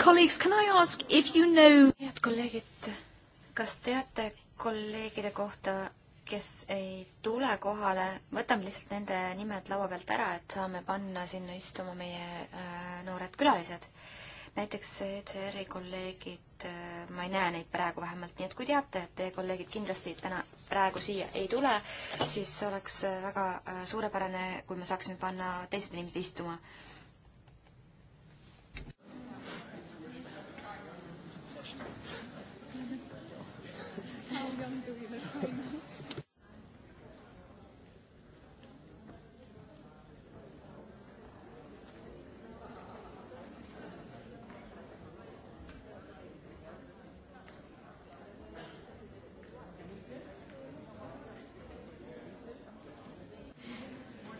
colleagues, can I ask if you know... head kolleegid, kas teate kolleegide kohta, kes ei tule kohale, võtame lihtsalt nende nimed laua pealt ära, et saame panna sinna istuma meie äh, noored külalised. näiteks ECR-i kolleegid äh,, ma ei näe neid praegu vähemalt, nii et kui teate, et teie kolleegid kindlasti täna praegu siia ei tule, siis oleks äh, väga äh, suurepärane, kui me saaksime panna teised inimesed istuma äh,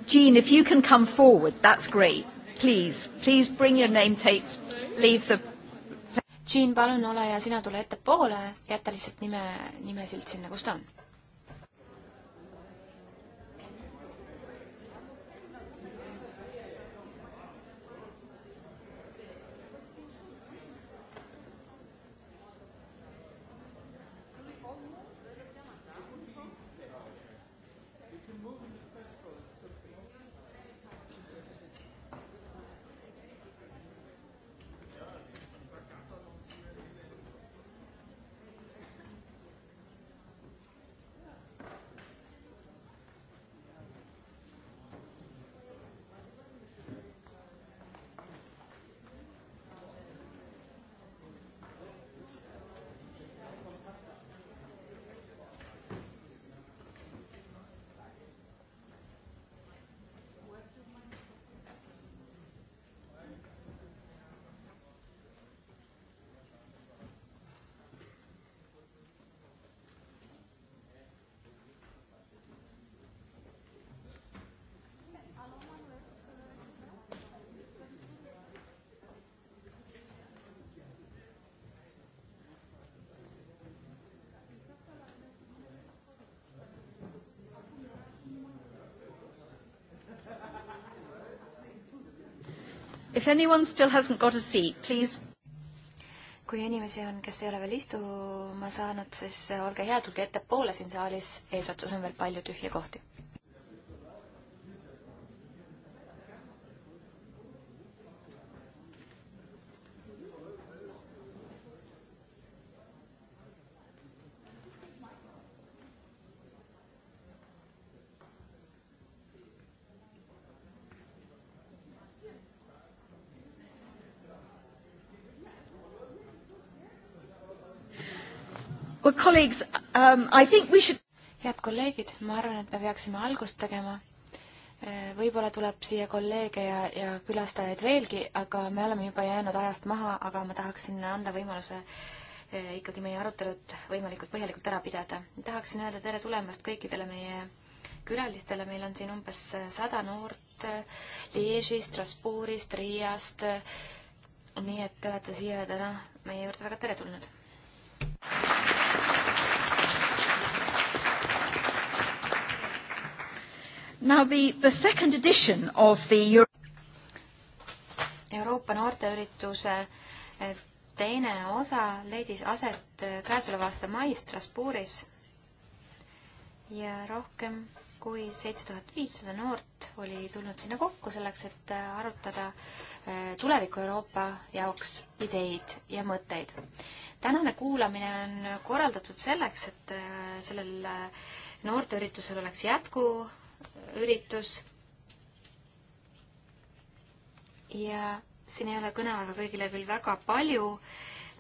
Jean, if you can come forward, that's great. Please, please bring your name tapes, leave the Jean, palun ole hea, sina tule ettepoole, jäta lihtsalt nime, nimesilt sinna, kus ta on If anyone still hasn't got a seat, please kui inimesi on, kes ei ole veel istuma saanud, siis olge head, tulge ettepoole siin saalis, eesotsas on veel palju tühje kohti colleagues, um, I think we should head kolleegid, ma arvan, et me peaksime algust tegema. Äh, võib-olla tuleb siia kolleege ja, ja külastajaid veelgi, aga me oleme juba jäänud ajast maha, aga ma tahaksin anda võimaluse äh, ikkagi meie arutelud võimalikult põhjalikult ära pidada. tahaksin öelda tere tulemast kõikidele meie külalistele, meil on siin umbes äh, sada noort Liežist, Strasbourgist, Riiast, nii et te olete siia täna meie juurde väga teretulnud. Now the, the second edition of the Euro Euroopa noorteürituse eh, teine osa leidis aset eh, käesoleva aasta mais Strasbourgis ja rohkem kui seitse tuhat viissada noort oli tulnud sinna kokku selleks, et eh, arutada tuleviku Euroopa jaoks ideid ja mõtteid. tänane kuulamine on korraldatud selleks, et sellel noorteüritusel oleks jätku üritus. ja siin ei ole kõneaega kõigile küll väga palju.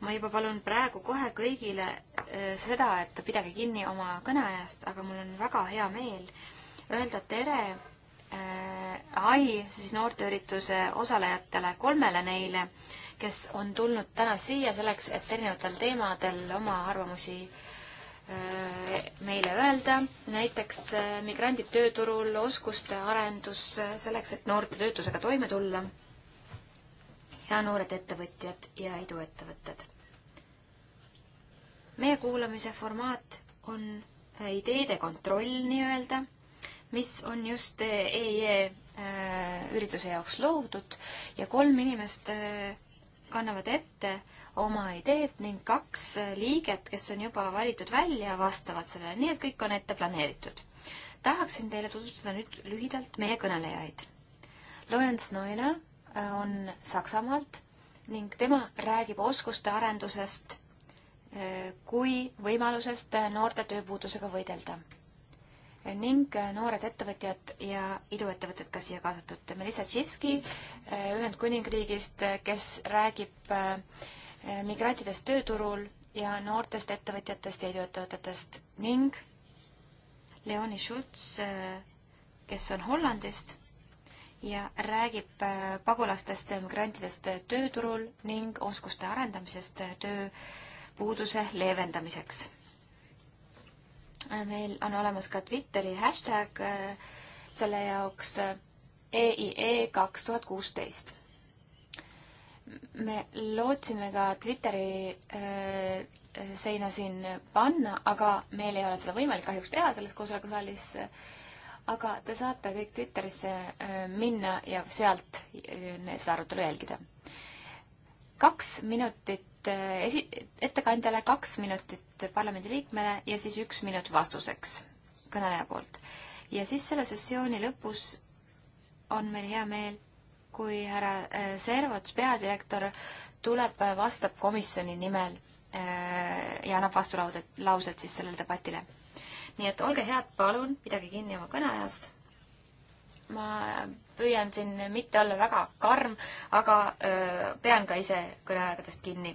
ma juba palun praegu kohe kõigile äh, seda, et pidage kinni oma kõneajast, aga mul on väga hea meel öelda tere äh, ai, siis noorteürituse osalejatele, kolmele neile, kes on tulnud täna siia selleks, et erinevatel teemadel oma arvamusi äh, Äh, meile öelda, näiteks äh, migrandid tööturul, oskuste arendus äh, selleks, et noorte töötusega toime tulla ja noored ettevõtjad ja iduettevõtted. meie kuulamise formaat on ideede kontroll nii-öelda, mis on just EIE e, ürituse jaoks loodud ja kolm inimest kannavad ette äh, oma ideed ning kaks liiget, kes on juba valitud välja, vastavad sellele, nii et kõik on ette planeeritud. tahaksin teile tutvustada nüüd lühidalt meie kõnelejaid. Lorenz Neuner äh, on Saksamaalt ning tema räägib oskuste arendusest äh, kui võimalusest noorte tööpuudusega võidelda. ning äh, noored ettevõtjad ja iduettevõtted ka siia kaasatud. Melissa Tšivski Ühendkuningriigist, kes räägib Eh, migrantidest tööturul ja noortest ettevõtjatest ja töötajatest ning Leoni Schultz, eh, kes on Hollandist ja räägib eh, pagulastest ja migrantidest tööturul ning oskuste arendamisest tööpuuduse leevendamiseks. meil on olemas ka Twitteri hashtag selle jaoks EIE e kaks tuhat kuusteist me lootsime ka Twitteri äh, seina siin panna, aga meil ei ole seda võimalik kahjuks teha selles koosolekusaalis. aga te saate kõik Twitterisse äh, minna ja sealt äh, seda arutelu jälgida. kaks minutit äh, esi-, ettekandjale, kaks minutit parlamendiliikmele ja siis üks minut vastuseks kõneleja poolt. ja siis selle sessiooni lõpus on meil hea meel kui härra äh, Servots, peadirektor, tuleb, äh, vastab komisjoni nimel äh, ja annab vastulauded, laused siis sellele debatile. nii et olge head, palun, pidage kinni oma kõneajast. ma püüan siin mitte olla väga karm, aga öö, pean ka ise kõneaegadest kinni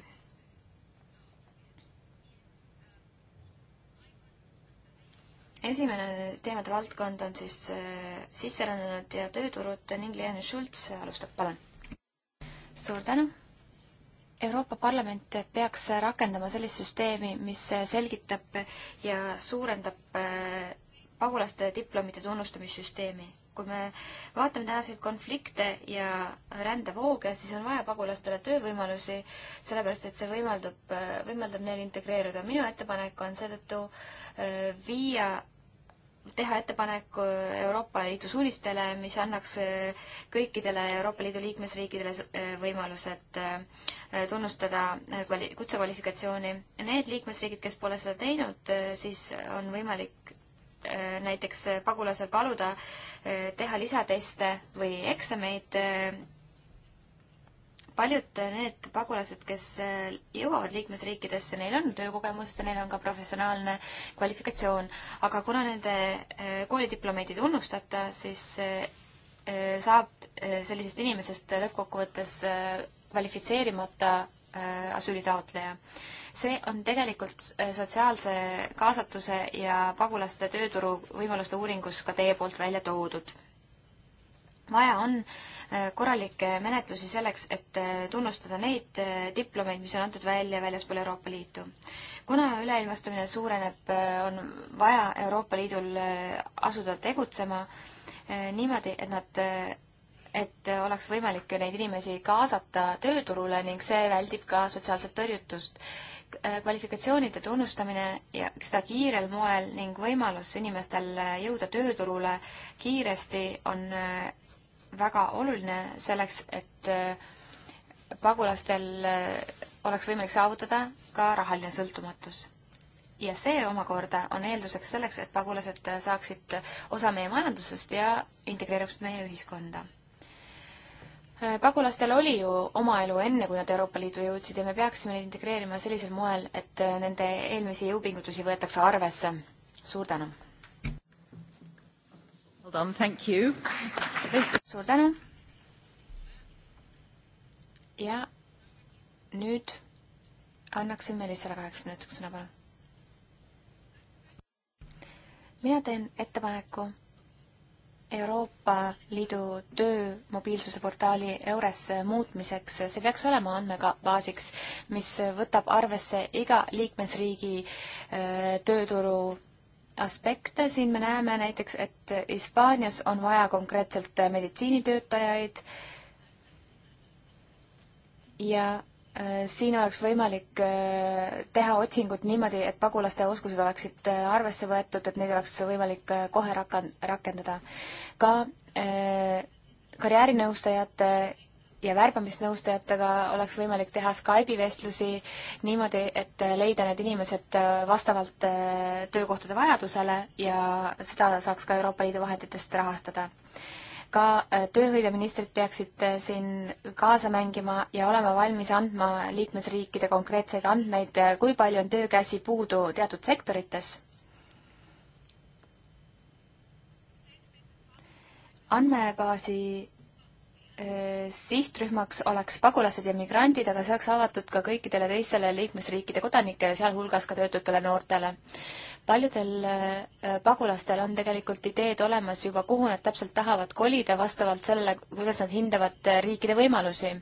esimene teemade valdkond on siis äh, sisserännanud ja tööturud ning Leon Schultz alustab, palun. suur tänu. Euroopa Parlament peaks rakendama sellist süsteemi, mis selgitab ja suurendab äh, pagulaste diplomite tunnustamissüsteemi. kui me vaatame tänaseid konflikte ja rändevooge, siis on vaja pagulastele töövõimalusi, sellepärast et see võimaldab, äh, võimaldab neil integreeruda. minu ettepanek on seetõttu viia teha ettepaneku äh, Euroopa Liidu suunistele, mis annaks äh, kõikidele Euroopa Liidu liikmesriikidele äh, võimalused tunnustada kvali-, kutsekvalifikatsiooni. Need liikmesriigid, kes pole seda teinud, siis on võimalik näiteks pagulasel paluda teha lisateste või eksameid paljud need pagulased, kes äh, jõuavad liikmesriikidesse, neil on töökogemust ja neil on ka professionaalne kvalifikatsioon, aga kuna nende äh, koolidiplomeid ei tunnustata, siis äh, saab sellisest inimesest lõppkokkuvõttes kvalifitseerimata asüülitaotleja. see on tegelikult sotsiaalse kaasatuse ja pagulaste tööturu võimaluste uuringus ka teie poolt välja toodud vaja on äh, korralikke menetlusi selleks, et äh, tunnustada neid äh, diplomeid, mis on antud välja väljaspool Euroopa Liitu. kuna üleilmastumine suureneb, on vaja Euroopa Liidul asuda tegutsema niimoodi, et nad, et oleks võimalik neid inimesi kaasata tööturule ning see väldib ka sotsiaalset tõrjutust kvalifikatsioonide tunnustamine ja seda kiirel moel ning võimalus inimestel jõuda tööturule kiiresti on väga oluline selleks, et äh, pagulastel äh, oleks võimalik saavutada ka rahaline sõltumatus. ja see omakorda on eelduseks selleks, et pagulased saaksid osa meie majandusest ja integreeruksid meie ühiskonda äh, pagulastel oli ju oma elu enne, kui nad Euroopa Liidu jõudsid ja me peaksime neid integreerima sellisel moel, et nende eelmisi jõupingutusi võetakse arvesse. suur tänu! suur tänu. ja nüüd annaksin Meelisele kaheks minutiks sõna, palun. mina teen ettepaneku Euroopa Liidu töö mobiilsuse portaali EURES muutmiseks, see peaks olema andmebaasiks, mis võtab arvesse iga liikmesriigi äh, tööturu aspekte, siin me näeme näiteks, et Hispaanias on vaja konkreetselt meditsiinitöötajaid ja äh, siin oleks võimalik äh, teha otsingut niimoodi, et pagulaste oskused oleksid äh, arvesse võetud, et neid oleks võimalik kohe rakan-, rakendada. ka karjäärinõustajate ja värbamisnõustajatega oleks võimalik teha Skype'i vestlusi niimoodi, et leida need inimesed äh, vastavalt äh, töökohtade vajadusele ja seda saaks ka Euroopa Liidu vahenditest rahastada. ka äh, tööhõiveministrid peaksid siin kaasa mängima ja olema valmis andma liikmesriikide konkreetseid andmeid, kui palju on töökäsi puudu teatud sektorites. andmebaasi Äh, sihtrühmaks oleks pagulased ja migrandid, aga see oleks avatud ka kõikidele teistele liikmesriikide kodanikele, sealhulgas ka töötutele noortele. paljudel äh, pagulastel on tegelikult ideed olemas juba, kuhu nad täpselt tahavad kolida, vastavalt sellele, kuidas nad hindavad äh, riikide võimalusi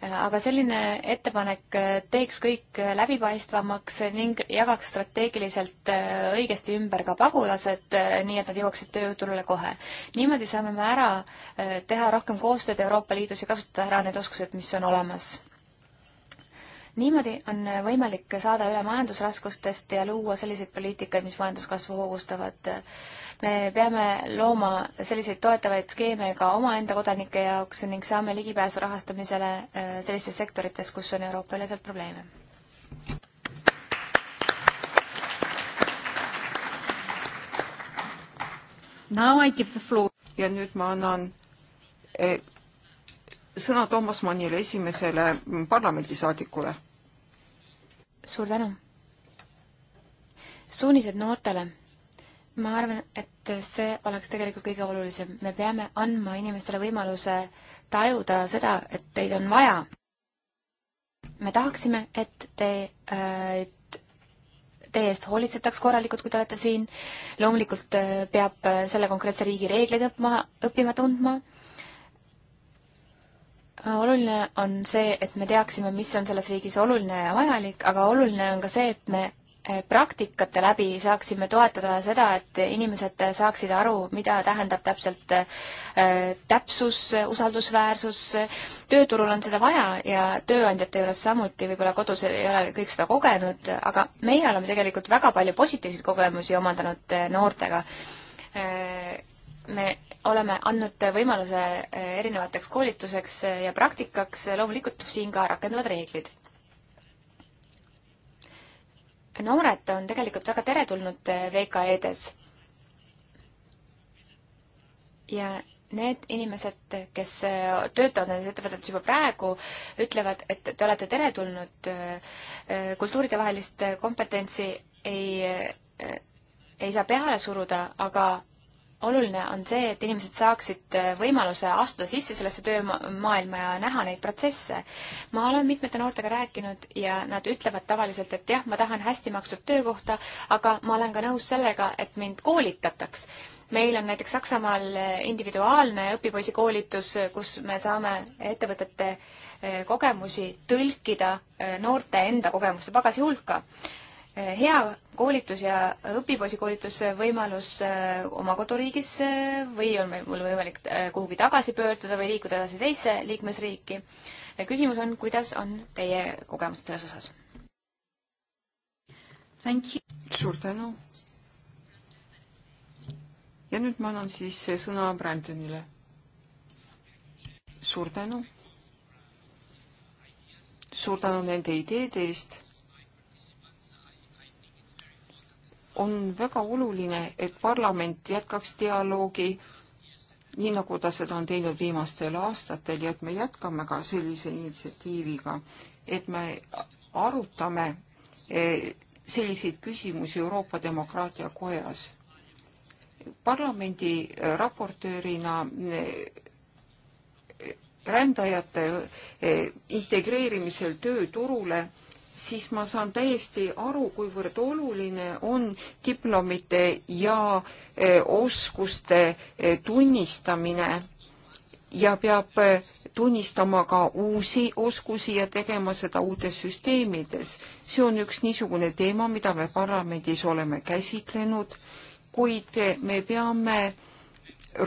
aga selline ettepanek teeks kõik läbipaistvamaks ning jagaks strateegiliselt õigesti ümber ka pagulased, nii et nad jõuaksid tööjõuturule kohe. niimoodi saame me ära eh, teha rohkem koostööd Euroopa Liidus ja kasutada ära need oskused, mis on olemas niimoodi on võimalik saada üle majandusraskustest ja luua selliseid poliitikaid, mis majanduskasvu hoogustavad me peame looma selliseid toetavaid skeeme ka omaenda kodanike jaoks ning saame ligipääsu rahastamisele äh, sellistes sektorites, kus on Euroopa-üleselt probleeme. ja nüüd ma annan eh, sõna Toomas Mannile, esimesele mm, parlamendisaadikule. suur tänu. suunised noortele ma arvan, et see oleks tegelikult kõige olulisem. me peame andma inimestele võimaluse tajuda seda, et teid on vaja. me tahaksime, et te äh, teie eest hoolitsetaks korralikult, kui te olete siin. loomulikult äh, peab äh, selle konkreetse riigi reegleid õppima, õppima tundma. oluline on see, et me teaksime, mis on selles riigis oluline ja vajalik, aga oluline on ka see, et me Eh, praktikate läbi saaksime toetada seda, et inimesed saaksid aru, mida tähendab täpselt eh, täpsus, usaldusväärsus. tööturul on seda vaja ja tööandjate juures samuti, võib-olla kodus ei ole kõik seda kogenud, aga meie oleme tegelikult väga palju positiivseid kogemusi omandanud eh, noortega. me oleme andnud võimaluse erinevateks koolituseks ja praktikaks, loomulikult siin ka rakenduvad reeglid noored on tegelikult väga teretulnud eh, VKE-des. ja need inimesed, kes eh, töötavad nendes ettevõtetes juba praegu, ütlevad, et te olete teretulnud, eh, kultuuridevahelist kompetentsi ei, ei saa peale suruda, aga oluline on see, et inimesed saaksid äh, võimaluse astuda sisse sellesse töömaailma ja näha neid protsesse. ma olen mitmete noortega rääkinud ja nad ütlevad tavaliselt, et jah, ma tahan hästi makstud töökohta, aga ma olen ka nõus sellega, et mind koolitataks. meil on näiteks Saksamaal äh, individuaalne õpipoisikoolitus, äh, kus me saame ettevõtete kogemusi tõlkida noorte enda kogemuste pagasi hulka hea koolitus ja õpipoisikoolituse võimalus äh, oma koduriigis äh, või on mul võimalik äh, kuhugi tagasi pöörduda või liikuda edasi teise liikmesriiki. küsimus on, kuidas on teie kogemused selles osas? suur tänu. ja nüüd ma annan siis sõna Brandonile. suur tänu. suur tänu nende ideede eest on väga oluline, et parlament jätkaks dialoogi, nii nagu ta seda on teinud viimastel aastatel ja et me jätkame ka sellise initsiatiiviga, et me arutame e, selliseid küsimusi Euroopa demokraatia kojas. parlamendi e, raportöörina e, rändajate integreerimisel tööturule siis ma saan täiesti aru, kuivõrd oluline on diplomite ja e, oskuste e, tunnistamine ja peab e, tunnistama ka uusi oskusi ja tegema seda uutes süsteemides. see on üks niisugune teema, mida me parlamendis oleme käsitlenud, kuid me peame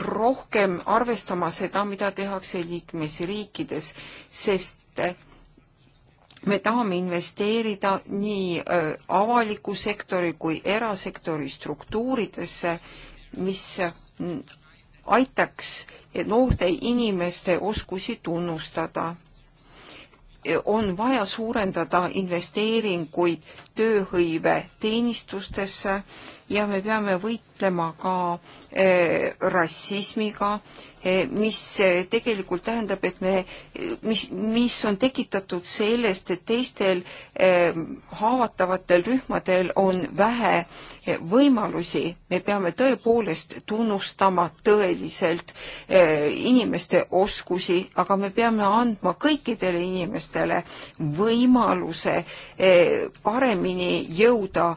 rohkem arvestama seda, mida tehakse liikmesriikides, sest me tahame investeerida nii avaliku sektori kui erasektori struktuuridesse, mis aitaks noorte inimeste oskusi tunnustada. on vaja suurendada investeeringuid tööhõive teenistustesse ja me peame võitlema ka rassismiga, Eh, mis eh, tegelikult tähendab, et me, eh, mis, mis on tekitatud sellest, et teistel haavatavatel rühmadel on vähe võimalusi. me peame tõepoolest tunnustama tõeliselt inimeste oskusi, aga me peame andma kõikidele inimestele võimaluse paremini jõuda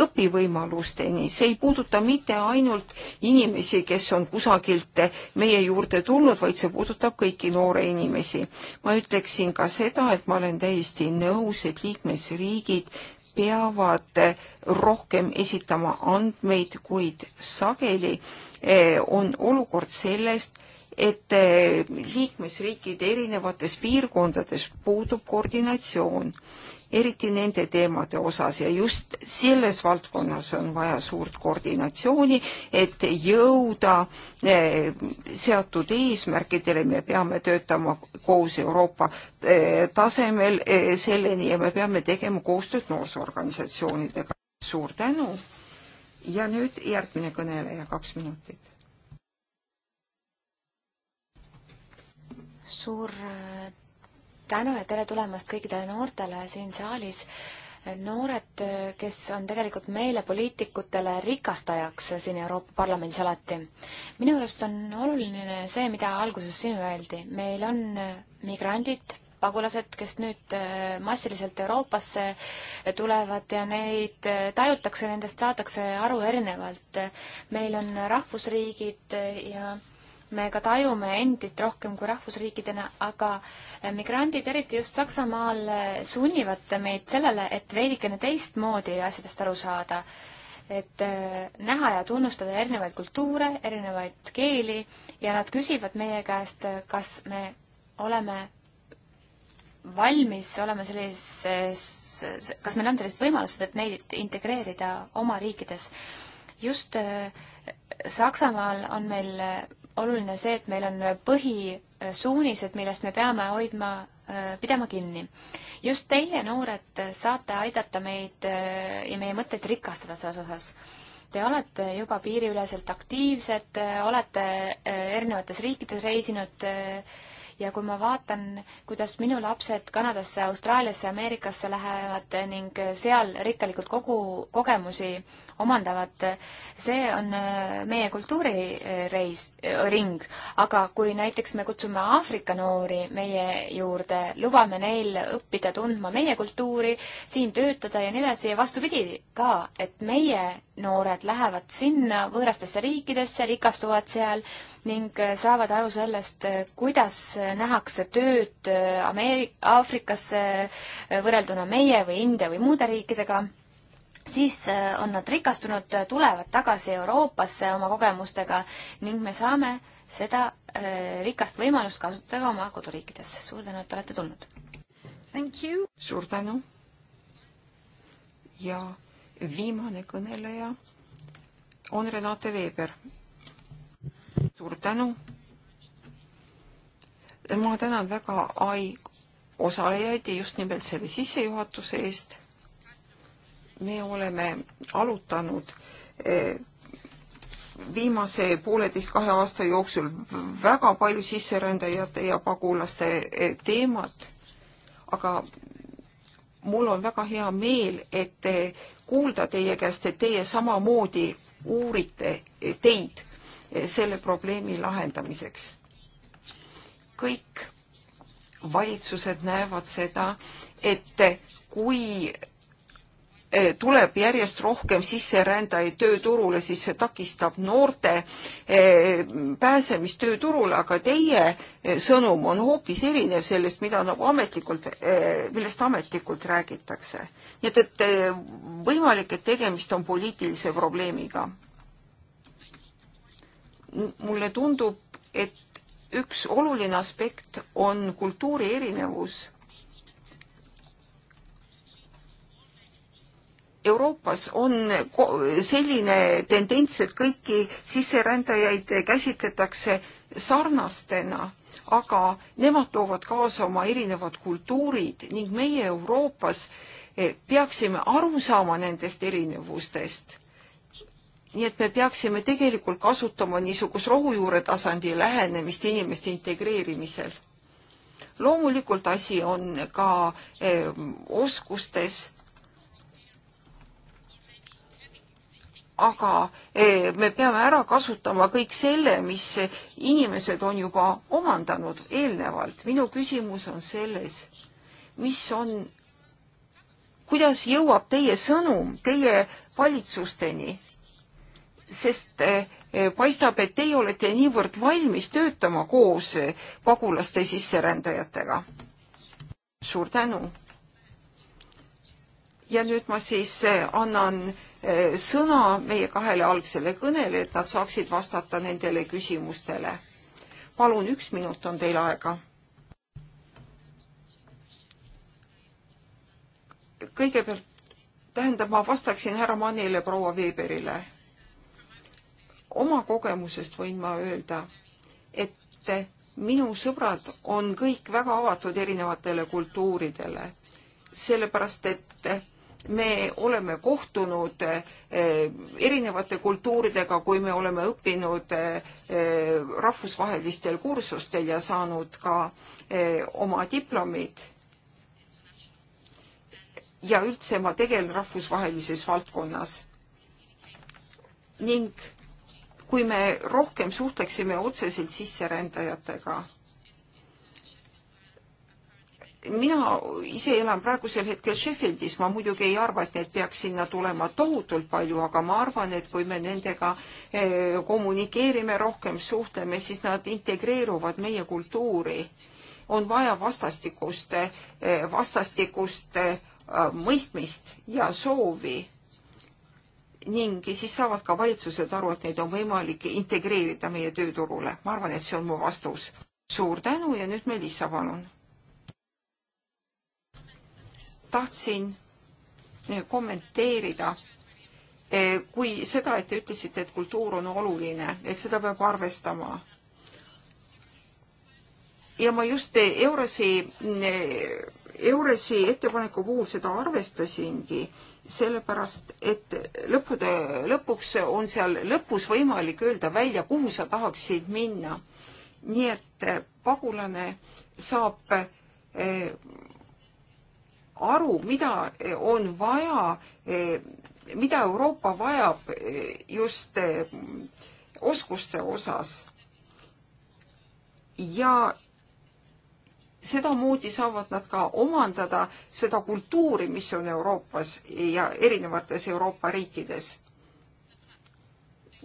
õpivõimalusteni. see ei puuduta mitte ainult inimesi, kes on kusagilt meie juurde tulnud, vaid see puudutab kõiki noore inimesi. ma ütleksin ka seda, et ma olen täiesti nõus, et liikmesriigid peavad rohkem esitama andmeid, kuid sageli eh, on olukord sellest, et eh, liikmesriikide erinevates piirkondades puudub koordinatsioon eriti nende teemade osas ja just selles valdkonnas on vaja suurt koordinatsiooni, et jõuda eh, seatud eesmärkidele, me peame töötama koos Euroopa eh, tasemel eh, selleni ja me peame tegema koostööd noorsoorganisatsioonidega. suur tänu ja nüüd järgmine kõneleja, kaks minutit. suur tänu ja tere tulemast kõikidele noortele siin saalis noored, kes on tegelikult meile, poliitikutele, rikastajaks siin Euroopa Parlamendis alati. minu arust on oluline see, mida alguses siin öeldi, meil on migrandid, pagulased, kes nüüd äh, massiliselt Euroopasse äh, tulevad ja neid äh, tajutakse, nendest saadakse aru erinevalt. meil on rahvusriigid ja äh, me ka tajume endid rohkem kui rahvusriikidena, aga eh, migrandid, eriti just Saksamaal, eh, sunnivad meid sellele, et veidikene teistmoodi asjadest aru saada. et eh, näha ja tunnustada erinevaid kultuure, erinevaid keeli ja nad küsivad meie käest, kas me oleme valmis olema sellises, kas meil on sellised võimalused, et neid integreerida oma riikides. just Saksamaal on meil oluline see, et meil on põhisuunised, millest me peame hoidma, äh, pidama kinni. just teie, noored, saate aidata meid äh, ja meie mõtteid rikastada selles osas. Te olete juba piiriüleselt aktiivsed, äh, olete erinevates riikides reisinud ja kui ma vaatan, kuidas minu lapsed Kanadasse, Austraaliasse, Ameerikasse lähevad ning seal rikkalikult kogu, kogemusi omandavad, see on äh, meie kultuurireis, äh, äh, ring. aga kui näiteks me kutsume Aafrika noori meie juurde, lubame neil õppida tundma meie kultuuri, siin töötada ja nii edasi ja vastupidi ka, et meie noored lähevad sinna võõrastesse riikidesse, rikastuvad seal ning saavad aru sellest, kuidas nähakse tööd äh, Ameerik-, Aafrikasse äh, võrrelduna meie või India või muude riikidega, siis äh, on nad rikastunud, tulevad tagasi Euroopasse oma kogemustega ning me saame seda rikast võimalust kasutada ka oma koduriikides. suur tänu, et olete tulnud! suur tänu! ja viimane kõneleja on Renate Veeber. suur tänu, ma tänan väga ai osalejaid ja just nimelt selle sissejuhatuse eest. me oleme alutanud eh, viimase pooleteist kahe aasta jooksul väga palju sisserändajate ja pagulaste eh, teemat, aga mul on väga hea meel, et eh, kuulda teie käest, et teie samamoodi uurite teid selle probleemi lahendamiseks kõik valitsused näevad seda, et kui eh, tuleb järjest rohkem sisserändajaid tööturule, siis see takistab noorte eh, pääsemist tööturule, aga teie eh, sõnum on hoopis erinev sellest, mida nagu ametlikult, millest ametlikult räägitakse. nii et, et võimalik, et tegemist on poliitilise probleemiga. mulle tundub, et üks oluline aspekt on kultuuri erinevus. Euroopas on selline tendents, et kõiki sisserändajaid käsitletakse sarnastena, aga nemad toovad kaasa oma erinevad kultuurid ning meie Euroopas eh, peaksime aru saama nendest erinevustest nii et me peaksime tegelikult kasutama niisugust rohujuure tasandi lähenemist inimeste integreerimisel. loomulikult asi on ka eh, oskustes, aga eh, me peame ära kasutama kõik selle, mis inimesed on juba omandanud eelnevalt. minu küsimus on selles, mis on, kuidas jõuab teie sõnum teie valitsusteni sest eh, paistab, et teie olete niivõrd valmis töötama koos eh, pagulaste sisserändajatega. suur tänu. ja nüüd ma siis eh, annan sõna meie kahele algsele kõnele, et nad saaksid vastata nendele küsimustele. palun, üks minut on teil aega. kõigepealt, tähendab, ma vastaksin härra Mannile, proua Veberile oma kogemusest võin ma öelda, et minu sõbrad on kõik väga avatud erinevatele kultuuridele, sellepärast et me oleme kohtunud eh, erinevate kultuuridega, kui me oleme õppinud eh, rahvusvahelistel kursustel ja saanud ka eh, oma diplomid. ja üldse ma tegelen rahvusvahelises valdkonnas ning kui me rohkem suhtleksime otseselt sisserändajatega. mina ise elan praegusel hetkel Sheffieldis, ma muidugi ei arva, et neid peaks sinna tulema tohutult palju, aga ma arvan, et kui me nendega eh, kommunikeerime, rohkem suhtleme, siis nad integreeruvad meie kultuuri. on vaja vastastikust, eh, vastastikust eh, mõistmist ja soovi ning siis saavad ka valitsused aru, et neid on võimalik integreerida meie tööturule. ma arvan, et see on mu vastus. suur tänu ja nüüd Melissa, palun. tahtsin eh, kommenteerida eh, kui seda, et te ütlesite, et kultuur on oluline, et seda peab arvestama. ja ma just eh, Eurasi, Eurasi ettepaneku puhul seda arvestasingi sellepärast et lõppude, lõpuks on seal lõpus võimalik öelda välja, kuhu sa tahaksid minna. nii et eh, pagulane saab eh, aru, mida eh, on vaja, mida Euroopa vajab just oskuste osas. ja sedamoodi saavad nad ka omandada seda kultuuri, mis on Euroopas ja erinevates Euroopa riikides.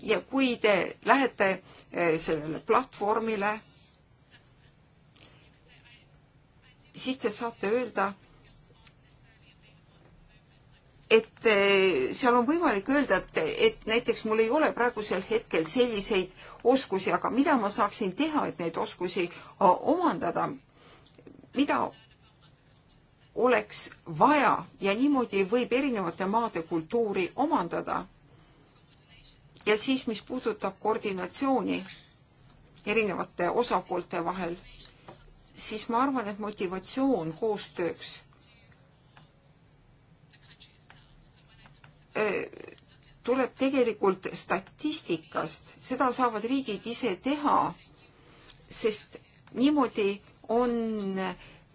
ja kui te lähete eh, sellele platvormile, siis te saate öelda, et eh, seal on võimalik öelda, et, et näiteks mul ei ole praegusel hetkel selliseid oskusi, aga mida ma saaksin teha, et neid oskusi eh, omandada mida oleks vaja ja niimoodi võib erinevate maade kultuuri omandada. ja siis, mis puudutab koordinatsiooni erinevate osapoolte vahel, siis ma arvan, et motivatsioon koostööks tuleb tegelikult statistikast, seda saavad riigid ise teha, sest niimoodi on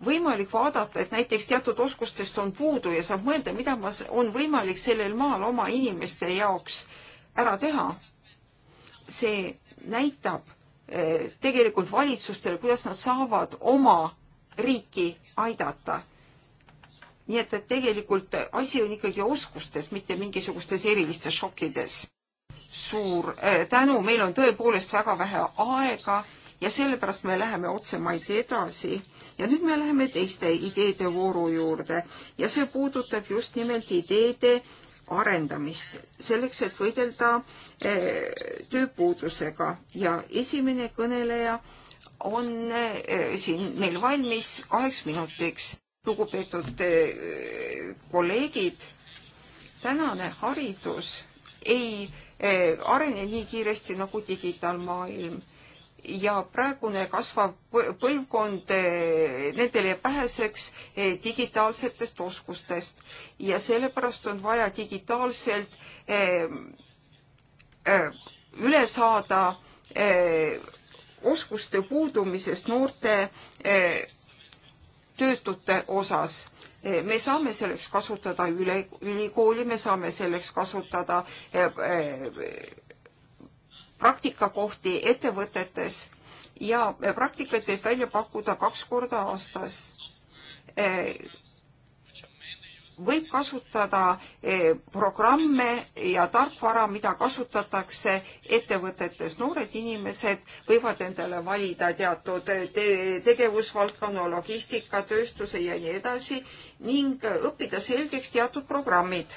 võimalik vaadata, et näiteks teatud oskustest on puudu ja saab mõelda, mida ma, on võimalik sellel maal oma inimeste jaoks ära teha. see näitab eh, tegelikult valitsustele, kuidas nad saavad oma riiki aidata. nii et, et tegelikult asi on ikkagi oskustes, mitte mingisugustes erilistes šokkides. suur eh, tänu, meil on tõepoolest väga vähe aega ja sellepärast me läheme otsemaid edasi. ja nüüd me läheme teiste ideede vooru juurde ja see puudutab just nimelt ideede arendamist selleks, et võidelda eh, tööpuudusega ja esimene kõneleja on eh, siin meil valmis kaheks minutiks. lugupeetud eh, kolleegid, tänane haridus ei arene nii kiiresti nagu digitaalmaailm ja praegune kasvav põlvkond, eh, nendele pääseks eh, digitaalsetest oskustest ja sellepärast on vaja digitaalselt eh, üle saada oskuste puudumisest noorte töötute osas me saame selleks kasutada üle, ülikooli, me saame selleks kasutada praktikakohti ettevõtetes ja praktikat võib välja pakkuda kaks korda aastas. E, võib kasutada e, programme ja tarkvara, mida kasutatakse ettevõtetes. noored inimesed võivad endale valida teatud te tegevusvaldkonna, logistika, tööstuse ja nii edasi ning õppida selgeks teatud programmid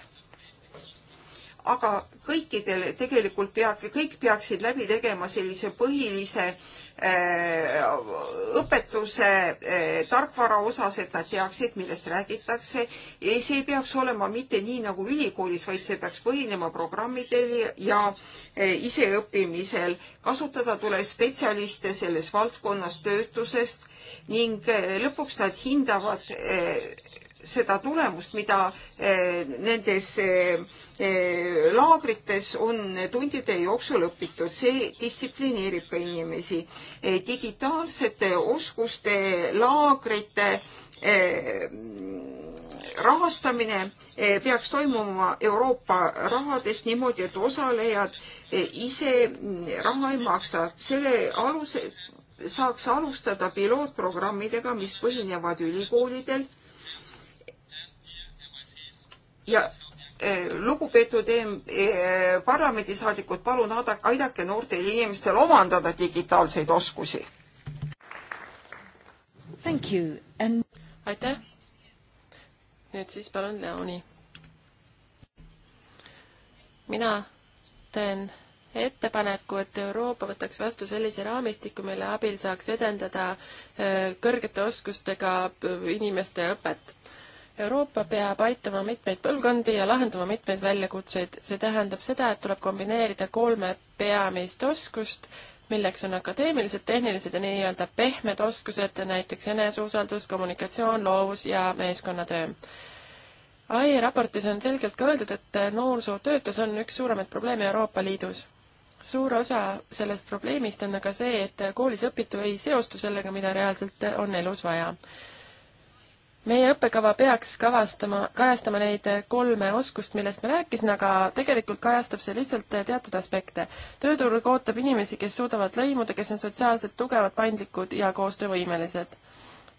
aga kõikidel tegelikult peab, kõik peaksid läbi tegema sellise põhilise eh, õpetuse eh, tarkvara osas, et nad teaksid, millest räägitakse. see ei peaks olema mitte nii nagu ülikoolis, vaid see peaks põhinema programmidel ja eh, iseõppimisel. kasutada tuleb spetsialiste selles valdkonnas töötusest ning lõpuks nad hindavad seda tulemust, mida eh, nendes eh, eh, laagrites on tundide jooksul õpitud, see distsiplineerib ka inimesi. digitaalsete oskuste laagrite rahastamine peaks toimuma Euroopa rahadest niimoodi, et osalejad ise mm, raha ei maksa. selle aluse saaks alustada pilootprogrammidega, mis põhinevad ülikoolidel ja e, lugupeetud e, parlamendisaadikud, palun aidake noortel inimestel omandada digitaalseid oskusi. And... aitäh. nüüd siis palun Leoni. mina teen ettepaneku, et Euroopa võtaks vastu sellise raamistiku, mille abil saaks edendada e, kõrgete oskustega inimeste õpet Euroopa peab aitama mitmeid põlvkondi ja lahendama mitmeid väljakutseid. see tähendab seda, et tuleb kombineerida kolme peamist oskust, milleks on akadeemilised, tehnilised ja nii-öelda pehmed oskused, näiteks eneseusaldus, kommunikatsioon, loovus ja meeskonnatöö. AI raportis on selgelt ka öeldud, et noorsootöötus on üks suuremaid probleeme Euroopa Liidus. suur osa sellest probleemist on aga see, et koolis õpitu ei seostu sellega, mida reaalselt on elus vaja meie õppekava peaks kavastama, kajastama neid kolme oskust, millest ma rääkisin, aga tegelikult kajastab see lihtsalt teatud aspekte. tööturg ootab inimesi, kes suudavad lõimuda, kes on sotsiaalselt tugevad, paindlikud ja koostöövõimelised.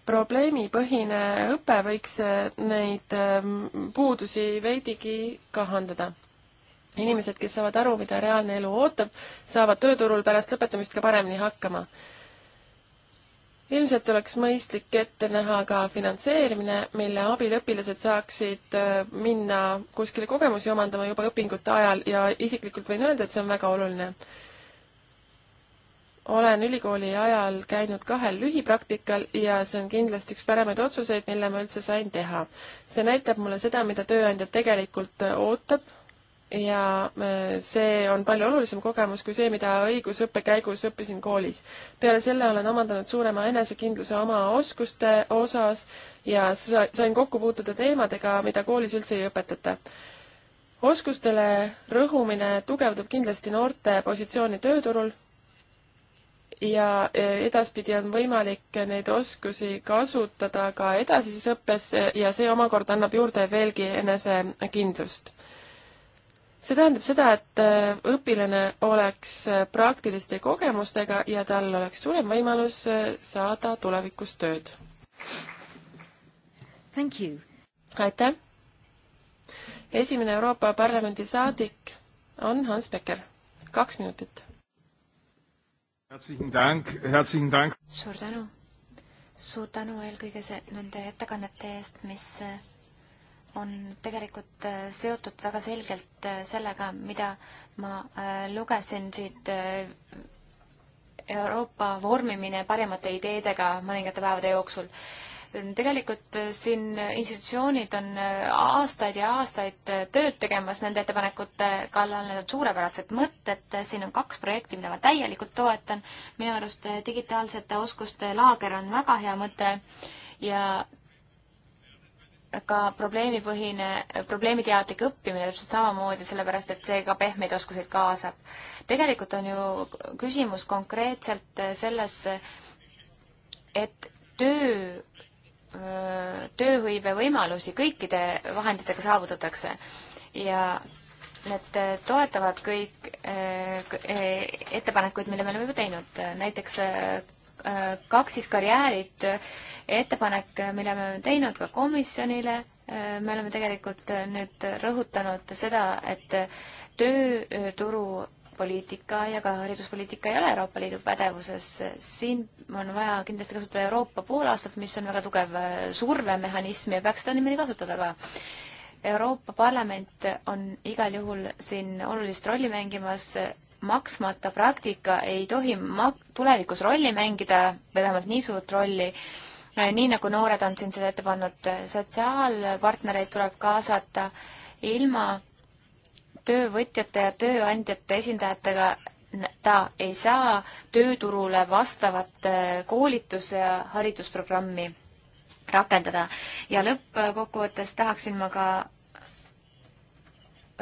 probleemipõhine õpe võiks äh, neid ähm, puudusi veidigi kahandada inimesed, kes saavad aru, mida reaalne elu ootab, saavad tööturul pärast lõpetamist ka paremini hakkama ilmselt oleks mõistlik ette näha ka finantseerimine, mille abil õpilased saaksid äh, minna kuskile kogemusi omandama juba õpingute ajal ja isiklikult võin öelda, et see on väga oluline. olen ülikooli ajal käinud kahel lühipraktikal ja see on kindlasti üks paremaid otsuseid, mille ma üldse sain teha. see näitab mulle seda, mida tööandja tegelikult ootab ja äh, see on palju olulisem kogemus kui see, mida õigusõppe käigus õppisin koolis. peale selle olen omandanud suurema enesekindluse oma oskuste osas ja sain kokku puutuda teemadega, mida koolis üldse ei õpetata. oskustele rõhumine tugevdab kindlasti noorte positsiooni tööturul ja äh, edaspidi on võimalik neid oskusi kasutada ka edasises õppes ja see omakorda annab juurde veelgi enesekindlust see tähendab seda, et äh, õpilane oleks äh, praktiliste kogemustega ja tal oleks suurem võimalus äh, saada tulevikus tööd. aitäh! esimene Euroopa Parlamendi saadik on Hans Becker, kaks minutit. suur tänu! suur tänu eelkõige see, nende ettekannete eest, mis on tegelikult äh, seotud väga selgelt äh, sellega, mida ma äh, lugesin siit Euroopa vormimine parimate ideedega mõningate päevade jooksul. tegelikult siin institutsioonid on aastaid ja aastaid tööd tegemas nende ettepanekute kallal, need on suurepärased mõtted, siin on kaks projekti, mida ma täielikult toetan, minu arust digitaalsete oskuste laager on väga hea mõte ja ka probleemipõhine, probleemiteadlik õppimine täpselt samamoodi, sellepärast et see ka pehmeid oskuseid kaasab. tegelikult on ju küsimus konkreetselt selles, et töö, tööhõive võimalusi kõikide vahenditega saavutatakse ja need toetavad kõik eh, ettepanekuid, mille me oleme juba teinud, näiteks Äh, kaks siis karjäärid, äh, ettepanek, äh, mille me oleme teinud ka komisjonile, me oleme tegelikult nüüd rõhutanud seda, et tööturupoliitika ja ka hariduspoliitika ei ole Euroopa Liidu pädevuses. siin on vaja kindlasti kasutada Euroopa poolaastat, mis on väga tugev survemehhanism ja peaks seda niimoodi kasutada ka Euroopa Parlament on igal juhul siin olulist rolli mängimas maksmata praktika ei tohi mak-, tulevikus rolli mängida, või vähemalt nii suurt rolli, äh, nii nagu noored on siin seda ette pannud, äh, sotsiaalpartnereid tuleb kaasata ilma töövõtjate ja tööandjate esindajatega ta ei saa tööturule vastavat äh, koolitus- ja haridusprogrammi rakendada. ja lõppkokkuvõttes tahaksin ma ka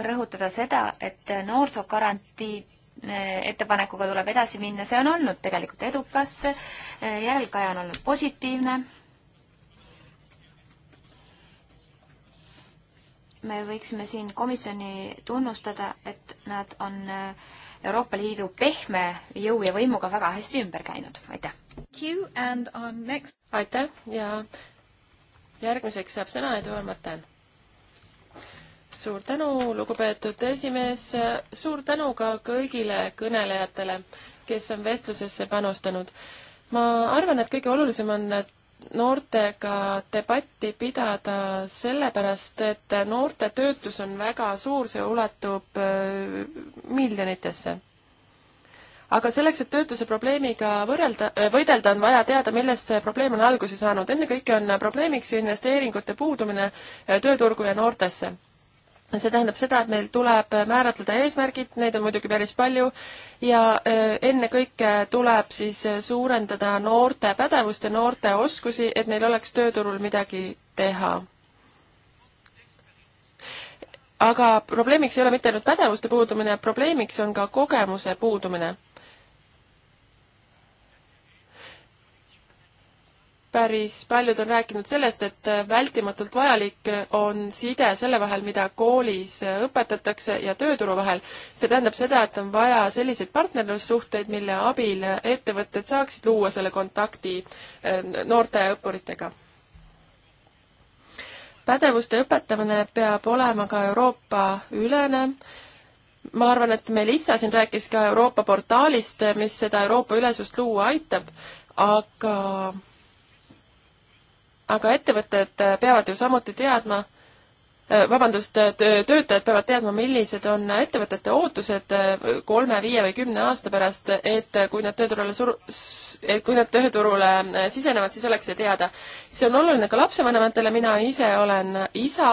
rõhutada seda, et noorsoogarantiid Äh, ettepanekuga tuleb edasi minna, see on olnud tegelikult edukas, äh, järelkaja on olnud positiivne. me võiksime siin komisjoni tunnustada, et nad on äh, Euroopa Liidu pehme jõu ja võimuga väga hästi ümber käinud, aitäh! aitäh ja järgmiseks saab sõna Eduard Martin suur tänu, lugupeetud esimees, suur tänu ka kõigile kõnelejatele, kes on vestlusesse panustanud. ma arvan, et kõige olulisem on noortega debatti pidada sellepärast, et noorte töötus on väga suur, see ulatub äh, miljonitesse. aga selleks, et töötuse probleemiga võrrelda, äh, võidelda, on vaja teada, millest see probleem on alguse saanud. ennekõike on probleemiks ju investeeringute puudumine äh, tööturgu ja noortesse see tähendab seda, et meil tuleb määratleda eesmärgid, neid on muidugi päris palju, ja ennekõike tuleb siis suurendada noorte pädevust ja noorte oskusi, et neil oleks tööturul midagi teha. aga probleemiks ei ole mitte ainult pädevuste puudumine, probleemiks on ka kogemuse puudumine päris paljud on rääkinud sellest, et vältimatult vajalik on side selle vahel, mida koolis õpetatakse ja tööturu vahel. see tähendab seda, et on vaja selliseid partnerlussuhteid, mille abil ettevõtted saaksid luua selle kontakti eh, noorte õppuritega. pädevuste õpetamine peab olema ka Euroopa ülene ma arvan, et Melissa siin rääkis ka Euroopa portaalist, mis seda Euroopa ülesust luua aitab, aga aga ettevõtted äh, peavad ju samuti teadma, äh, vabandust, äh, töötajad peavad teadma, millised on ettevõtete ootused kolme, viie või kümne aasta pärast, et kui nad tööturule sur-, et kui nad tööturule sisenevad, siis oleks see teada. see on oluline ka lapsevanematele, mina ise olen isa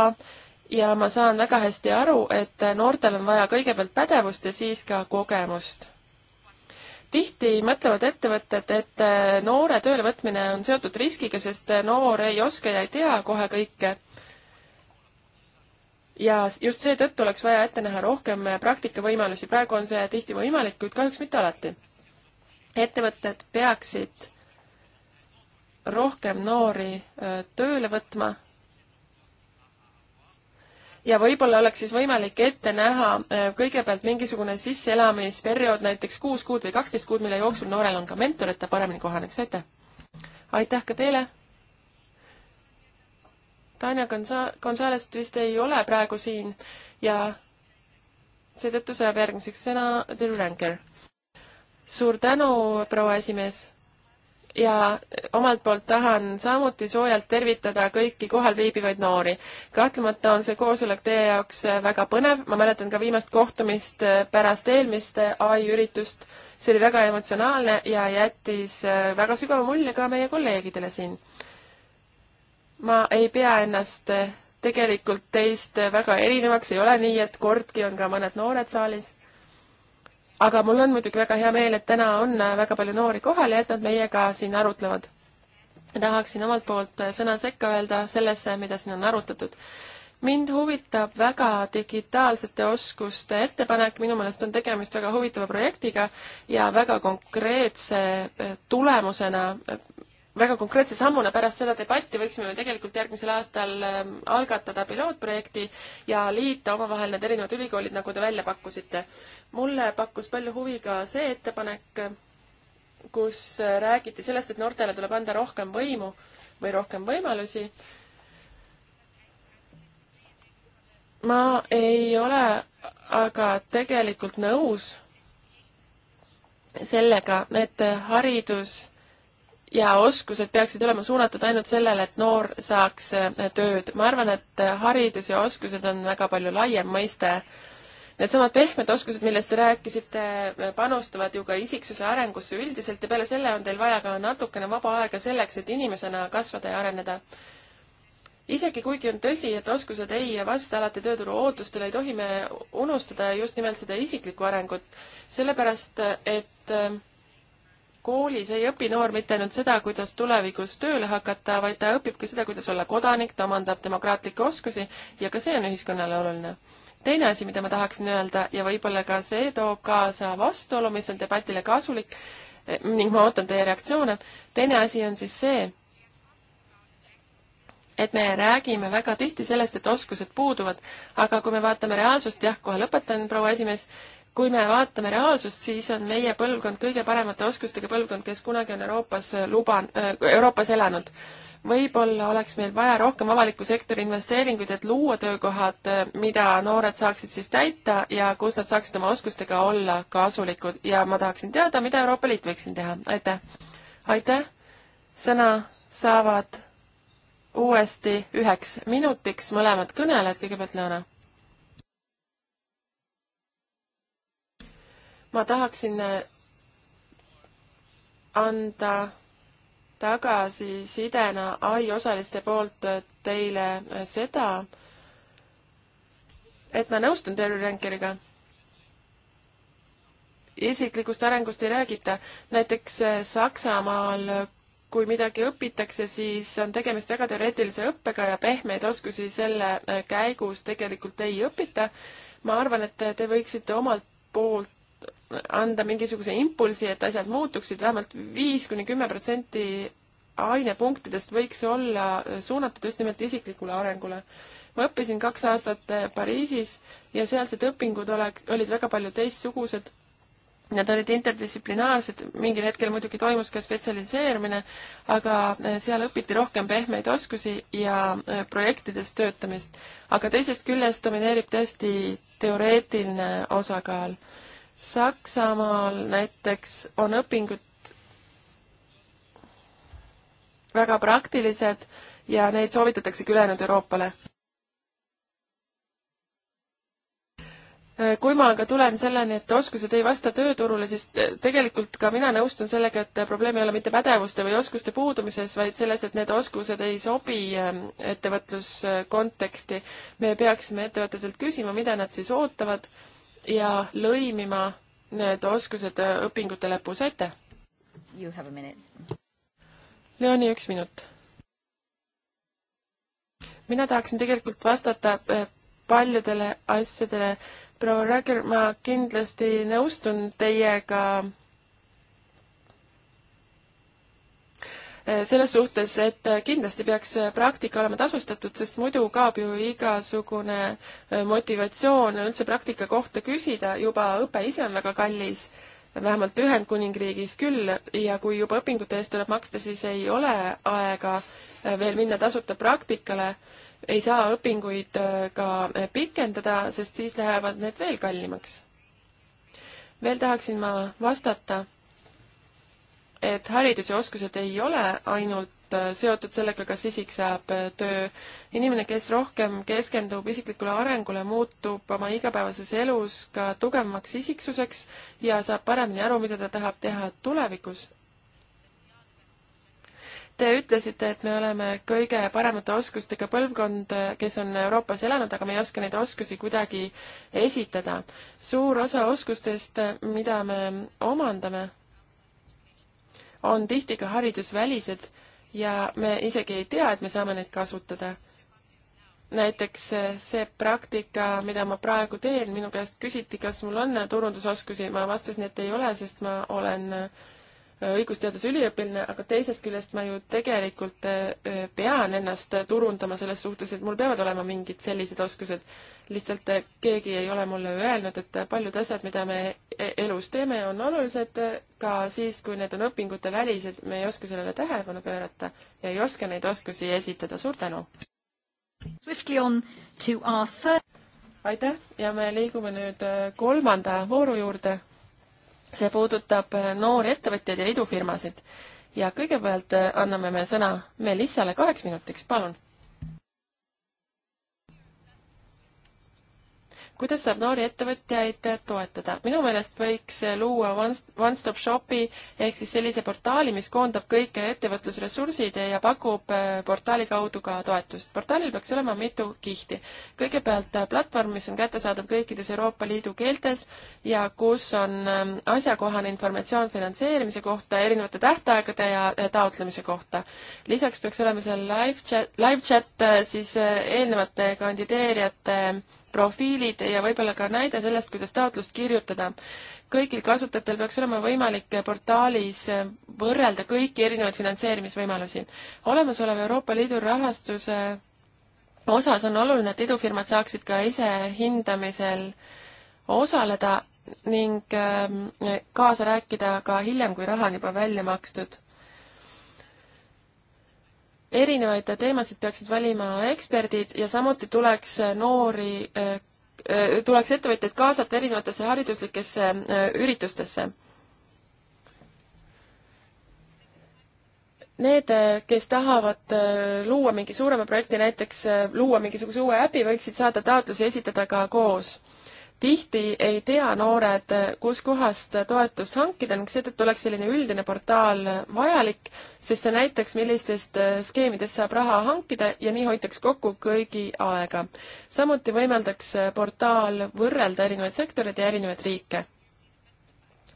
ja ma saan väga hästi aru, et noortel on vaja kõigepealt pädevust ja siis ka kogemust tihti mõtlevad ettevõtted, et äh, noore tööle võtmine on seotud riskiga, sest äh, noor ei oska ja ei tea kohe kõike. ja just seetõttu oleks vaja ette näha rohkem äh, praktikavõimalusi, praegu on see tihti võimalik, kuid kahjuks mitte alati. ettevõtted peaksid rohkem noori tööle võtma ja võib-olla oleks siis võimalik ette näha äh, kõigepealt mingisugune sisseelamisperiood, näiteks kuus kuud või kaksteist kuud, mille jooksul noorel on ka mentor, et ta paremini kohaneks, aitäh! aitäh ka teile! Tanja Gonsa-, Gonzalest vist ei ole praegu siin ja seetõttu saab järgmiseks sõna Drew Ranker. suur tänu, proua esimees! ja omalt poolt tahan samuti soojalt tervitada kõiki kohal viibivaid noori. kahtlemata on see koosolek teie jaoks äh, väga põnev, ma mäletan ka viimast kohtumist äh, pärast eelmist äh, ai üritust, see oli väga emotsionaalne ja jättis väga sügava mulje ka meie kolleegidele siin. ma ei pea ennast tegelikult teist väga erinevaks, ei ole nii, et kordki on ka mõned noored saalis aga mul on muidugi väga hea meel, et täna on äh, väga palju noori kohal ja et nad meiega siin arutlevad. tahaksin omalt poolt äh, sõna sekka öelda sellesse, mida siin on arutatud. mind huvitab väga digitaalsete oskuste ettepanek, minu meelest on tegemist väga huvitava projektiga ja väga konkreetse äh, tulemusena väga konkreetse sammuna pärast seda debatti võiksime me tegelikult järgmisel aastal ähm, algatada pilootprojekti ja liita omavahel need erinevad ülikoolid, nagu te välja pakkusite. mulle pakkus palju huvi ka see ettepanek, kus äh, räägiti sellest, et noortele tuleb anda rohkem võimu või rohkem võimalusi. ma ei ole aga tegelikult nõus sellega, et haridus ja oskused peaksid olema suunatud ainult sellele, et noor saaks eh, tööd. ma arvan, et eh, haridus ja oskused on väga palju laiem mõiste. Needsamad pehmed oskused, millest te rääkisite, eh, panustavad ju ka isiksuse arengusse üldiselt ja peale selle on teil vaja ka natukene vaba aega selleks, et inimesena kasvada ja areneda. isegi kuigi on tõsi, et oskused ei vasta alati tööturu ootustele, ei tohi me unustada just nimelt seda isiklikku arengut, sellepärast et äh, koolis ei õpi noor mitte ainult seda, kuidas tulevikus tööle hakata, vaid ta õpib ka seda, kuidas olla kodanik, ta omandab demokraatlikke oskusi ja ka see on ühiskonnale oluline. teine asi, mida ma tahaksin öelda ja võib-olla ka see toob kaasa vastuolu, mis on debatile kasulik e, ning ma ootan teie reaktsioone, teine asi on siis see, et me räägime väga tihti sellest, et oskused puuduvad, aga kui me vaatame reaalsust, jah, kohe lõpetan, proua esimees, kui me vaatame reaalsust, siis on meie põlvkond kõige paremate oskustega põlvkond, kes kunagi on Euroopas äh, luba, äh, Euroopas elanud. võib-olla oleks meil vaja rohkem avaliku sektori investeeringuid, et luua töökohad, äh, mida noored saaksid siis täita ja kus nad saaksid oma oskustega olla kasulikud ja ma tahaksin teada, mida Euroopa Liit võiks siin teha, aitäh! aitäh! sõna saavad uuesti üheks minutiks mõlemad kõnelejad, kõigepealt Leona ma tahaksin äh, anda tagasisidena ai osaliste poolt äh, teile äh, seda, et ma nõustun Terry Rankeriga. isiklikust arengust ei räägita, näiteks Saksamaal kui midagi õpitakse, siis on tegemist väga teoreetilise õppega ja pehmeid oskusi selle käigus tegelikult ei õpita. ma arvan, et te võiksite omalt poolt anda mingisuguse impulsi, et asjad muutuksid vähemalt, vähemalt viis kuni kümme protsenti ainepunktidest võiks olla suunatud just nimelt isiklikule arengule. ma õppisin kaks aastat eh, Pariisis ja sealsed õpingud oleks, olid väga palju teistsugused. Nad olid interdistsiplinaarsed, mingil hetkel muidugi toimus ka spetsialiseerumine, aga eh, seal õpiti rohkem pehmeid oskusi ja eh, projektides töötamist. aga teisest küljest domineerib tõesti teoreetiline osakaal Saksamaal näiteks on õpingud väga praktilised ja neid soovitatakse ka ülejäänud Euroopale. kui ma aga tulen selleni, et oskused ei vasta tööturule, siis tegelikult ka mina nõustun sellega, et probleem ei ole mitte pädevuste või oskuste puudumises, vaid selles, et need oskused ei sobi ähm, ettevõtluskonteksti. me peaksime ettevõtetelt küsima, mida nad siis ootavad ja lõimima need oskused õpingute lõpus, aitäh! Leoni, üks minut. mina tahaksin tegelikult vastata eh, paljudele asjadele. proua Rager, ma kindlasti nõustun teiega Äh, selles suhtes, et äh, kindlasti peaks äh, praktika olema tasustatud, sest muidu kaob ju igasugune motivatsioon üldse praktika kohta küsida, juba õpe ise on väga kallis, vähemalt Ühendkuningriigis küll, ja kui juba õpingute eest tuleb maksta, siis ei ole aega veel minna tasuta praktikale, ei saa õpinguid ka pikendada, sest siis lähevad need veel kallimaks. veel tahaksin ma vastata et haridus ja oskused ei ole ainult äh, seotud sellega, kas isik saab äh, töö. inimene, kes rohkem keskendub isiklikule arengule, muutub oma igapäevases elus ka tugevamaks isiksuseks ja saab paremini aru, mida ta tahab teha tulevikus. Te ütlesite, et me oleme kõige paremate oskustega põlvkond, äh, kes on Euroopas elanud, aga me ei oska neid oskusi kuidagi esitada. suur osa oskustest, mida me omandame on tihti ka haridusvälised ja me isegi ei tea, et me saame neid kasutada. näiteks eh, see praktika, mida ma praegu teen, minu käest küsiti, kas mul on turundusoskusi, ma vastasin, et ei ole, sest ma olen äh, Äh, õigusteaduse üliõpilane, aga teisest küljest ma ju tegelikult äh, äh, pean ennast turundama selles suhtes, et mul peavad olema mingid sellised oskused. lihtsalt keegi ei ole mulle öelnud, et paljud asjad, mida me e, elus teeme, on olulised ka siis, kui need on õpingute välised, me ei oska sellele tähelepanu pöörata ja ei oska neid oskusi esitada. suur tänu! aitäh ja me liigume nüüd kolmanda vooru juurde see puudutab äh, noori ettevõtjaid ja idufirmasid. ja kõigepealt äh, anname me sõna Melissale kaheks minutiks, palun kuidas saab noori ettevõtjaid toetada? minu meelest võiks luua one-stop shopi ehk siis sellise portaali, mis koondab kõik ettevõtlusressursid ja pakub äh, portaali kaudu ka toetust. portaalil peaks olema mitu kihti. kõigepealt äh, platvorm, mis on kättesaadav kõikides Euroopa Liidu keeltes ja kus on ähm, asjakohane informatsioon finantseerimise kohta, erinevate tähtaegade ja taotlemise kohta. lisaks peaks olema seal live chat, live chat äh, siis eelnevate kandideerijate profiilid ja võib-olla ka näide sellest, kuidas taotlust kirjutada. kõigil kasutajatel peaks olema võimalik portaalis võrrelda kõiki erinevaid finantseerimisvõimalusi. olemasoleva Euroopa Liidu rahastuse osas on oluline, et idufirmad saaksid ka ise hindamisel osaleda ning ähm, kaasa rääkida ka hiljem, kui raha on juba välja makstud erinevaid teemasid peaksid valima eksperdid ja samuti tuleks noori, äh, äh, tuleks ettevõtjaid kaasata erinevatesse hariduslikesse äh, üritustesse need, kes tahavad luua mingi suurema projekti, näiteks luua mingisuguse uue äpi, võiksid saada taotlusi esitada ka koos tihti ei tea noored, kuskohast toetust hankida ning seetõttu oleks selline üldine portaal vajalik, sest see näitaks, millistest äh, skeemidest saab raha hankida ja nii hoitaks kokku kõigi aega. samuti võimaldaks äh, portaal võrrelda erinevaid sektoreid ja erinevaid riike.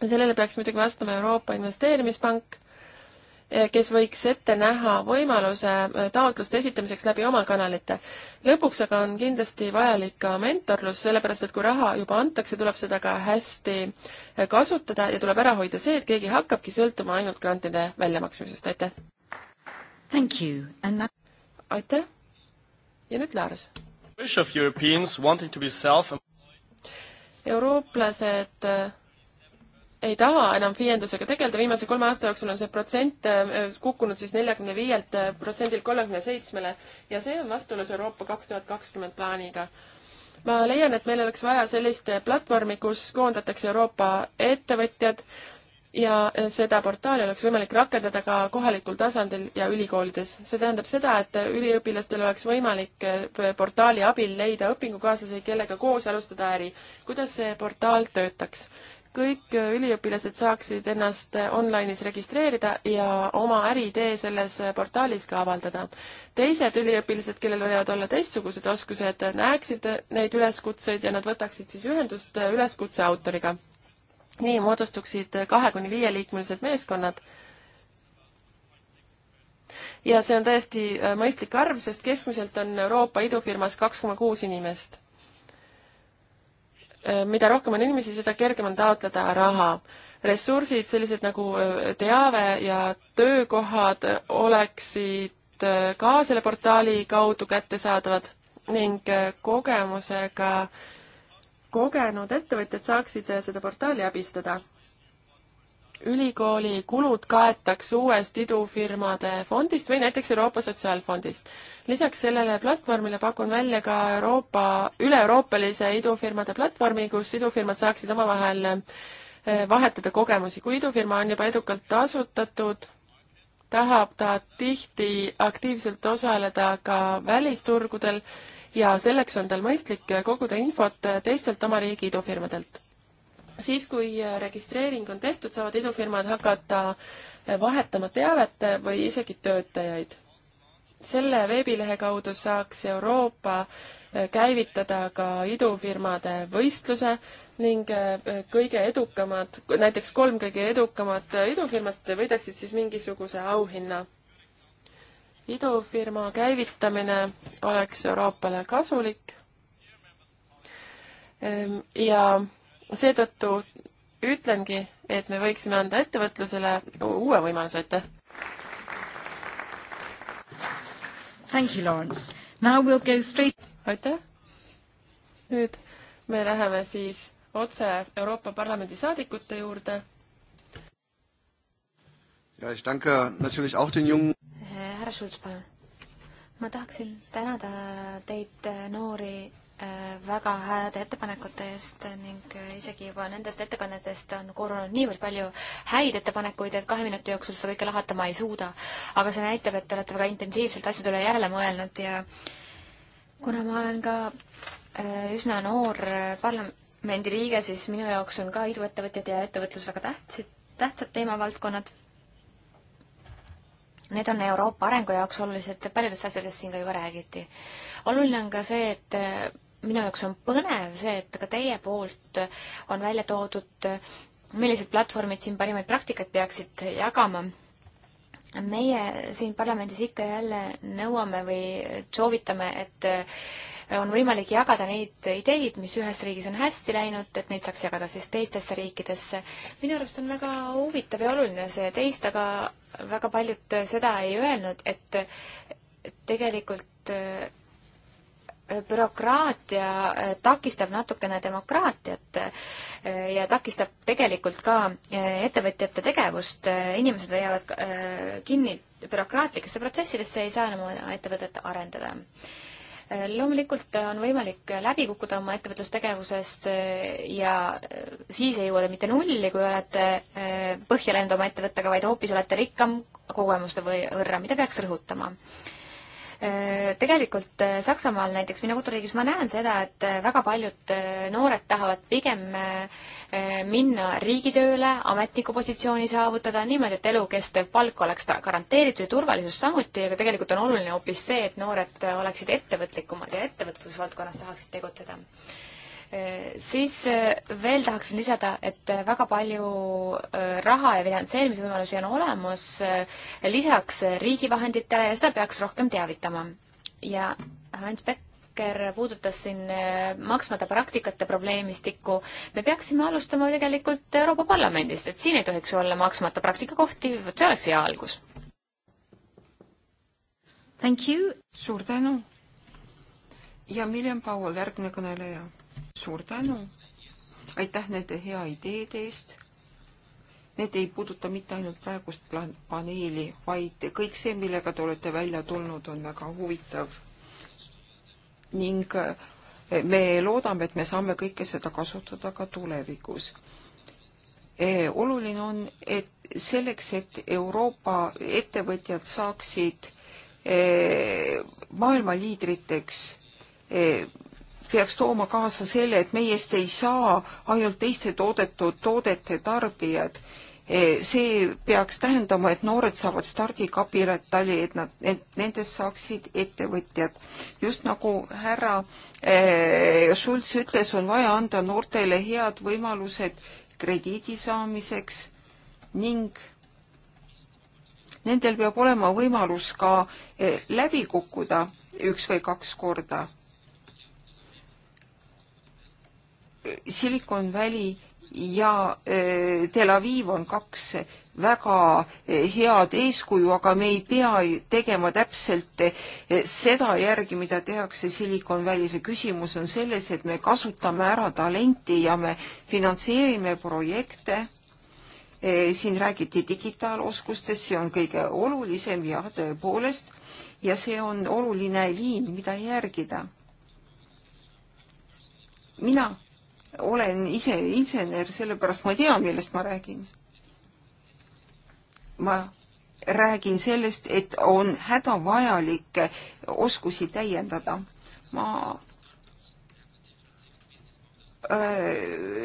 sellele peaks muidugi vastama Euroopa Investeerimispank Eh, kes võiks ette näha võimaluse eh, taotluste esitamiseks läbi oma kanalite. lõpuks aga on kindlasti vajalik ka mentorlus, sellepärast et kui raha juba antakse, tuleb seda ka hästi eh, kasutada ja tuleb ära hoida see, et keegi hakkabki sõltuma ainult grantide väljamaksmisest, aitäh! That... aitäh! ja nüüd Lars. Euroopalased ei taha enam FIE-ndusega tegeleda, viimase kolme aasta jooksul on see protsent äh, kukkunud siis neljakümne viielt äh, protsendilt kolmekümne seitsmele ja see on vastuolus Euroopa kaks tuhat kakskümmend plaaniga. ma leian, et meil oleks vaja sellist platvormi, kus koondatakse Euroopa ettevõtjad ja äh, seda portaali oleks võimalik rakendada ka kohalikul tasandil ja ülikoolides. see tähendab seda, et üliõpilastel oleks võimalik portaali abil leida õpingukaaslasi, kellega koos alustada äri. kuidas see portaal töötaks? kõik üliõpilased saaksid ennast online'is registreerida ja oma äriidee selles portaalis ka avaldada. teised üliõpilased, kellel võivad olla teistsugused oskused, näeksid neid üleskutseid ja nad võtaksid siis ühendust üleskutse autoriga. nii moodustuksid kahe kuni viieliikmelised meeskonnad ja see on täiesti mõistlik arv, sest keskmiselt on Euroopa idufirmas kaks koma kuus inimest Äh, mida rohkem on inimesi, seda kergem on taotleda raha. ressursid, sellised nagu äh, teave ja töökohad, oleksid äh, ka selle portaali kaudu kättesaadavad ning kogemusega kogenud ettevõtjad saaksid seda portaali abistada ülikooli kulud kaetakse uuest idufirmade fondist või näiteks Euroopa Sotsiaalfondist. lisaks sellele platvormile pakun välja ka Euroopa, üle-euroopalise idufirmade platvormi, kus idufirmad saaksid omavahel eh, vahetada kogemusi. kui idufirma on juba edukalt asutatud, tahab ta tihti aktiivselt osaleda ka välisturgudel ja selleks on tal mõistlik koguda infot teistelt oma riigi idufirmadelt siis, kui registreering on tehtud, saavad idufirmad hakata eh, vahetama teavet või isegi töötajaid. selle veebilehe kaudu saaks Euroopa eh, käivitada ka idufirmade võistluse ning eh, kõige edukamad, näiteks kolm kõige edukamat idufirmat võidaksid siis mingisuguse auhinna. idufirma käivitamine oleks Euroopale kasulik ehm, ja seetõttu ütlengi, et me võiksime anda ettevõtlusele uue võimaluse, aitäh! Thank you, Lawrence. Now we'll go straight... aitäh! nüüd me läheme siis otse Euroopa Parlamendi saadikute juurde. ja, ich danke natürlich auch den jungen... härra Schulz, palun. ma tahaksin tänada teid noori Äh, väga heade ettepanekute eest ning äh, isegi juba nendest ettekannetest on korranud niivõrd palju häid ettepanekuid, et kahe minuti jooksul seda kõike lahata ma ei suuda. aga see näitab, et te olete väga intensiivselt asjade üle järele mõelnud ja kuna ma olen ka äh, üsna noor parlamendi liige, siis minu jaoks on ka iduettevõtjad ja ettevõtlus väga tähtsad, tähtsad teemavaldkonnad need on Euroopa arengu jaoks olulised, paljudest asjadest siin ka juba räägiti oluline on ka see, et äh, minu jaoks on põnev see, et ka teie poolt äh, on välja toodud, äh, millised platvormid siin parimaid praktikaid peaksid jagama. meie siin parlamendis ikka ja jälle nõuame või soovitame, et on võimalik jagada neid ideid, mis ühes riigis on hästi läinud, et neid saaks jagada siis teistesse riikidesse. minu arust on väga huvitav ja oluline see teist, aga väga paljud seda ei öelnud, et tegelikult bürokraatia eh, takistab natukene demokraatiat eh, ja takistab tegelikult ka eh, ettevõtjate tegevust, inimesed jäävad kinni bürokraatlikesse protsessidesse, ei saa enam oma ettevõtet arendada loomulikult on võimalik läbi kukkuda oma ettevõtlustegevusest ja siis ei jõua te mitte nulli, kui olete põhja läinud oma ettevõttega, vaid hoopis olete rikkam kogemuste võrra, mida peaks rõhutama Äh, tegelikult äh, Saksamaal näiteks, minu koduriigis, ma näen seda, et äh, väga paljud noored tahavad pigem minna riigitööle, ametnikupositsiooni saavutada niimoodi, et elukestev palk oleks garanteeritud ja turvalisus samuti, aga tegelikult on oluline hoopis see, et noored oleksid ettevõtlikumad ja ettevõtlusvaldkonnas tahaksid tegutseda Äh, siis äh, veel tahaksin lisada, et äh, väga palju raha ja finantseerimisvõimalusi on olemas lisaks riigi vahenditele ja seda peaks rohkem teavitama. ja Hans Beck Becker puudutas siin maksmata praktikate probleemistikku. me peaksime alustama tegelikult Euroopa Parlamendist, et siin ei tohiks olla maksmata praktikakohti, vot see oleks hea algus. Thank you. suur tänu. ja Mirjam Paul, järgmine kõneleja suur tänu. aitäh nende hea ideede eest. Need ei puuduta mitte ainult praegust plaan-, paneeli, vaid kõik see, millega te olete välja tulnud, on väga huvitav. ning eh, me loodame, et me saame kõike seda kasutada ka tulevikus eh, oluline on, et selleks, et Euroopa ettevõtjad saaksid eh, maailma liidriteks, peaks tooma kaasa selle, et meiest ei saa ainult teiste toodetud toodete tarbijad. E, see peaks tähendama, et noored saavad stardikapitali, et nad, et nendest saaksid ettevõtjad. just nagu härra e, Schulz ütles, on vaja anda noortele head võimalused krediidi saamiseks ning nendel peab olema võimalus ka e, läbi kukkuda üks või kaks korda Silicon Valley ja eh, Tel Aviv on kaks eh, väga eh, head eeskuju, aga me ei pea tegema täpselt seda järgi, mida tehakse Silicon Valley's. küsimus on selles, et me kasutame ära talenti ja me finantseerime projekte. siin räägiti digitaaloskustest, see on kõige olulisem jah, tõepoolest, ja see on oluline liin, mida järgida. mina olen ise insener, sellepärast ma tean, millest ma räägin. ma räägin sellest, et on hädavajalik oskusi täiendada. ma äh,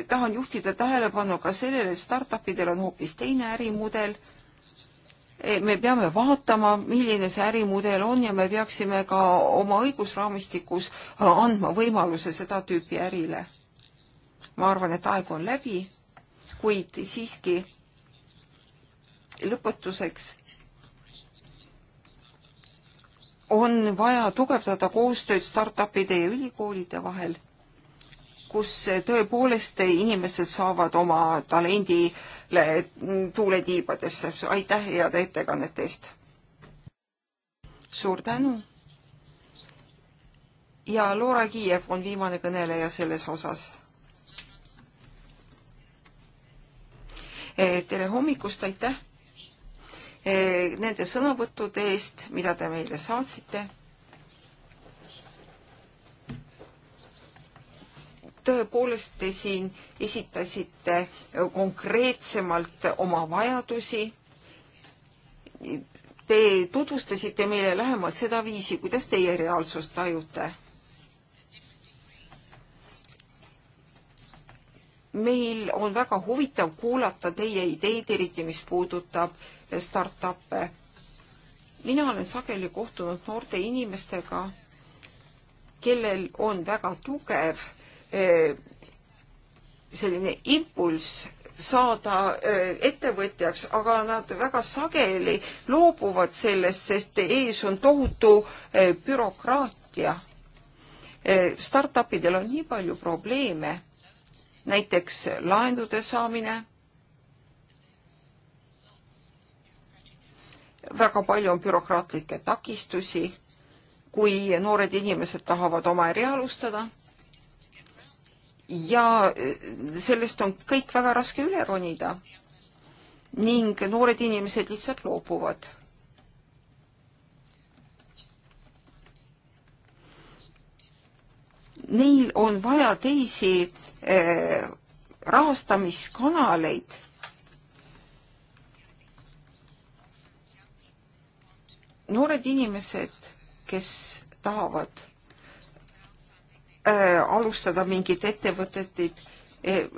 tahan juhtida tähelepanu ka sellele, et startupidel on hoopis teine ärimudel. E, me peame vaatama, milline see ärimudel on ja me peaksime ka oma õigusraamistikus andma võimaluse seda tüüpi ärile ma arvan, et aeg on läbi, kuid siiski lõpetuseks on vaja tugevdada koostööd startupide ja ülikoolide vahel, kus tõepoolest inimesed saavad oma talendile tuule tiibadesse. aitäh heade ettekannete eest! suur tänu! ja Laura Kiiev on viimane kõneleja selles osas Eh, tere hommikust, aitäh eh, nende sõnavõttude eest, mida te meile saatsite. tõepoolest, te siin esitasite konkreetsemalt oma vajadusi. Te tutvustasite meile lähemalt seda viisi, kuidas teie reaalsust tajute meil on väga huvitav kuulata teie ideid, eriti mis puudutab startup'e. mina olen sageli kohtunud noorte inimestega, kellel on väga tugev eh, selline impulss saada eh, ettevõtjaks, aga nad väga sageli loobuvad sellest, sest ees on tohutu eh, bürokraatia. Startupidel on nii palju probleeme näiteks laendude saamine. väga palju on bürokraatlikke takistusi, kui noored inimesed tahavad oma äri alustada. ja eh, sellest on kõik väga raske üle ronida ning noored inimesed lihtsalt loobuvad neil on vaja teisi eh, rahastamiskanaleid. noored inimesed, kes tahavad eh, alustada mingit ettevõtet, eh,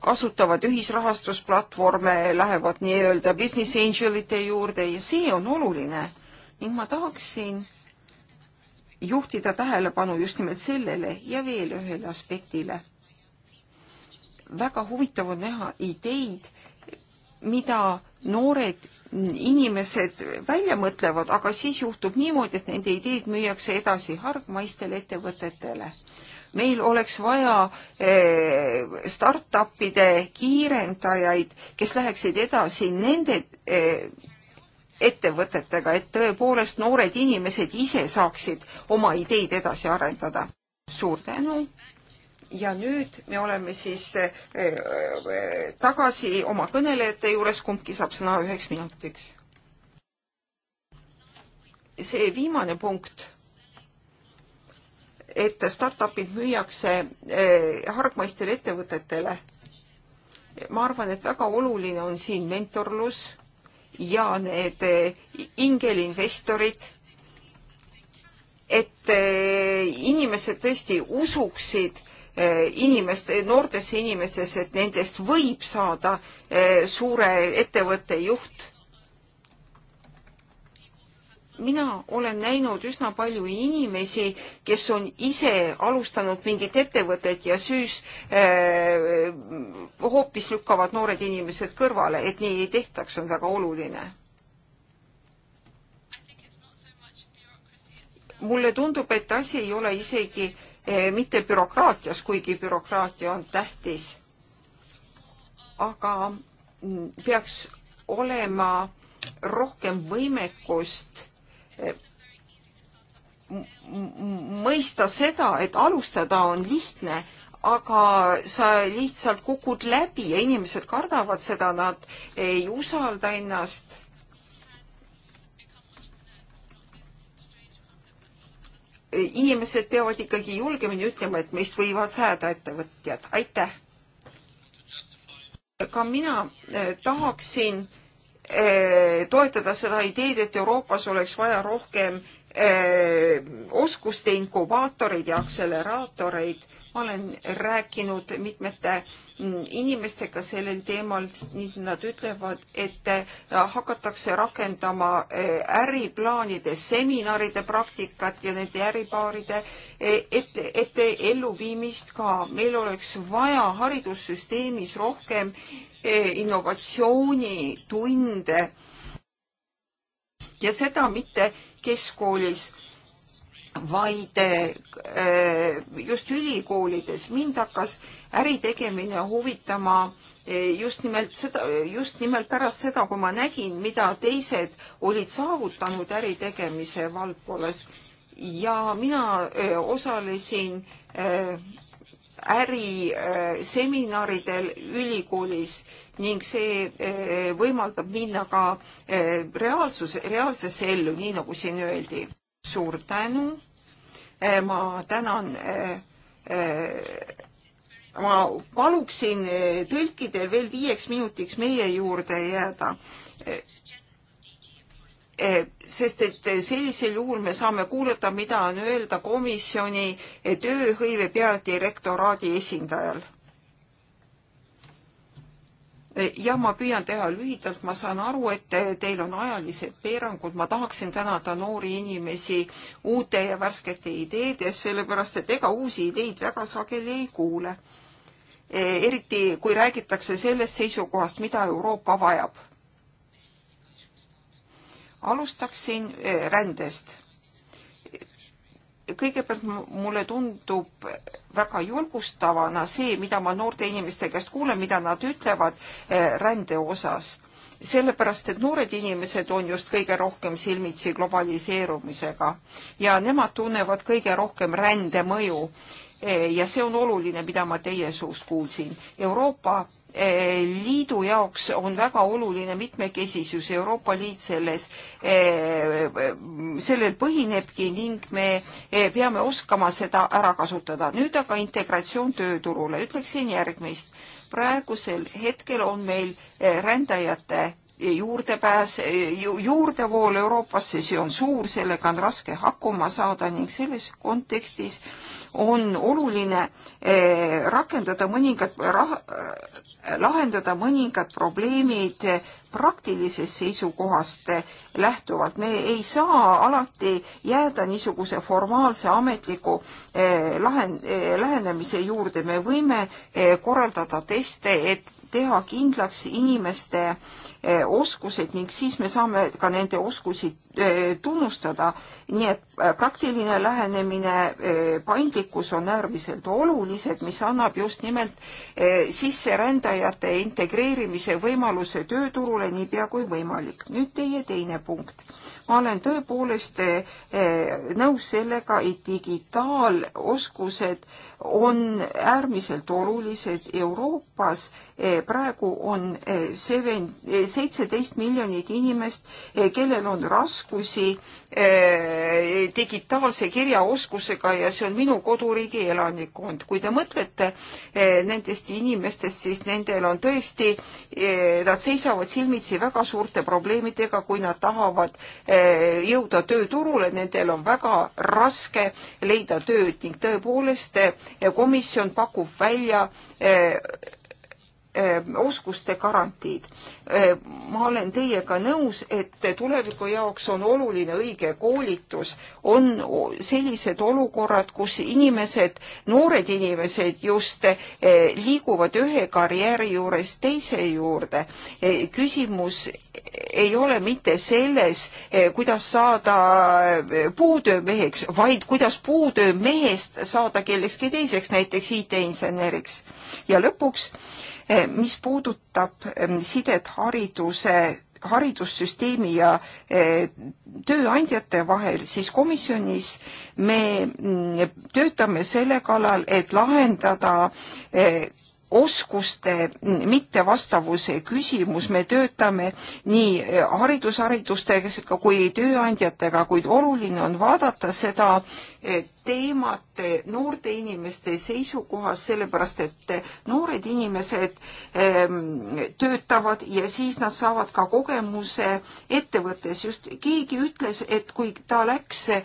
kasutavad ühisrahastusplatvorme, lähevad nii-öelda business angelite juurde ja see on oluline. ning ma tahaksin juhtida tähelepanu just nimelt sellele ja veel ühele aspektile. väga huvitav on näha ideid, mida noored inimesed välja mõtlevad, aga siis juhtub niimoodi, et nende ideed müüakse edasi hargmaistele ettevõtetele. meil oleks vaja eh, startup'ide kiirendajaid, kes läheksid edasi nende eh, ettevõtetega, et tõepoolest noored inimesed ise saaksid oma ideid edasi arendada. suur tänu ja nüüd me oleme siis eh, eh, tagasi oma kõnelejate juures, kumbki saab sõna üheks minutiks. see viimane punkt, et startup'id müüakse eh, hargmaistele ettevõtetele, ma arvan, et väga oluline on siin mentorlus ja need eh, ingelinvestorid, et eh, inimesed tõesti usuksid eh, inimeste, noortesse inimestesse, et nendest võib saada suure ettevõtte juht mina olen näinud üsna palju inimesi, kes on ise alustanud mingit ettevõtet ja siis äh, hoopis lükkavad noored inimesed kõrvale, et nii ei tehtaks, on väga oluline. mulle tundub, et asi ei ole isegi äh, mitte bürokraatias, kuigi bürokraatia on tähtis, aga mm, peaks olema rohkem võimekust mõista seda, et alustada on lihtne, aga sa lihtsalt kukud läbi ja inimesed kardavad seda, nad ei usalda ennast. inimesed peavad ikkagi julgemini ütlema, et meist võivad saada ettevõtjad. aitäh! ka mina eh, tahaksin äh, Eh, toetada seda ideed, et Euroopas oleks vaja rohkem eh, oskuste inkubaatoreid ja akseleraatoreid. ma olen rääkinud mitmete mm, inimestega sellel teemal, nad ütlevad, et eh, hakatakse rakendama äriplaanide seminaride praktikat ja nende äripaaride ette, ette elluviimist ka. meil oleks vaja haridussüsteemis rohkem innovatsioonitunde ja seda mitte keskkoolis, vaid äh, just ülikoolides. mind hakkas äritegemine huvitama äh, just nimelt seda, just nimelt pärast seda, kui ma nägin, mida teised olid saavutanud äritegemise valdkonnas ja mina äh, osalesin äriseminaridel äh, ülikoolis ning see äh, võimaldab minna ka äh, reaalsus, reaalsesse ellu, nii nagu siin öeldi. suur tänu. ma tänan ma paluksin tõlkidel veel viieks minutiks meie juurde jääda. Eh, sest et eh, sellisel juhul me saame kuulata, mida on öelda komisjoni eh, tööhõive peadirektoraadi esindajal. jah, ma püüan teha lühidalt, ma saan aru, et teil on ajalised piirangud, ma tahaksin tänada noori inimesi uute ja värskete ideedes, sellepärast et ega uusi ideid väga sageli ei kuule. eriti kui räägitakse sellest seisukohast, mida Euroopa vajab alustaksin eh, rändest. kõigepealt mulle tundub väga julgustavana see, mida ma noorte inimeste käest kuulen, mida nad ütlevad eh, rände osas. sellepärast, et noored inimesed on just kõige rohkem silmitsi globaliseerumisega ja nemad tunnevad kõige rohkem rände mõju Eh, ja see on oluline, mida ma teie suust kuulsin. Euroopa eh, Liidu jaoks on väga oluline mitmekesisus, Euroopa Liit selles, eh, sellel põhinebki ning me peame oskama seda ära kasutada. nüüd aga integratsioon tööturule, ütleksin järgmist. praegusel hetkel on meil rändajate juurdepääs, eh, juurdevool Euroopasse, see on suur, sellega on raske hakkama saada ning selles kontekstis on oluline eh, rakendada mõningad, lahendada mõningad probleemid praktilisest seisukohast lähtuvalt. me ei saa alati jääda niisuguse formaalse ametliku eh, lahend-, lähenemise juurde, me võime korraldada teste, et teha kindlaks inimeste äh, Eh, oskused ning siis me saame ka nende oskusi eh, tunnustada. nii et eh, praktiline lähenemine, paindlikkus on äärmiselt olulised, mis annab just nimelt sisserändajate integreerimise võimaluse tööturule niipea kui võimalik. nüüd teie teine punkt. ma olen tõepoolest nõus sellega, et digitaaloskused on äärmiselt olulised Euroopas. praegu on seven, seitseteist miljonit inimest, eh, kellel on raskusi eh, digitaalse kirjaoskusega ja see on minu koduriigi elanikkond. kui te mõtlete eh, nendest inimestest, siis nendel on tõesti, nad seisavad silmitsi väga suurte probleemidega, kui nad tahavad jõuda tööturule, nendel on väga raske leida tööd ning tõepoolest komisjon pakub välja Ehm, oskuste garantiid. Ehm, ma olen teiega nõus, et tuleviku jaoks on oluline õige koolitus. on sellised olukorrad, kus inimesed, noored inimesed just eh, liiguvad ühe karjääri juurest teise juurde. Eh, küsimus ei ole mitte selles, eh, kuidas saada puutöömeheks, vaid kuidas puutöömehest saada kellekski teiseks, näiteks IT-inseneriks. ja lõpuks äh, mis puudutab sidet hariduse haridussüsteemi ja e, tööandjate vahel, siis komisjonis me mm, töötame selle kallal, et lahendada e, oskuste mm, mittevastavuse küsimus, me töötame nii e, haridusharidustega kui tööandjatega, kuid oluline on vaadata seda äh, teemat noorte inimeste seisukohast, sellepärast et noored inimesed ehm, töötavad ja siis nad saavad ka kogemuse ettevõttes. just keegi ütles, et kui ta läks eh,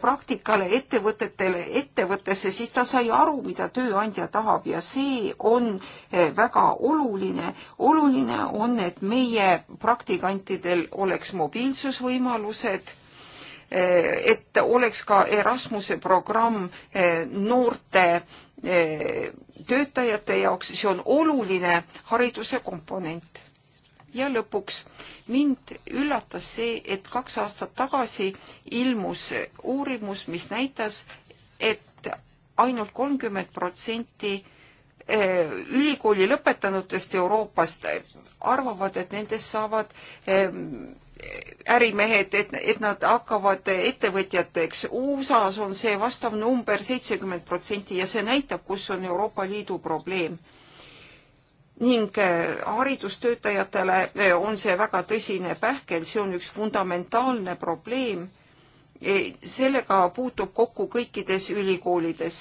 praktikale ettevõtetele, ettevõttesse, siis ta sai aru, mida tööandja tahab ja see on eh, väga oluline. oluline on, et meie praktikantidel oleks mobiilsusvõimalused Eh, et oleks ka Erasmuse programm eh, noorte eh, töötajate jaoks, see on oluline hariduse komponent. ja lõpuks mind üllatas see, et kaks aastat tagasi ilmus uurimus, mis näitas, et ainult kolmkümmend protsenti ülikooli lõpetanutest Euroopast arvavad, et nendest saavad ärimehed, et, et nad hakkavad ettevõtjateks. USA-s on see vastav number seitsekümmend protsenti ja see näitab, kus on Euroopa Liidu probleem. ning äh, haridustöötajatele äh, on see väga tõsine pähkel, see on üks fundamentaalne probleem. E, sellega puutub kokku kõikides ülikoolides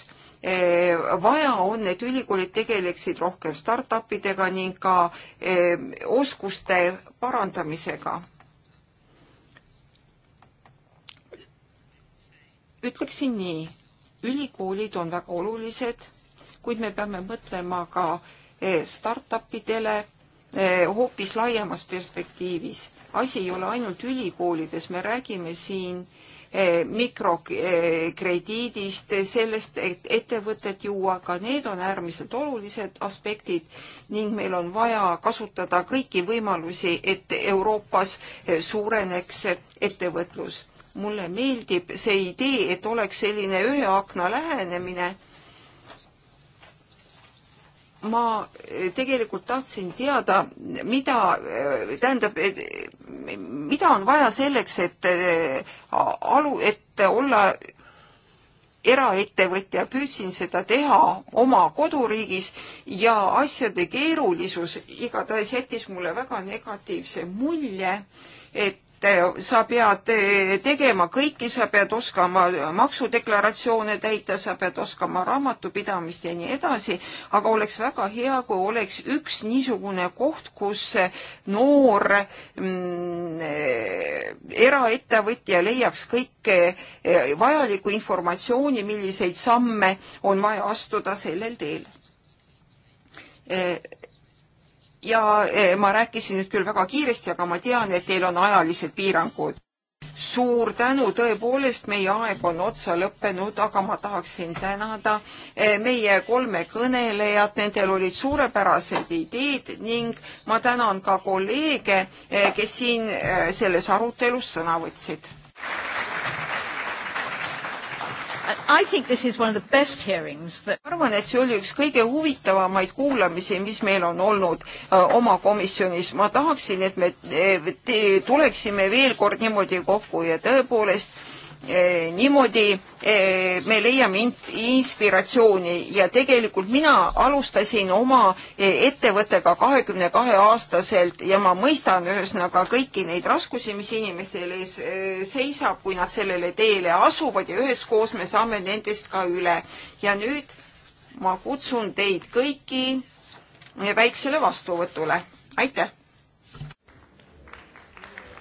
e, vaja on, et ülikoolid tegeleksid rohkem startupidega ning ka e, oskuste parandamisega. ütleksin nii, ülikoolid on väga olulised, kuid me peame mõtlema ka eh, startup idele eh, hoopis laiemas perspektiivis. asi ei ole ainult ülikoolides, me räägime siin eh, mikrokrediidist, sellest, et ettevõtet juua, ka need on äärmiselt olulised aspektid ning meil on vaja kasutada kõiki võimalusi, et Euroopas suureneks ettevõtlus mulle meeldib see idee, et oleks selline ühe akna lähenemine. ma tegelikult tahtsin teada, mida, äh, tähendab, mida on vaja selleks, et äh, alu, et olla eraettevõtja, püüdsin seda teha oma koduriigis ja asjade keerulisus igatahes jättis mulle väga negatiivse mulje, et et sa pead tegema kõiki, sa pead oskama maksudeklaratsioone täita, sa pead oskama raamatupidamist ja nii edasi, aga oleks väga hea, kui oleks üks niisugune koht, kus noor mm, eraettevõtja leiaks kõike eh, vajalikku informatsiooni, milliseid samme on vaja astuda sellel teel eh, ja eh, ma rääkisin nüüd küll väga kiiresti, aga ma tean, et teil on ajalised piirangud. suur tänu, tõepoolest meie aeg on otsa lõppenud, aga ma tahaksin tänada eh, meie kolme kõnelejat, nendel olid suurepärased ideed ning ma tänan ka kolleege, eh, kes siin selles arutelus sõna võtsid. That... arvan, et see oli üks kõige huvitavamaid kuulamisi, mis meil on olnud öö, äh, oma komisjonis. ma tahaksin, et me te, tuleksime veel kord niimoodi kokku ja tõepoolest Eh, niimoodi eh, me leiame inspiratsiooni ja tegelikult mina alustasin oma eh, ettevõttega kahekümne kahe aastaselt ja ma mõistan ühesõnaga kõiki neid raskusi, mis inimestel ees seisab, kui nad sellele teele asuvad ja üheskoos me saame nendest ka üle. ja nüüd ma kutsun teid kõiki väiksele vastuvõtule. aitäh!